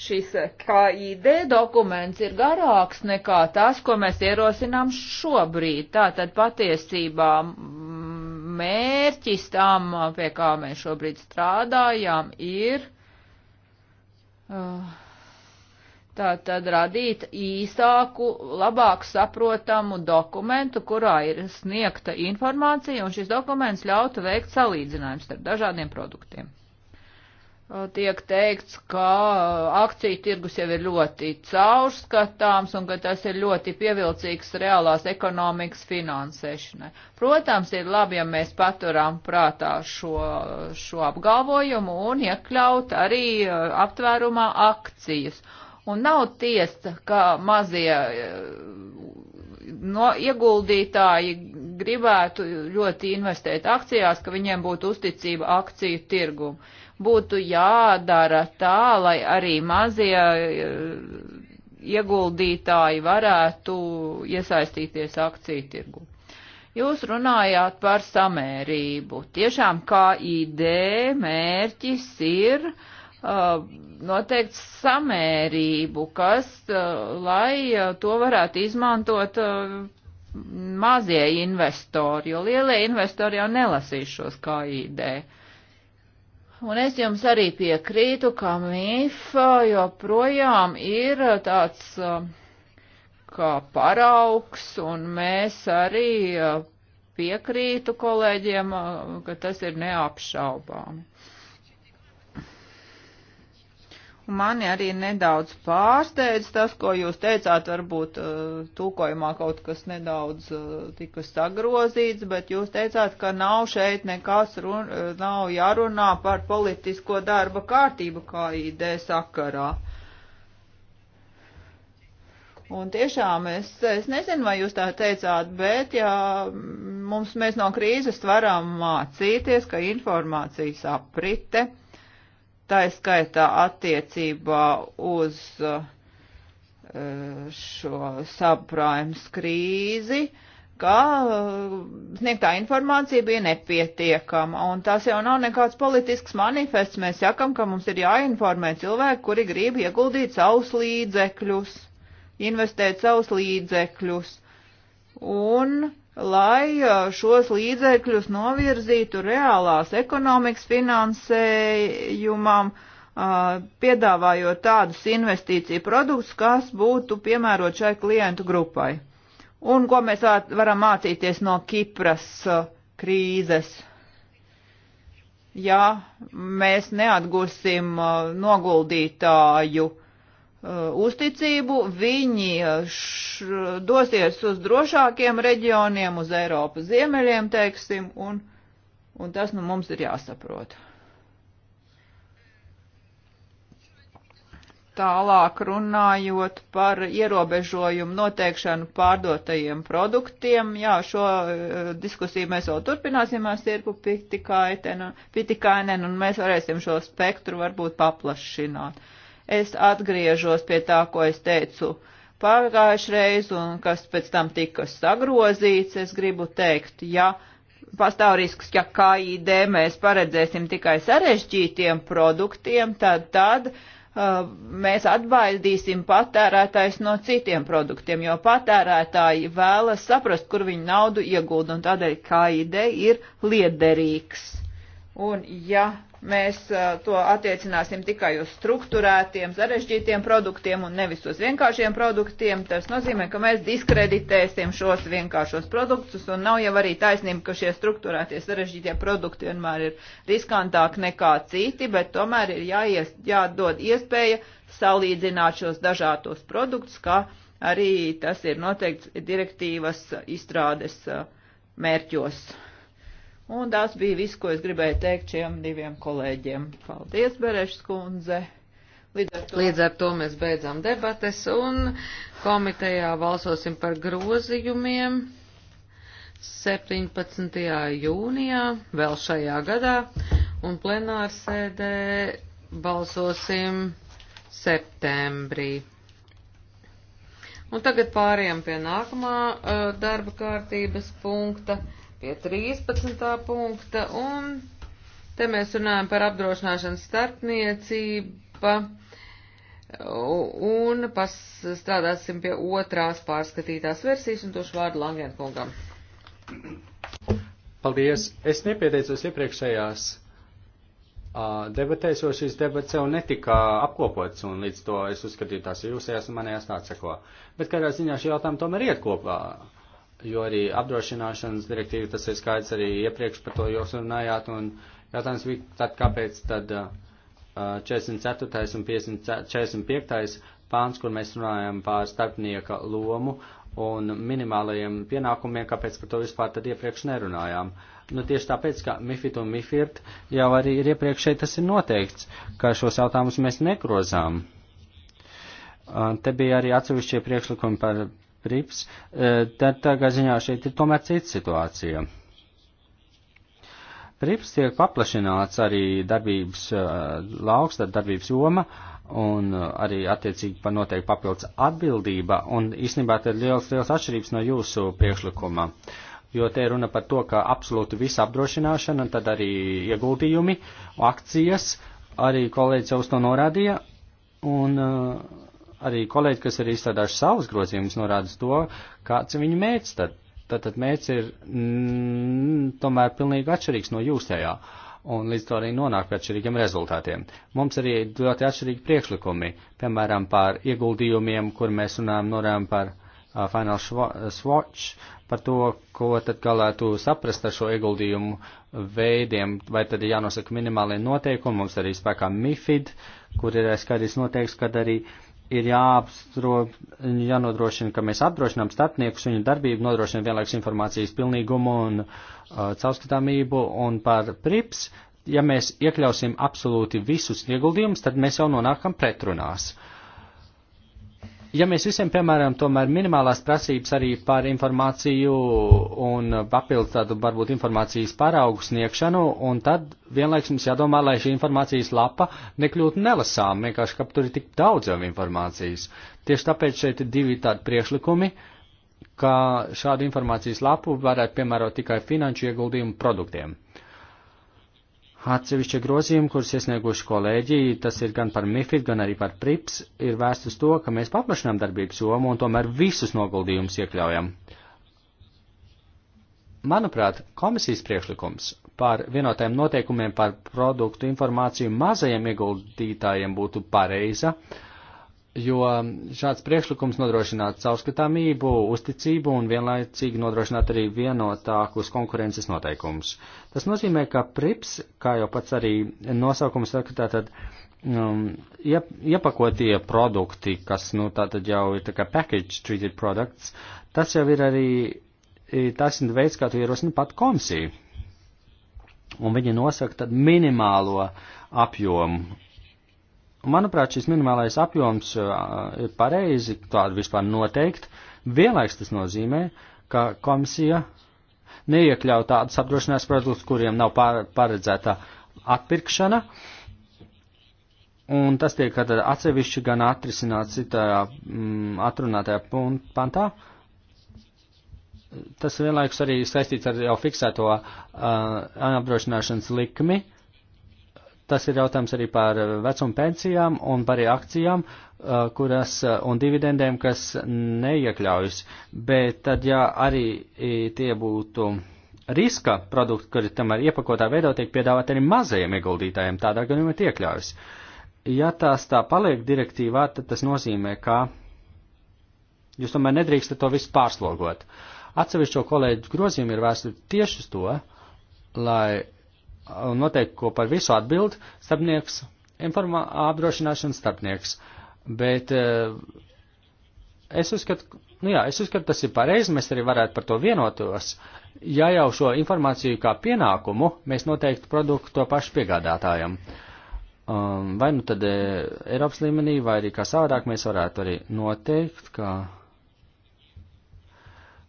šis KID dokuments ir garāks nekā tas, ko mēs ierosinām šobrīd. Tātad patiesībā mērķis tam, pie kā mēs šobrīd strādājam, ir uh, tā tad radīt īsāku, labāk saprotamu dokumentu, kurā ir sniegta informācija, un šis dokuments ļautu veikt salīdzinājumus starp dažādiem produktiem tiek teikts, ka uh, akciju tirgus jau ir ļoti caurskatāms un ka tas ir ļoti pievilcīgs reālās ekonomikas finansēšanai. Protams, ir labi, ja mēs paturām prātā šo, šo apgalvojumu un iekļaut arī uh, aptvērumā akcijas. Un nav tiesa, ka mazie uh, no, ieguldītāji gribētu ļoti investēt akcijās, ka viņiem būtu uzticība akciju tirgumu būtu jādara tā, lai arī mazie eh, ieguldītāji varētu iesaistīties akciju tirgu. Jūs runājāt par samērību. Tiešām kā ideja mērķis ir uh, noteikt samērību, kas, uh, lai uh, to varētu izmantot mazie investori, jo lielie investori jau nelasīs šos kā ideju Un es jums arī piekrītu, ka MIF joprojām ir tāds um, kā paraugs, un mēs arī uh, piekrītu kolēģiem, uh, ka tas ir neapšaubāmi. Un mani arī nedaudz pārsteidz tas, ko jūs teicāt, varbūt uh, tūkojumā kaut kas nedaudz uh, tika sagrozīts, bet jūs teicāt, ka nav šeit nekas, run, uh, nav jārunā par politisko darba kārtību kā ideja sakarā. Un tiešām es, es nezinu, vai jūs tā teicāt, bet ja mums mēs no krīzes varam mācīties, ka informācijas aprite tā skaitā attiecībā uz eh, šo subprimes krīzi, ka eh, sniegtā informācija bija nepietiekama, un tas jau nav nekāds politisks manifests. Mēs sakam, ka mums ir jāinformē cilvēki, kuri grib ieguldīt savus līdzekļus, investēt savus līdzekļus, un lai uh, šos līdzekļus novirzītu reālās ekonomikas finansējumam, uh, piedāvājot tādus investīciju produktus, kas būtu piemērot šai klientu grupai. Un ko mēs varam mācīties no Kipras uh, krīzes? Ja mēs neatgūsim noguldītāju Uh, uzticību, viņi uh, š, dosies uz drošākiem reģioniem, uz Eiropas ziemeļiem, teiksim, un, un tas nu mums ir jāsaprot. Tālāk runājot par ierobežojumu noteikšanu pārdotajiem produktiem, jā, šo uh, diskusiju mēs vēl turpināsim ar Sirpu Pitikainen, un mēs varēsim šo spektru varbūt paplašināt. Uh, Es atgriežos pie tā, ko es teicu pagājušreiz un kas pēc tam tika sagrozīts. Es gribu teikt, ja pastāv risks, ja KID mēs paredzēsim tikai sarežģītiem produktiem, tad tad uh, mēs atbaidīsim patērētājs no citiem produktiem, jo patērētāji vēlas saprast, kur viņu naudu iegūda, un tādēļ KID ir liederīgs. Un ja mēs to attiecināsim tikai uz struktūrētiem, sarežģītiem produktiem un nevis uz vienkāršiem produktiem. Tas nozīmē, ka mēs diskreditēsim šos vienkāršos produktus un nav jau arī taisnība, ka šie struktūrētie sarežģītie produkti vienmēr ir riskantāki nekā citi, bet tomēr ir jāies, jādod iespēja salīdzināt šos dažādos produktus, kā arī tas ir noteikts direktīvas izstrādes mērķos. Un tas bija viss, ko es gribēju teikt šiem diviem kolēģiem. Paldies, Berešs kundze! Līdz ar, to... Līdz ar to mēs beidzām debates un komitejā balsosim par grozījumiem 17. jūnijā, vēl šajā gadā, un plenārsēdē balsosim septembrī. Un tagad pāriem pie nākamā uh, darba kārtības punkta pie 13. punkta, un te mēs runājam par apdrošināšanas starpniecība, un pas, strādāsim pie otrās pārskatītās versijas, un došu vārdu Langenkungam. Paldies! Es nepieteicos iepriekšējās uh, debatēs, jo šīs debats jau netika apkopots, un līdz to es uzskatīju tās jūsējās un manējās nāceko. Bet kādā ziņā šī jautājuma tomēr iet kopā. Uh, jo arī apdrošināšanas direktīva, tas ir skaidrs arī iepriekš par to jūs runājāt, un jautājums bija tad, kāpēc tad uh, 44. Uh, un 45. pāns, kur mēs runājam pār starpnieka lomu un minimālajiem pienākumiem, kāpēc par to vispār tad iepriekš nerunājām. Nu, tieši tāpēc, ka MIFID un MIFIRT jau arī ir iepriekš šeit tas ir noteikts, ka šos jautājumus mēs negrozām. Uh, te bija arī atsevišķie priekšlikumi par prips, e, tad tagad ziņā šeit ir tomēr cita situācija. Prips tiek paplašināts arī darbības e, lauks, tad darbības joma, un e, arī attiecīgi par noteikti papildus atbildība, un īstenībā te ir liels, liels atšķirības no jūsu priekšlikuma. Jo te runa par to, ka absolūti visa apdrošināšana, tad arī ieguldījumi, akcijas, arī kolēģis jau uz to norādīja, un uh, arī kolēģi, kas ir izstrādājuši savus grozījumus, norāda to, kāds ir viņa mērķis. Tad. Tātad mērķis ir mm, tomēr pilnīgi atšķirīgs no jūsējā. Un līdz to arī nonāk pie atšķirīgiem rezultātiem. Mums arī ļoti atšķirīgi priekšlikumi, piemēram, par ieguldījumiem, kur mēs runājam, norājam par uh, Final Swatch, par to, ko tad galētu saprast ar šo ieguldījumu veidiem, vai tad ir jānosaka minimālie noteikumi, mums arī spēkā MIFID, kur ir skaidrs noteikts, kad arī uh, ir jāapstrop, jānodrošina, ka mēs apdrošinām starpniekus viņu darbību, nodrošina vienlaiks informācijas pilnīgumu un uh, caurskatāmību un par prips. Ja mēs iekļausim absolūti visus ieguldījumus, tad mēs jau nonākam pretrunās. Uh, Ja mēs visiem, piemēram, tomēr minimālās prasības arī par informāciju un papildus tādu varbūt informācijas paraugu sniegšanu, un tad vienlaiks mums jādomā, lai šī informācijas lapa nekļūtu nelasām, vienkārši, ka tur ir tik daudz jau informācijas. Tieši tāpēc šeit ir divi tādi priekšlikumi, ka šādu informācijas lapu varētu piemērot tikai finanšu ieguldījumu produktiem. Atsevišķi grozījumi, kurus iesnieguši kolēģi, tas ir gan par MIFID, gan arī par PRIPS, ir vērst uz to, ka mēs paplašinām darbības jomu un tomēr visus noguldījumus iekļaujam. Manuprāt, komisijas priekšlikums par vienotajiem noteikumiem par produktu informāciju mazajiem ieguldītājiem būtu pareiza. Uh, jo šāds priekšlikums nodrošinātu caurskatāmību, uzticību un vienlaicīgi nodrošinātu arī vienotākus konkurences noteikumus. Tas nozīmē, ka PRIPS, kā jau pats arī nosaukums saka, tātad um, iepakotie produkti, kas nu tātad jau ir tā kā package treated products, tas jau ir arī tas ir veids, kā tu ierosini pat komisiju. Un viņi nosaka tad minimālo apjomu, Manuprāt, šis minimālais apjoms uh, ir pareizi tādu vispār noteikt. Vienlaiks tas nozīmē, ka komisija neiekļauj tādus apdrošināšanas produktus, kuriem nav pār, paredzēta atpirkšana. Un tas tiek atsevišķi gan atrisināts citā mm, atrunātajā pantā. Tas vienlaikus arī saistīts ar jau fiksēto uh, apdrošināšanas likmi, uh, Tas ir jautājums arī par vecumu pensijām un par akcijām, uh, kuras uh, un dividendēm, kas neiekļaujas. Bet tad, ja arī tie būtu riska produkti, kuri tomēr iepakotā veidā tiek piedāvāti arī mazajiem ieguldītājiem, tādā gadījumā tie iekļaujas. Ja tās tā paliek direktīvā, tad tas nozīmē, ka jūs tomēr nedrīkstat to visu pārslogot. Atsevišķo kolēģu grozījumi ir vēsti tieši uz to, lai noteikti, ko par visu atbild starpnieks, informā, apdrošināšanas starpnieks. Bet eh, es uzskatu, nu jā, es uzskatu, tas ir pareizi, mēs arī varētu par to vienotos. Ja jau šo informāciju kā pienākumu, mēs noteikti produktu to pašu piegādātājam. Um, vai nu tad eh, Eiropas līmenī, vai arī kā savādāk mēs varētu arī noteikt, ka. Kā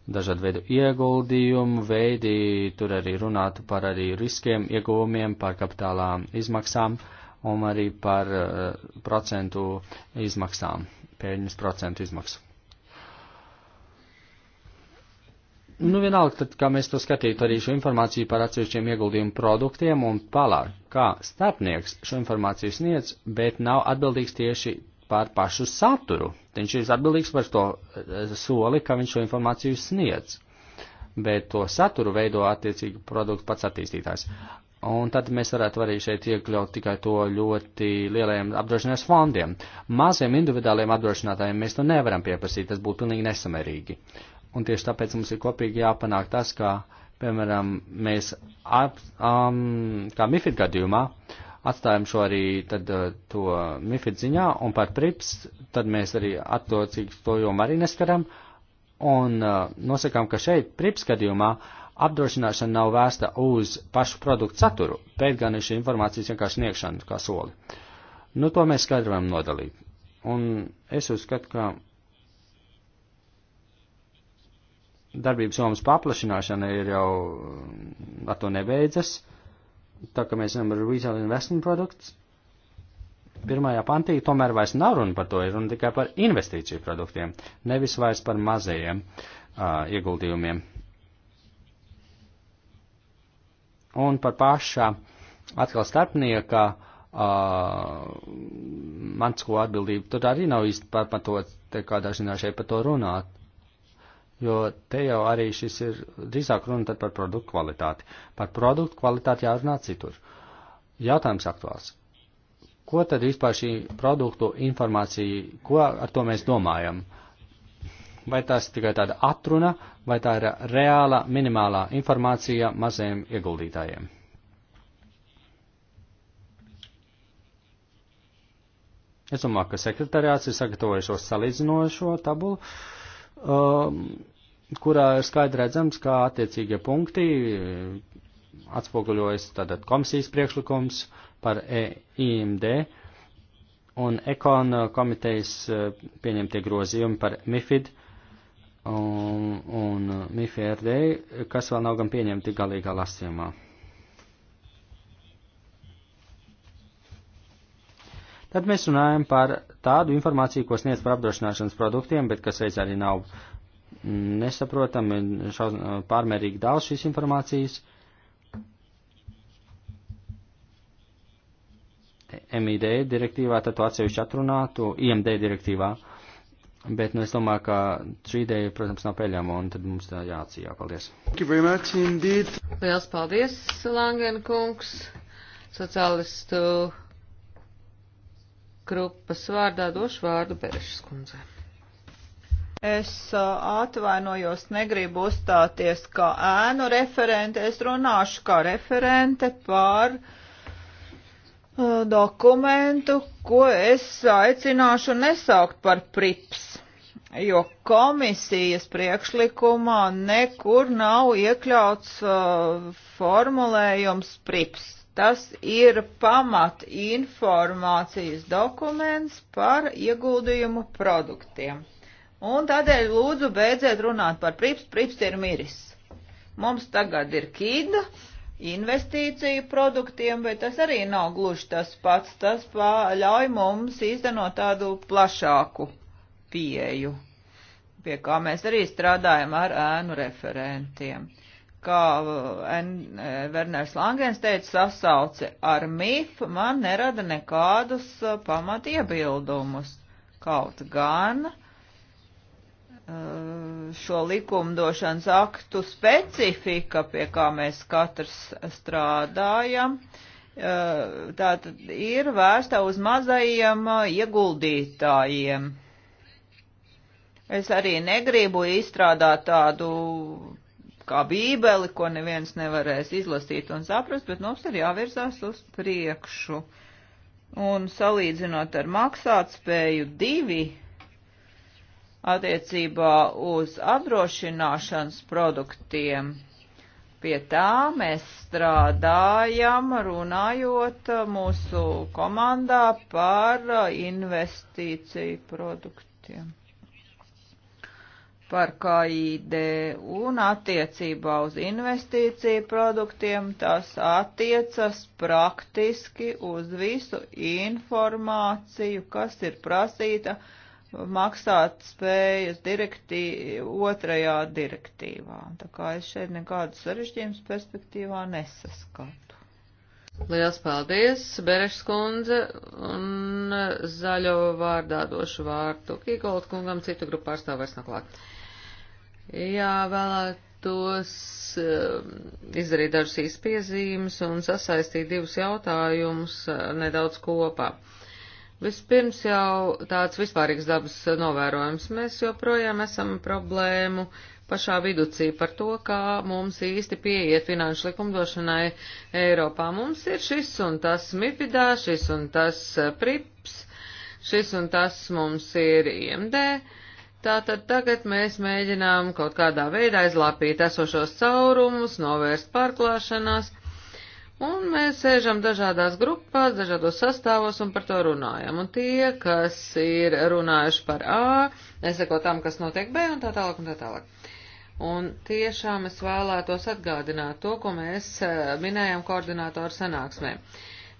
dažādu veidu ieguldījumu veidi, tur arī runātu par arī riskiem, ieguvumiem, par kapitālām izmaksām un arī par uh, procentu izmaksām, pēļņas procentu izmaksu. Nu, vienalga, tad, kā mēs to skatītu, arī šo informāciju par atsevišķiem ieguldījumu produktiem un palāk, kā starpnieks šo informāciju sniedz, bet nav atbildīgs tieši par pašu saturu. Viņš ir atbildīgs par to eh, soli, ka viņš šo informāciju sniedz, bet to saturu veido attiecīgi produktu pats attīstītājs. Un tad mēs varētu arī šeit iekļaut tikai to ļoti lielajiem apdrošināšanas fondiem. Maziem individuāliem apdrošinātājiem mēs to nevaram pieprasīt, tas būtu pilnīgi nesamērīgi. Un tieši tāpēc mums ir kopīgi jāpanāk tas, ka, piemēram, mēs, ap, um, kā MIFID gadījumā, uh, atstājam šo arī tad, eh, to MIFID ziņā, un par PRIPS tad mēs arī attiecīgi to jomu arī neskaram, un uh, nosakām, ka šeit PRIPS gadījumā apdrošināšana nav vērsta uz pašu produktu saturu, bet gan uz informācijas vienkārši sniegšanu kā soli. Nu, to mēs skaidri varam nodalīt. Un es uzskatu, ka darbības jomas paplašināšana ir jau eh, ar to nebeidzas. Uh, tā kā mēs zinām retail investment produkts, pirmajā pantī tomēr vairs nav runa par to, ir runa tikai par investīciju produktiem, nevis vairs par mazajiem uh, ieguldījumiem. Un par pašā atkal starpnieka uh, mansko atbildību, tad arī nav īsti pārpatot, te kādā ziņā šeit par to runāt jo te jau arī šis ir drīzāk runa par produktu kvalitāti. Par produktu kvalitāti jārunā citur. Jautājums aktuāls. Ko tad vispār šī produktu informācija, ko ar to mēs domājam? Vai tas tikai tāda atruna, vai tā ir reāla minimālā informācija mazajiem ieguldītājiem? Es domāju, ka sekretariāts ir sagatavojušos salīdzinošo tabulu. Um, kurā ir skaidri redzams, kā attiecīgie punkti eh, atspoguļojas tātad komisijas priekšlikums par EIMD un ekon eh, komitejas eh, pieņemtie grozījumi par MIFID un, un MIFRD, kas vēl nav gan pieņemti galīgā lasījumā. Tad mēs runājam par tādu informāciju, ko sniedz par apdrošināšanas produktiem, bet kas reiz arī nav uh, nesaprotam, ir šauz, pārmērīgi daudz šīs informācijas. MID direktīvā, tad to atsevišķi atrunātu, IMD direktīvā. Bet, nu, es domāju, ka šī ideja, protams, nav peļama, un tad mums tā jāatsījā. Paldies. Liels paldies, Langen kungs, sociālistu grupas vārdā došu vārdu Berešas kundzei. Es atvainojos, negribu uzstāties kā ēnu referente, es runāšu kā referente par dokumentu, ko es aicināšu nesaukt par prips, jo komisijas priekšlikumā nekur nav iekļauts formulējums prips. Tas ir pamat informācijas dokuments par ieguldījumu produktiem Un tādēļ lūdzu beidziet runāt par prips, prips ir miris. Mums tagad ir kīda investīciju produktiem, bet tas arī nav gluži tas pats. Tas ļauj mums īstenot tādu plašāku pieeju, pie kā mēs arī strādājam ar ēnu referentiem. Kā eh, eh, Werners Langens teica, sasauce ar MIF man nerada nekādus eh, pamat iebildumus. Kaut gan šo likumdošanas aktu specifika, pie kā mēs katrs strādājam, tātad ir vērsta uz mazajiem ieguldītājiem. Es arī negribu izstrādāt tādu kā bībeli, ko neviens nevarēs izlasīt un saprast, bet mums ir jāvirzās uz priekšu. Un salīdzinot ar maksātspēju divi, attiecībā uz apdrošināšanas produktiem. Pie tā mēs strādājam, runājot mūsu komandā par investīciju produktiem, par KID un attiecībā uz investīciju produktiem. Tas attiecas praktiski uz visu informāciju, kas ir prasīta maksāt spējas direktī, otrajā direktīvā. Tā kā es šeit nekādas sarežģījums perspektīvā nesaskatu. Liels paldies, Berešs kundze, un zaļo vārdā došu vārdu Kīgolt kungam, citu grupu pārstāv vairs nav klāt. Jā, vēlētos um, izdarīt dažas īspiezīmes un sasaistīt divus jautājumus uh, nedaudz kopā. Uh, Vispirms jau tāds vispārīgs dabas novērojums. Mēs joprojām esam problēmu pašā viducī par to, kā mums īsti pieiet finanšu likumdošanai Eiropā. Mums ir šis un tas MIPIDā, šis un tas eh, PRIPS, šis un tas mums ir IMD. Tātad tagad mēs mēģinām kaut kādā veidā izlāpīt esošos caurumus, novērst pārklāšanās Un mēs sēžam dažādās grupās, dažādos sastāvos un par to runājam. Un tie, kas ir runājuši par A, nesako tam, kas notiek B un tā tālāk un tā tālāk. Un tiešām es vēlētos atgādināt to, ko mēs eh, minējam koordinātoru sanāksmē.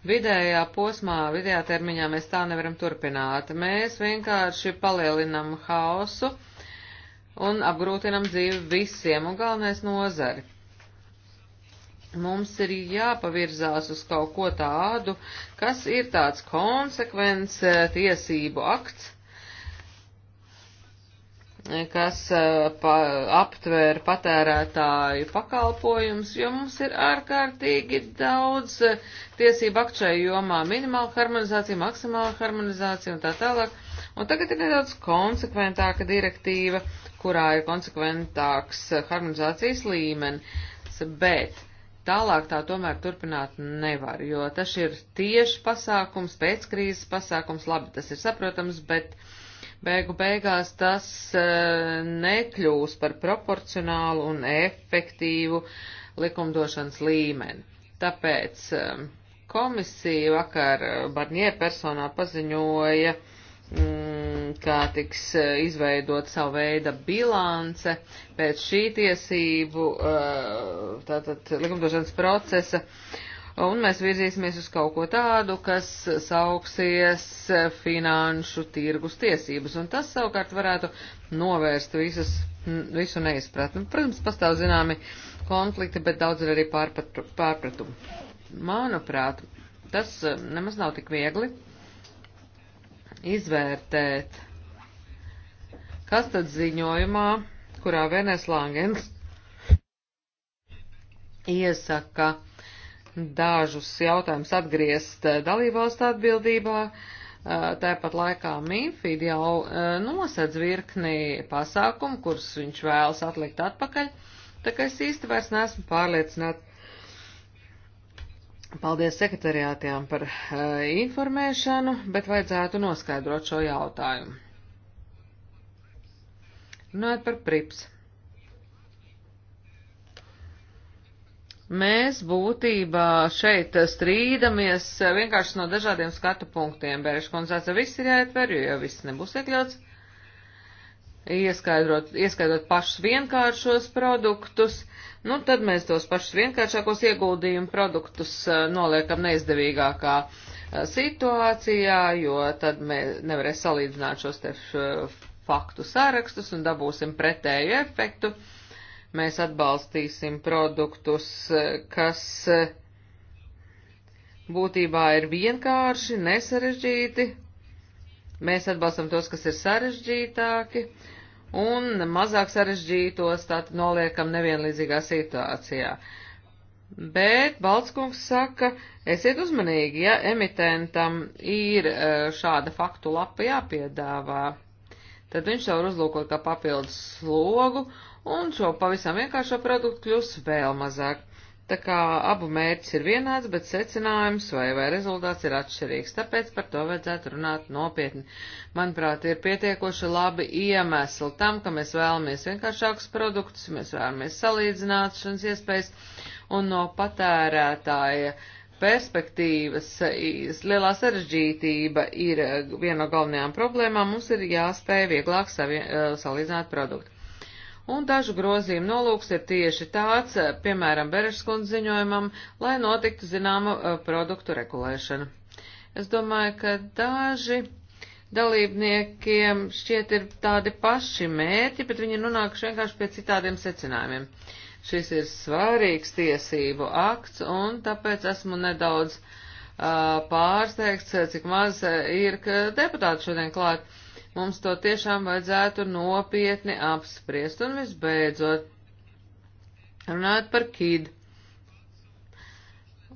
Vidējā posmā, vidējā termiņā mēs tā nevaram turpināt. Mēs vienkārši palielinam hausu un apgrūtinam dzīvi visiem un galvenais nozari mums ir jāpavirzās uz kaut ko tādu, kas ir tāds konsekvents eh, tiesību akts, kas eh, pa, aptver patērētāju pakalpojums, jo mums ir ārkārtīgi daudz eh, tiesību aktu šai jomā - minimāla harmonizācija, maksimāla harmonizācija un tā tālāk. Un tagad ir nedaudz konsekventāka direktīva, kurā ir konsekventāks harmonizācijas līmenis, bet Tālāk tā tomēr turpināt nevar, jo tas ir tieši pasākums, pēc krīzes pasākums, labi, tas ir saprotams, bet beigu beigās tas e, nekļūs par proporcionālu un efektīvu likumdošanas līmeni. Tāpēc e, komisija vakar Barnie personā paziņoja, mm, kā tiks e, izveidot savu veidu bilance pēc šī tiesību e, tātad, likumdošanas procesa. Un mēs virzīsimies uz kaut ko tādu, kas sauksies finanšu tirgus tiesības. Un tas savukārt varētu novērst visas, visu neizpratni. Protams, pastāv zināmi konflikti, bet daudz ir arī pārpratumi. Manuprāt, tas e, nemaz nav tik viegli. Uh, izvērtēt, kas tad ziņojumā, kurā Venes Langens iesaka dažus jautājumus atgriezt dalībvalstu atbildībā, eh, tāpat laikā Mīfīd jau eh, nosedz virkni pasākumu, kurus viņš vēlas atlikt atpakaļ, tā kā es īsti vairs neesmu pārliecināta Paldies sekretariātiem par uh, informēšanu, bet vajadzētu noskaidrot šo jautājumu. Runājot par prips. Mēs būtībā šeit strīdamies vienkārši no dažādiem skatu punktiem. Bēreškundze, tas viss ir jāietver, jo jau viss nebūs iekļauts. Uh, ieskaidrot, ieskaidrot pašus vienkāršos produktus, nu tad mēs tos pašus vienkāršākos ieguldījumu produktus noliekam neizdevīgākā situācijā, jo tad mēs nevarēs salīdzināt šos te faktu sārakstus un dabūsim pretēju efektu. Mēs atbalstīsim produktus, kas būtībā ir vienkārši, nesarežģīti, Mēs atbalstam tos, kas ir sarežģītāki, un mazāk sarežģītos tātad noliekam nevienlīdzīgā situācijā. Bet Baltskungs saka, esiet uzmanīgi, ja emitentam ir e, šāda faktu lapa jāpiedāvā, tad viņš jau var uzlūkot kā papildus slogu, un šo pavisam vienkāršo produktu kļūs vēl mazāk. Tā kā abu mērķis ir vienāds, bet secinājums vai, vai rezultāts ir atšķirīgs, tāpēc par to vajadzētu runāt nopietni. Manuprāt, ir pietiekoši labi iemesli tam, ka mēs vēlamies vienkāršākus produktus, mēs vēlamies salīdzināšanas iespējas un no patērētāja perspektīvas lielā sarežģītība ir viena no galvenajām problēmām, mums ir jāspēj vieglāk savi, eh, salīdzināt produktu un dažu grozījumu nolūks ir tieši tāds, eh, piemēram, Bereškundas ziņojumam, lai notiktu zināma eh, produktu regulēšana. Es domāju, ka daži dalībniekiem šķiet ir tādi paši mērķi, bet viņi nonākuši vienkārši pie citādiem secinājumiem. Šis ir svarīgs tiesību akts, un tāpēc esmu nedaudz uh, pārsteigts, cik maz ir deputāti šodien klāt. Uh, Mums to tiešām vajadzētu nopietni apspriest. Un visbeidzot, runājot par kīdu.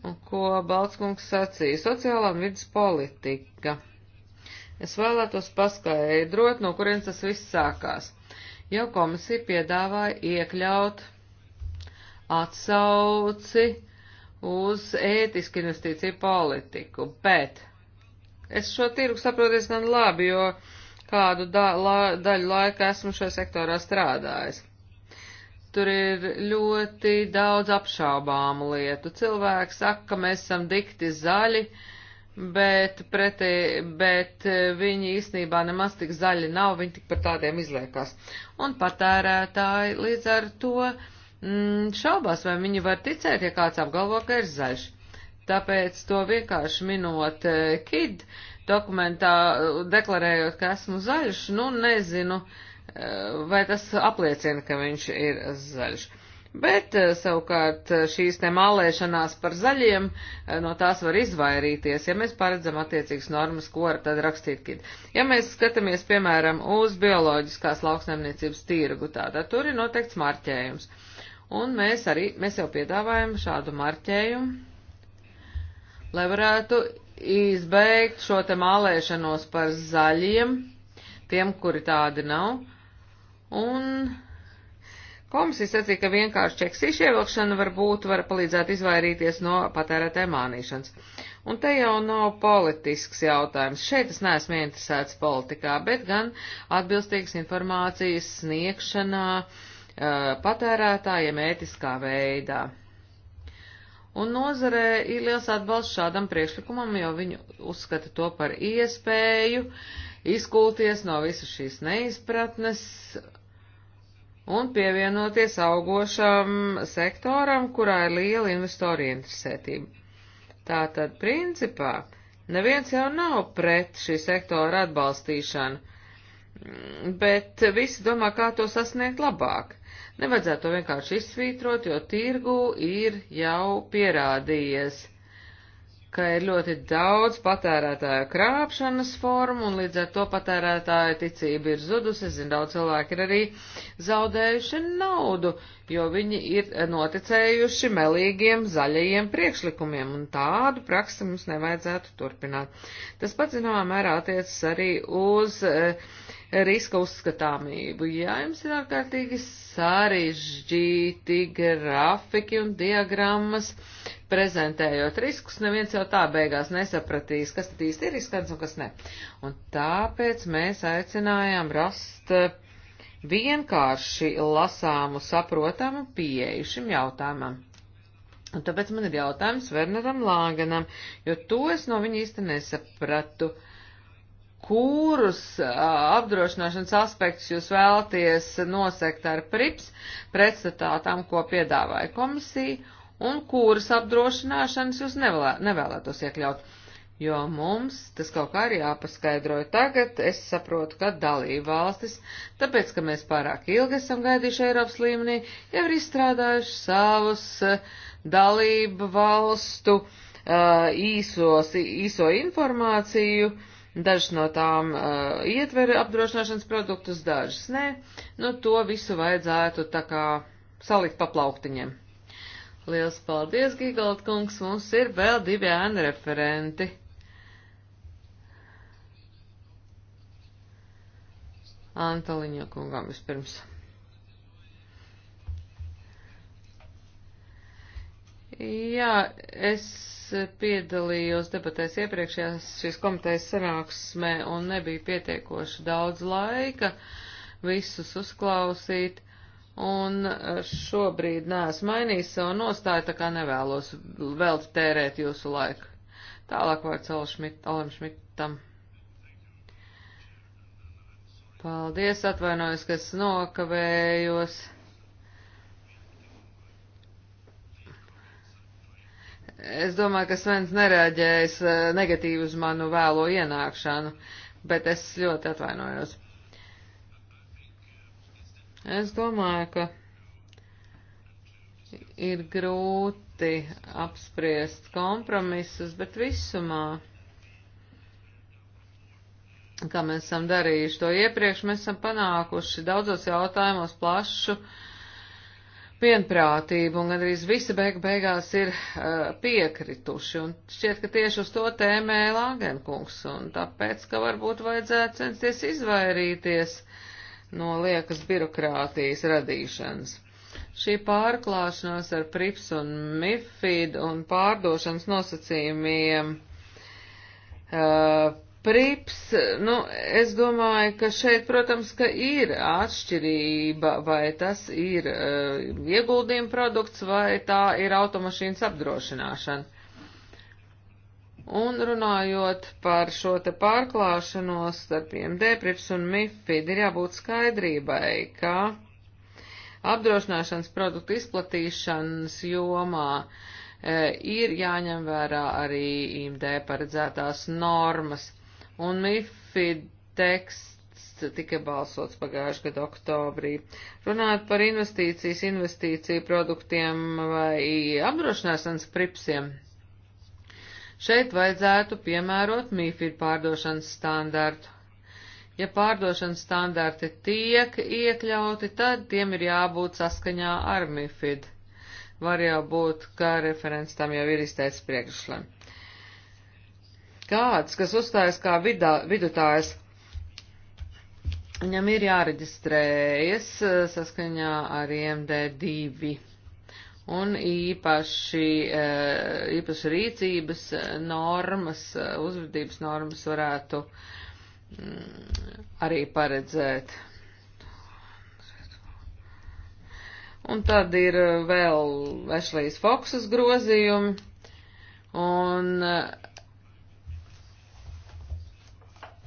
Un ko Baltskungs sacīja? Sociālā vidas politika. Es vēlētos paskaidrot, no kurienes tas viss sākās. Jau komisija piedāvāja iekļaut atsauci uz ētisku investīciju politiku, bet es šo tirgu saprotu diezgan labi, jo kādu da la daļu laika esmu šajā sektorā strādājis. Tur ir ļoti daudz apšaubāmu lietu. Cilvēki saka, ka mēs esam dikti zaļi, bet, pretī, bet e, viņi īstenībā nemaz tik zaļi nav, viņi tik par tādiem izliekās. Un patērētāji līdz ar to mm, šaubās, vai viņi var ticēt, ja kāds apgalvo, ka ir zaļš. Tāpēc to vienkārši minot e, kid, dokumentā uh, deklarējot, ka esmu zaļš, nu nezinu, uh, vai tas apliecina, ka viņš ir zaļš. Bet uh, savukārt šīs te mālēšanās par zaļiem, no tās var izvairīties, ja mēs paredzam attiecīgas normas, ko var tad rakstīt kid. Ja mēs skatāmies, piemēram, uz bioloģiskās lauksaimniecības tirgu, tātad tur ir noteikts marķējums. Un mēs arī, mēs jau piedāvājam šādu marķējumu, lai varētu izbeigt šo te mālēšanos par zaļiem, tiem, kuri tādi nav. Un komisija sacīja, ka vienkārši čeksīšu ievilkšana varbūt var palīdzēt izvairīties no patērētāja mānīšanas. Un te jau nav politisks jautājums. Šeit es neesmu interesēts politikā, bet gan atbilstīgas informācijas sniegšanā eh, patērētājiem ētiskā veidā. Un nozarē ir liels atbalsts šādam priekšlikumam, jo viņi uzskata to par iespēju izkulties no visas šīs neizpratnes un pievienoties augošam sektoram, kurā ir liela investoru interesētība. Tātad, principā, neviens jau nav pret šī sektora atbalstīšanu, bet visi domā, kā to sasniegt labāk. Nevajadzētu to vienkārši izsvītrot, jo tirgu ir jau pierādījies, ka ir ļoti daudz patērētāju krāpšanas formu, un līdz ar to patērētāju ticība ir zudusi. Es zinu, daudz cilvēki ir arī zaudējuši naudu, jo viņi ir noticējuši melīgiem zaļajiem priekšlikumiem, un tādu praksi mums nevajadzētu turpināt. Tas pats, zināmā mērā, attiecas arī uz. Uh, riska uzskatāmību. Ja jums ir ārkārtīgi sarežģīti grafiki un diagrammas, prezentējot riskus, neviens jau tā beigās nesapratīs, kas tad īsti ir riskants un kas ne. Un tāpēc mēs aicinājām rast vienkārši lasāmu, saprotamu pieeju šim jautājumam. Un tāpēc man ir jautājums Werneram Lāganam, jo to es no viņa īsti nesapratu. Uh, kurus apdrošināšanas aspektus jūs vēlaties nosekt ar prips pretstatā tam, ko piedāvāja komisija, un kuras apdrošināšanas jūs nevēlē, nevēlētos iekļaut. Jo mums tas kaut kā arī jāpaskaidro tagad, es saprotu, ka dalība valstis, tāpēc, ka mēs pārāk ilgi esam gaidījuši Eiropas līmenī, jau ir izstrādājuši savus dalību valstu īsos, īso informāciju, uh, Dažas no tām uh, ietver apdrošināšanas produktus, dažas nē. Nu, to visu vajadzētu tā kā salikt pa plauktiņiem. Liels paldies, Gigalt kungs, mums ir vēl divi ēnu referenti. Antoliņa kungam vispirms. pirms. Jā, es piedalījos debatēs iepriekšējās šīs komitejas sanāksmē un nebija pietiekoši daudz laika visus uzklausīt. Un eh, šobrīd neesmu mainījis savu nostāju, tā kā nevēlos vēl tērēt jūsu laiku. Tālāk vārds Alam Šmitam. Paldies, atvainojos, ka es nokavējos. Es domāju, ka Svens nereaģēs eh, negatīvi uz manu vēlo ienākšanu, bet es ļoti atvainojos. Es domāju, ka ir grūti apspriest kompromisus, bet visumā, kā mēs esam darījuši to iepriekš, mēs esam panākuši daudzos jautājumos plašu uh, vienprātību, un gandrīz visi beig beigās ir uh, piekrituši, un šķiet, ka tieši uz to tēmē Lāgenkungs, un tāpēc, ka varbūt vajadzētu censties izvairīties no liekas birokrātijas radīšanas. Šī pārklāšanās ar prips un mifid un pārdošanas nosacījumiem uh, Prips, nu, es domāju, ka šeit, protams, ka ir atšķirība, vai tas ir uh, ieguldījuma produkts, vai tā ir automašīnas apdrošināšana. Un runājot par šo te pārklāšanos starp IMD, Prips un MIFID, ir jābūt skaidrībai, ka apdrošināšanas produktu izplatīšanas jomā uh, ir jāņem vērā arī IMD paredzētās normas un MIFID teksts tika balsots pagājušajā gada oktobrī. Runājot par investīcijas, investīciju produktiem vai apdrošināšanas pripsiem, šeit vajadzētu piemērot MIFID pārdošanas standartu. Ja pārdošanas standarti tiek iekļauti, tad tiem ir jābūt saskaņā ar MIFID. Var jau būt, ka referents tam jau ir izteicis priekšlēm kāds, kas uzstājas kā vidā, vidutājs, viņam ir jāreģistrējas eh, saskaņā ar IMD2. Un īpaši, eh, īpaši rīcības eh, normas, uzvedības normas varētu mm, arī paredzēt. Un tad ir vēl Ešlijas Foksas grozījumi, un uh,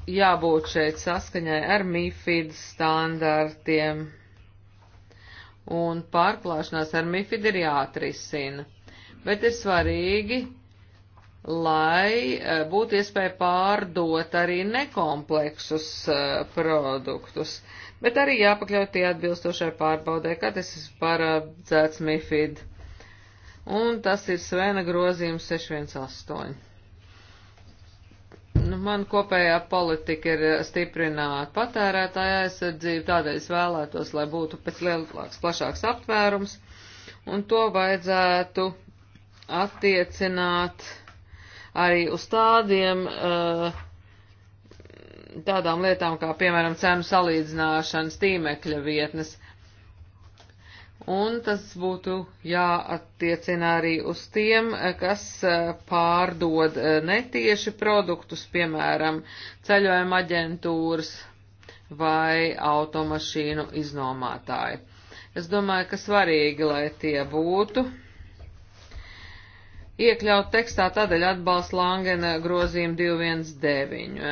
jābūt šeit saskaņai ar MIFID standartiem. Un pārklāšanās ar MIFID ir jāatrisina. Bet ir svarīgi, lai e, būtu iespēja pārdot arī nekompleksus e, produktus, bet arī jāpakļaut tie atbilstošai pārbaudē, kā tas ir paredzēts MIFID. Un tas ir Svena grozījums 618. Nu, man kopējā politika ir stiprināt patērētāja aizsardzību, tādēļ es vēlētos, lai būtu pēc lielāks, plašāks aptvērums, un to vajadzētu attiecināt arī uz tādiem, eh, tādām lietām kā, piemēram, cenu salīdzināšanas tīmekļa vietnes un tas būtu jāattiecina arī uz tiem, kas e, pārdod e, netieši produktus, piemēram, ceļojuma aģentūras vai automašīnu iznomātāji. Es domāju, ka svarīgi, lai tie būtu. Iekļaut tekstā tādēļ atbalsta Langena grozījumu 219.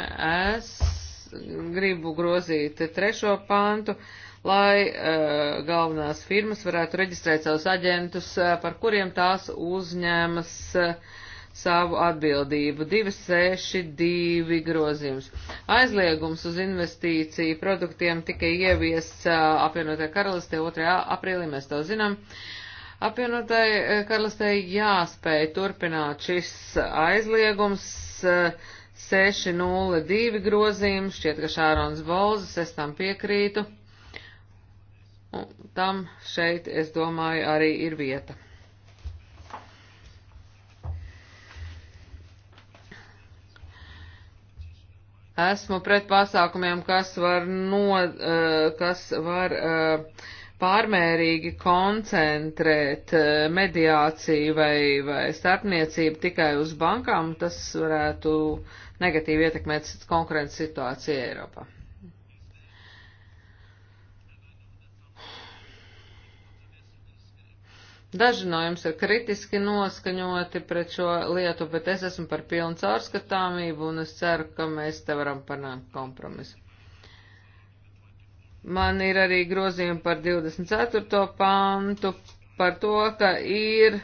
Es gribu grozīt trešo pantu. Uh, lai uh, galvenās firmas varētu reģistrēt savus aģentus, uh, par kuriem tās uzņēmas uh, eh, savu atbildību. 262 grozījums. Aizliegums uz investīciju produktiem tika ieviests uh, apvienotajā karalistē 2. aprīlī, mēs to zinām. Apvienotai karalistē jāspēj turpināt šis aizliegums. Uh, 602 grozījums, šķiet, ka Šārons Bolzes, es tam piekrītu. Un tam šeit, es domāju, arī ir vieta. Esmu pret pasākumiem, kas var, no, eh, kas var eh, pārmērīgi koncentrēt eh, mediāciju vai, vai starpniecību tikai uz bankām. Tas varētu negatīvi ietekmēt konkurences situāciju Eiropā. Daži no jums ir kritiski noskaņoti pret šo lietu, bet es esmu par pilnu caurskatāmību un es ceru, ka mēs te varam panākt kompromisu. Man ir arī grozījumi par 24. pantu, par to, ka ir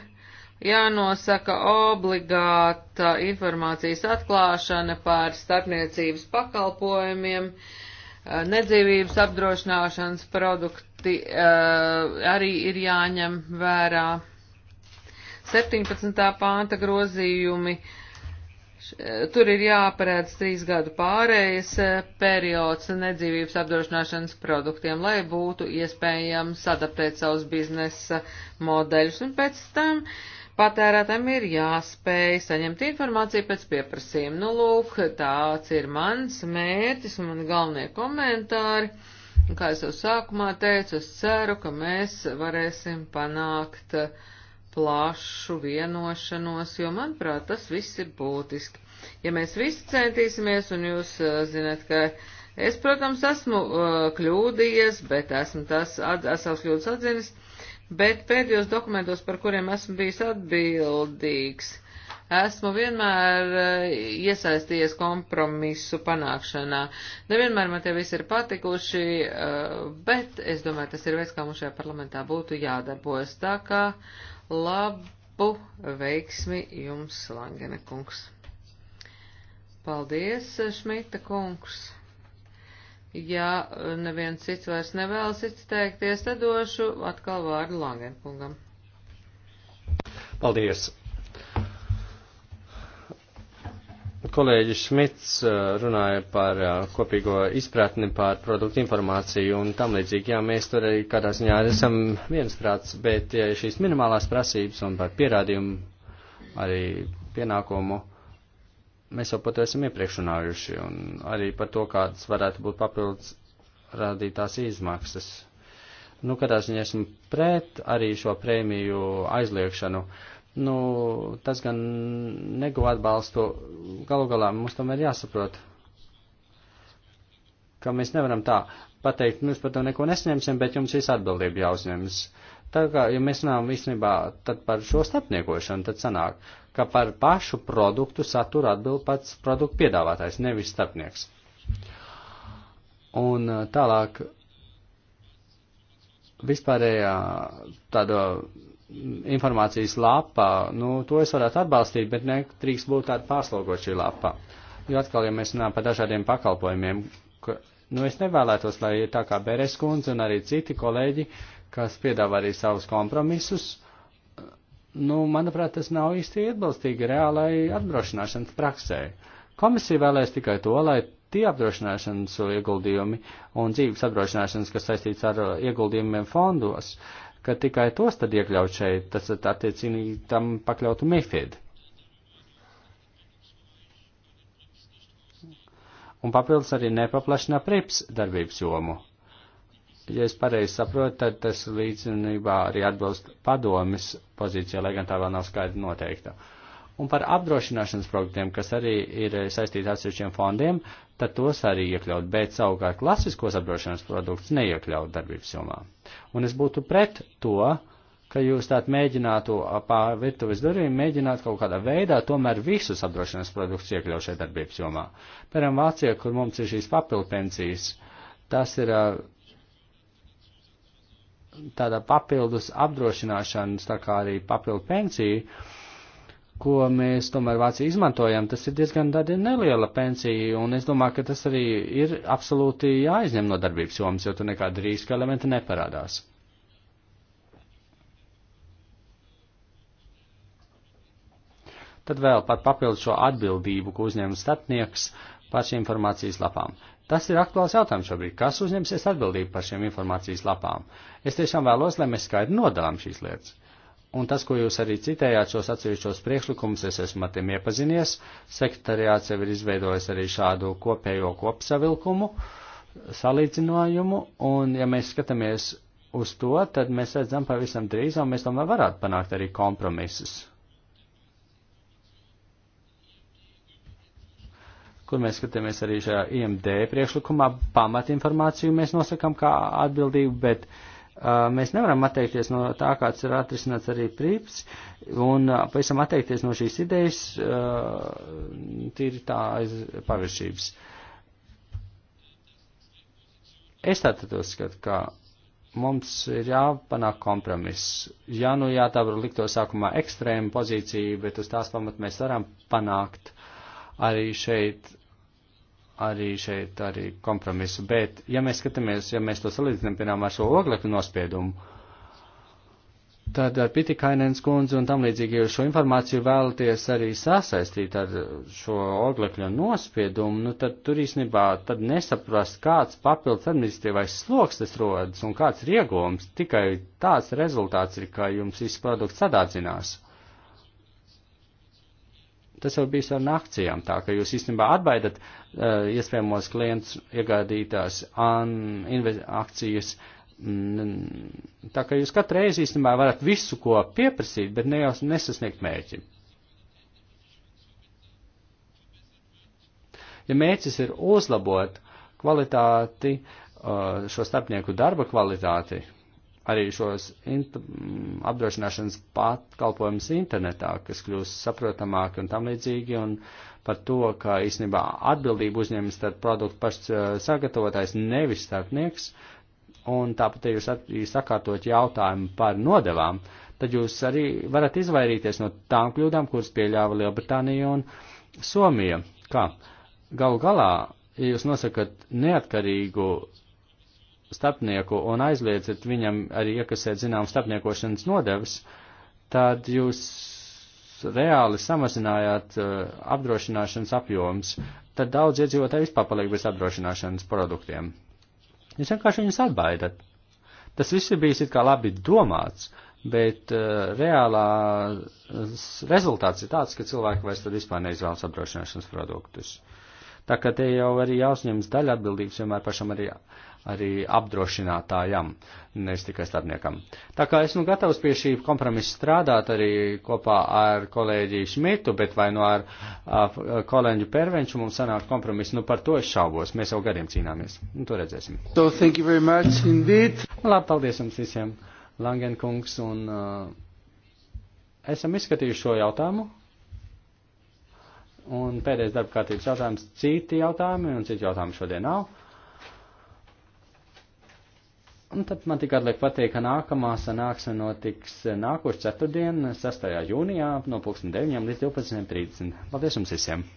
jānosaka obligāta informācijas atklāšana par starpniecības pakalpojumiem, nedzīvības apdrošināšanas produktu aspekti uh, eh, arī ir jāņem vērā. 17. pānta grozījumi. Tur ir jāparēdz trīs gadu pārējas eh, periods nedzīvības apdrošināšanas produktiem, lai būtu iespējams adaptēt savus biznesa modeļus. Un pēc tam patērētam ir jāspēj saņemt informāciju pēc pieprasījuma. Nu, lūk, tāds ir mans mērķis un man galvenie komentāri. Un kā es jau sākumā teicu, es ceru, ka mēs varēsim panākt plašu vienošanos, jo, manuprāt, tas viss ir būtiski. Ja mēs visi centīsimies, un jūs eh, zināt, ka es, protams, esmu eh, kļūdījies, bet esmu tas, at, es savus kļūdas atzinis, bet pēdējos dokumentos, par kuriem esmu bijis atbildīgs, esmu vienmēr eh, iesaistījies kompromisu panākšanā. Nevienmēr man tie visi ir patikuši, eh, bet es domāju, tas ir veids, kā mums šajā parlamentā būtu jādarbojas. Tā kā labu veiksmi jums, Langene kungs. Paldies, Šmita kungs. Ja neviens cits vairs nevēlas izteikties, tad došu atkal vārdu Langene kungam. Paldies! kolēģis Šmits eh, runāja par eh, kopīgo izpratni par produktu informāciju un tam līdzīgi, jā, mēs tur arī kādā ziņā esam viensprāts, bet ja šīs minimālās prasības un par pierādījumu arī pienākumu, mēs jau par to esam iepriekš runājuši un arī par to, kādas varētu būt papildus radītās izmaksas. Nu, kādā ziņā esmu pret arī šo prēmiju aizliekšanu. Uh, Nu, tas gan neguva atbalstu. Galu galā mums tomēr jāsaprot, ka mēs nevaram tā pateikt, nu, mēs par to neko nesaņemsim, bet jums viss atbildība jāuzņemas. Tā kā, ja mēs runājam īstenībā tad par šo starpniekošanu, tad sanāk, ka par pašu produktu saturu atbild pats produktu piedāvātājs, nevis starpnieks. Un eh, tālāk vispārējā tāda informācijas lapā, nu, to es varētu atbalstīt, bet netrīkst būt tāda pārslogot šī lapa. Jo atkal, ja mēs runājam par dažādiem pakalpojumiem, ka, nu, es nevēlētos, lai tā kā Beres kundze un arī citi kolēģi, kas piedāvā arī savus kompromisus, nu, manuprāt, tas nav īsti atbalstīgi reālai apdrošināšanas praksē. Komisija vēlēs tikai to, lai tie apdrošināšanas ieguldījumi un dzīves apdrošināšanas, kas saistīts ar ieguldījumiem fondos, uh, ka tikai tos tad iekļaut šeit, tas attiecīgi tam pakļautu MIFID. Un papildus arī nepaplašina prips darbības jomu. Ja es pareizi saprotu, tad tas līdzinībā arī atbilst padomis pozīcijai, lai gan tā vēl nav skaidri noteikta. Uh, un par apdrošināšanas produktiem, kas arī ir eh, saistīti atsevišķiem fondiem, tad tos arī iekļaut, bet savukārt klasiskos apdrošināšanas produktus neiekļaut darbības jomā. Un es būtu pret to, ka jūs tātad mēģinātu pa virtuves durvīm mēģināt kaut kādā veidā tomēr visus apdrošināšanas produktus iekļaut šajā darbības jomā. Piemēram, Vācijā, kur mums ir šīs papildu pensijas, tas ir tāda papildus apdrošināšanas, tā kā arī papildu pensija, ko mēs tomēr Vācija izmantojam, tas ir diezgan tāda neliela pensija, un es domāju, ka tas arī ir absolūti jāizņem no darbības jomas, jo tur nekāda riska elementa neparādās. Tad vēl par papildu šo atbildību, ko uzņem statnieks par šīm informācijas lapām. Tas ir aktuāls jautājums šobrīd. Kas uzņemsies atbildību par šiem informācijas lapām? Es tiešām vēlos, lai mēs skaidri nodalām šīs lietas Un tas, ko jūs arī citējāt šos atsevišķos priekšlikumus, es esmu ar tiem iepazinies. Sekretariāts jau ir izveidojis arī šādu kopējo kopsavilkumu, salīdzinājumu, un ja mēs skatāmies uz to, tad mēs redzam pavisam drīz, un mēs tomēr varētu panākt arī kompromisus. kur mēs skatāmies arī šajā IMD priekšlikumā, pamatinformāciju mēs nosakam kā atbildību, bet uh, mēs nevaram atteikties no tā, kāds ir atrisināts arī prīps, un pavisam atteikties no šīs idejas tīri tā aiz paviršības. Es tātad uzskatu, ka mums ir jāpanāk kompromiss. Ja nu jā, tā var likt to sākumā ekstrēmu pozīciju, bet uz tās pamat mēs varam panākt arī šeit arī šeit arī kompromisu, bet ja mēs skatāmies, ja mēs to salīdzinām, piemēram, ar šo oglekļu nospiedumu, tad ar eh, Pitikainens kundzi un tam līdzīgi, jo šo informāciju vēlaties arī sasaistīt ar šo oglekļa nospiedumu, nu tad tur īstenībā tad nesaprast, kāds papildus administratīvais sloks tas rodas un kāds ir iegūms, tikai tāds rezultāts ir, ka jums viss produkts sadādzinās tas jau bijis ar nakcijām, tā ka jūs īstenībā atbaidat uh, iespējamos klientus iegādītās an, akcijas. Mm, tā ka jūs katru reizi īstenībā varat visu, ko pieprasīt, bet ne jau nesasniegt mērķi. Ja mērķis ir uzlabot kvalitāti, uh, šo starpnieku darba kvalitāti, arī šos apdrošināšanas pakalpojumus internetā, kas kļūst saprotamāki un tam līdzīgi, un par to, ka īstenībā atbildību uzņemas tad produktu pašs uh, sagatavotājs, nevis starpnieks, un tāpat, ja jūs at, sakārtot jautājumu par nodevām, tad jūs arī varat izvairīties no tām kļūdām, kuras pieļāva Lielbritānija un Somija. Kā? Galu galā, ja jūs nosakat neatkarīgu starpnieku un aizliedzat viņam arī iekasēt zinām starpniekošanas nodevas, tad jūs reāli samazinājāt uh, apdrošināšanas apjoms, tad daudz iedzīvotāji vispār paliek bez apdrošināšanas produktiem. Jūs vienkārši viņus atbaidat. Tas viss ir bijis it kā labi domāts, bet uh, reālā rezultāts ir tāds, ka cilvēki vairs tad vispār neizvēlas apdrošināšanas produktus. Tā kā te jau arī jāuzņemas daļa atbildības vienmēr pašam arī arī apdrošinātājam, nevis tikai starpniekam. Tā kā es nu gatavs pie šī kompromisa strādāt arī kopā ar kolēģi Šmitu, bet vai nu no ar, ar, ar kolēģi Pervenču mums sanāk kompromiss, nu par to es šaubos, mēs jau gadiem cīnāmies. Nu, to redzēsim. So, thank you very much indeed. Nu, labi, paldies jums visiem, Langenkungs, un uh, esam izskatījuši šo jautājumu. Un pēdējais darba kārtības jautājums - citi jautājumi, un citu jautājumu šodien nav. Un tad man tikai atliek pateikt, ka nākamā sanāksme notiks nākošu ceturtdien, 6. jūnijā, no 9. līdz 12.30. Paldies jums visiem!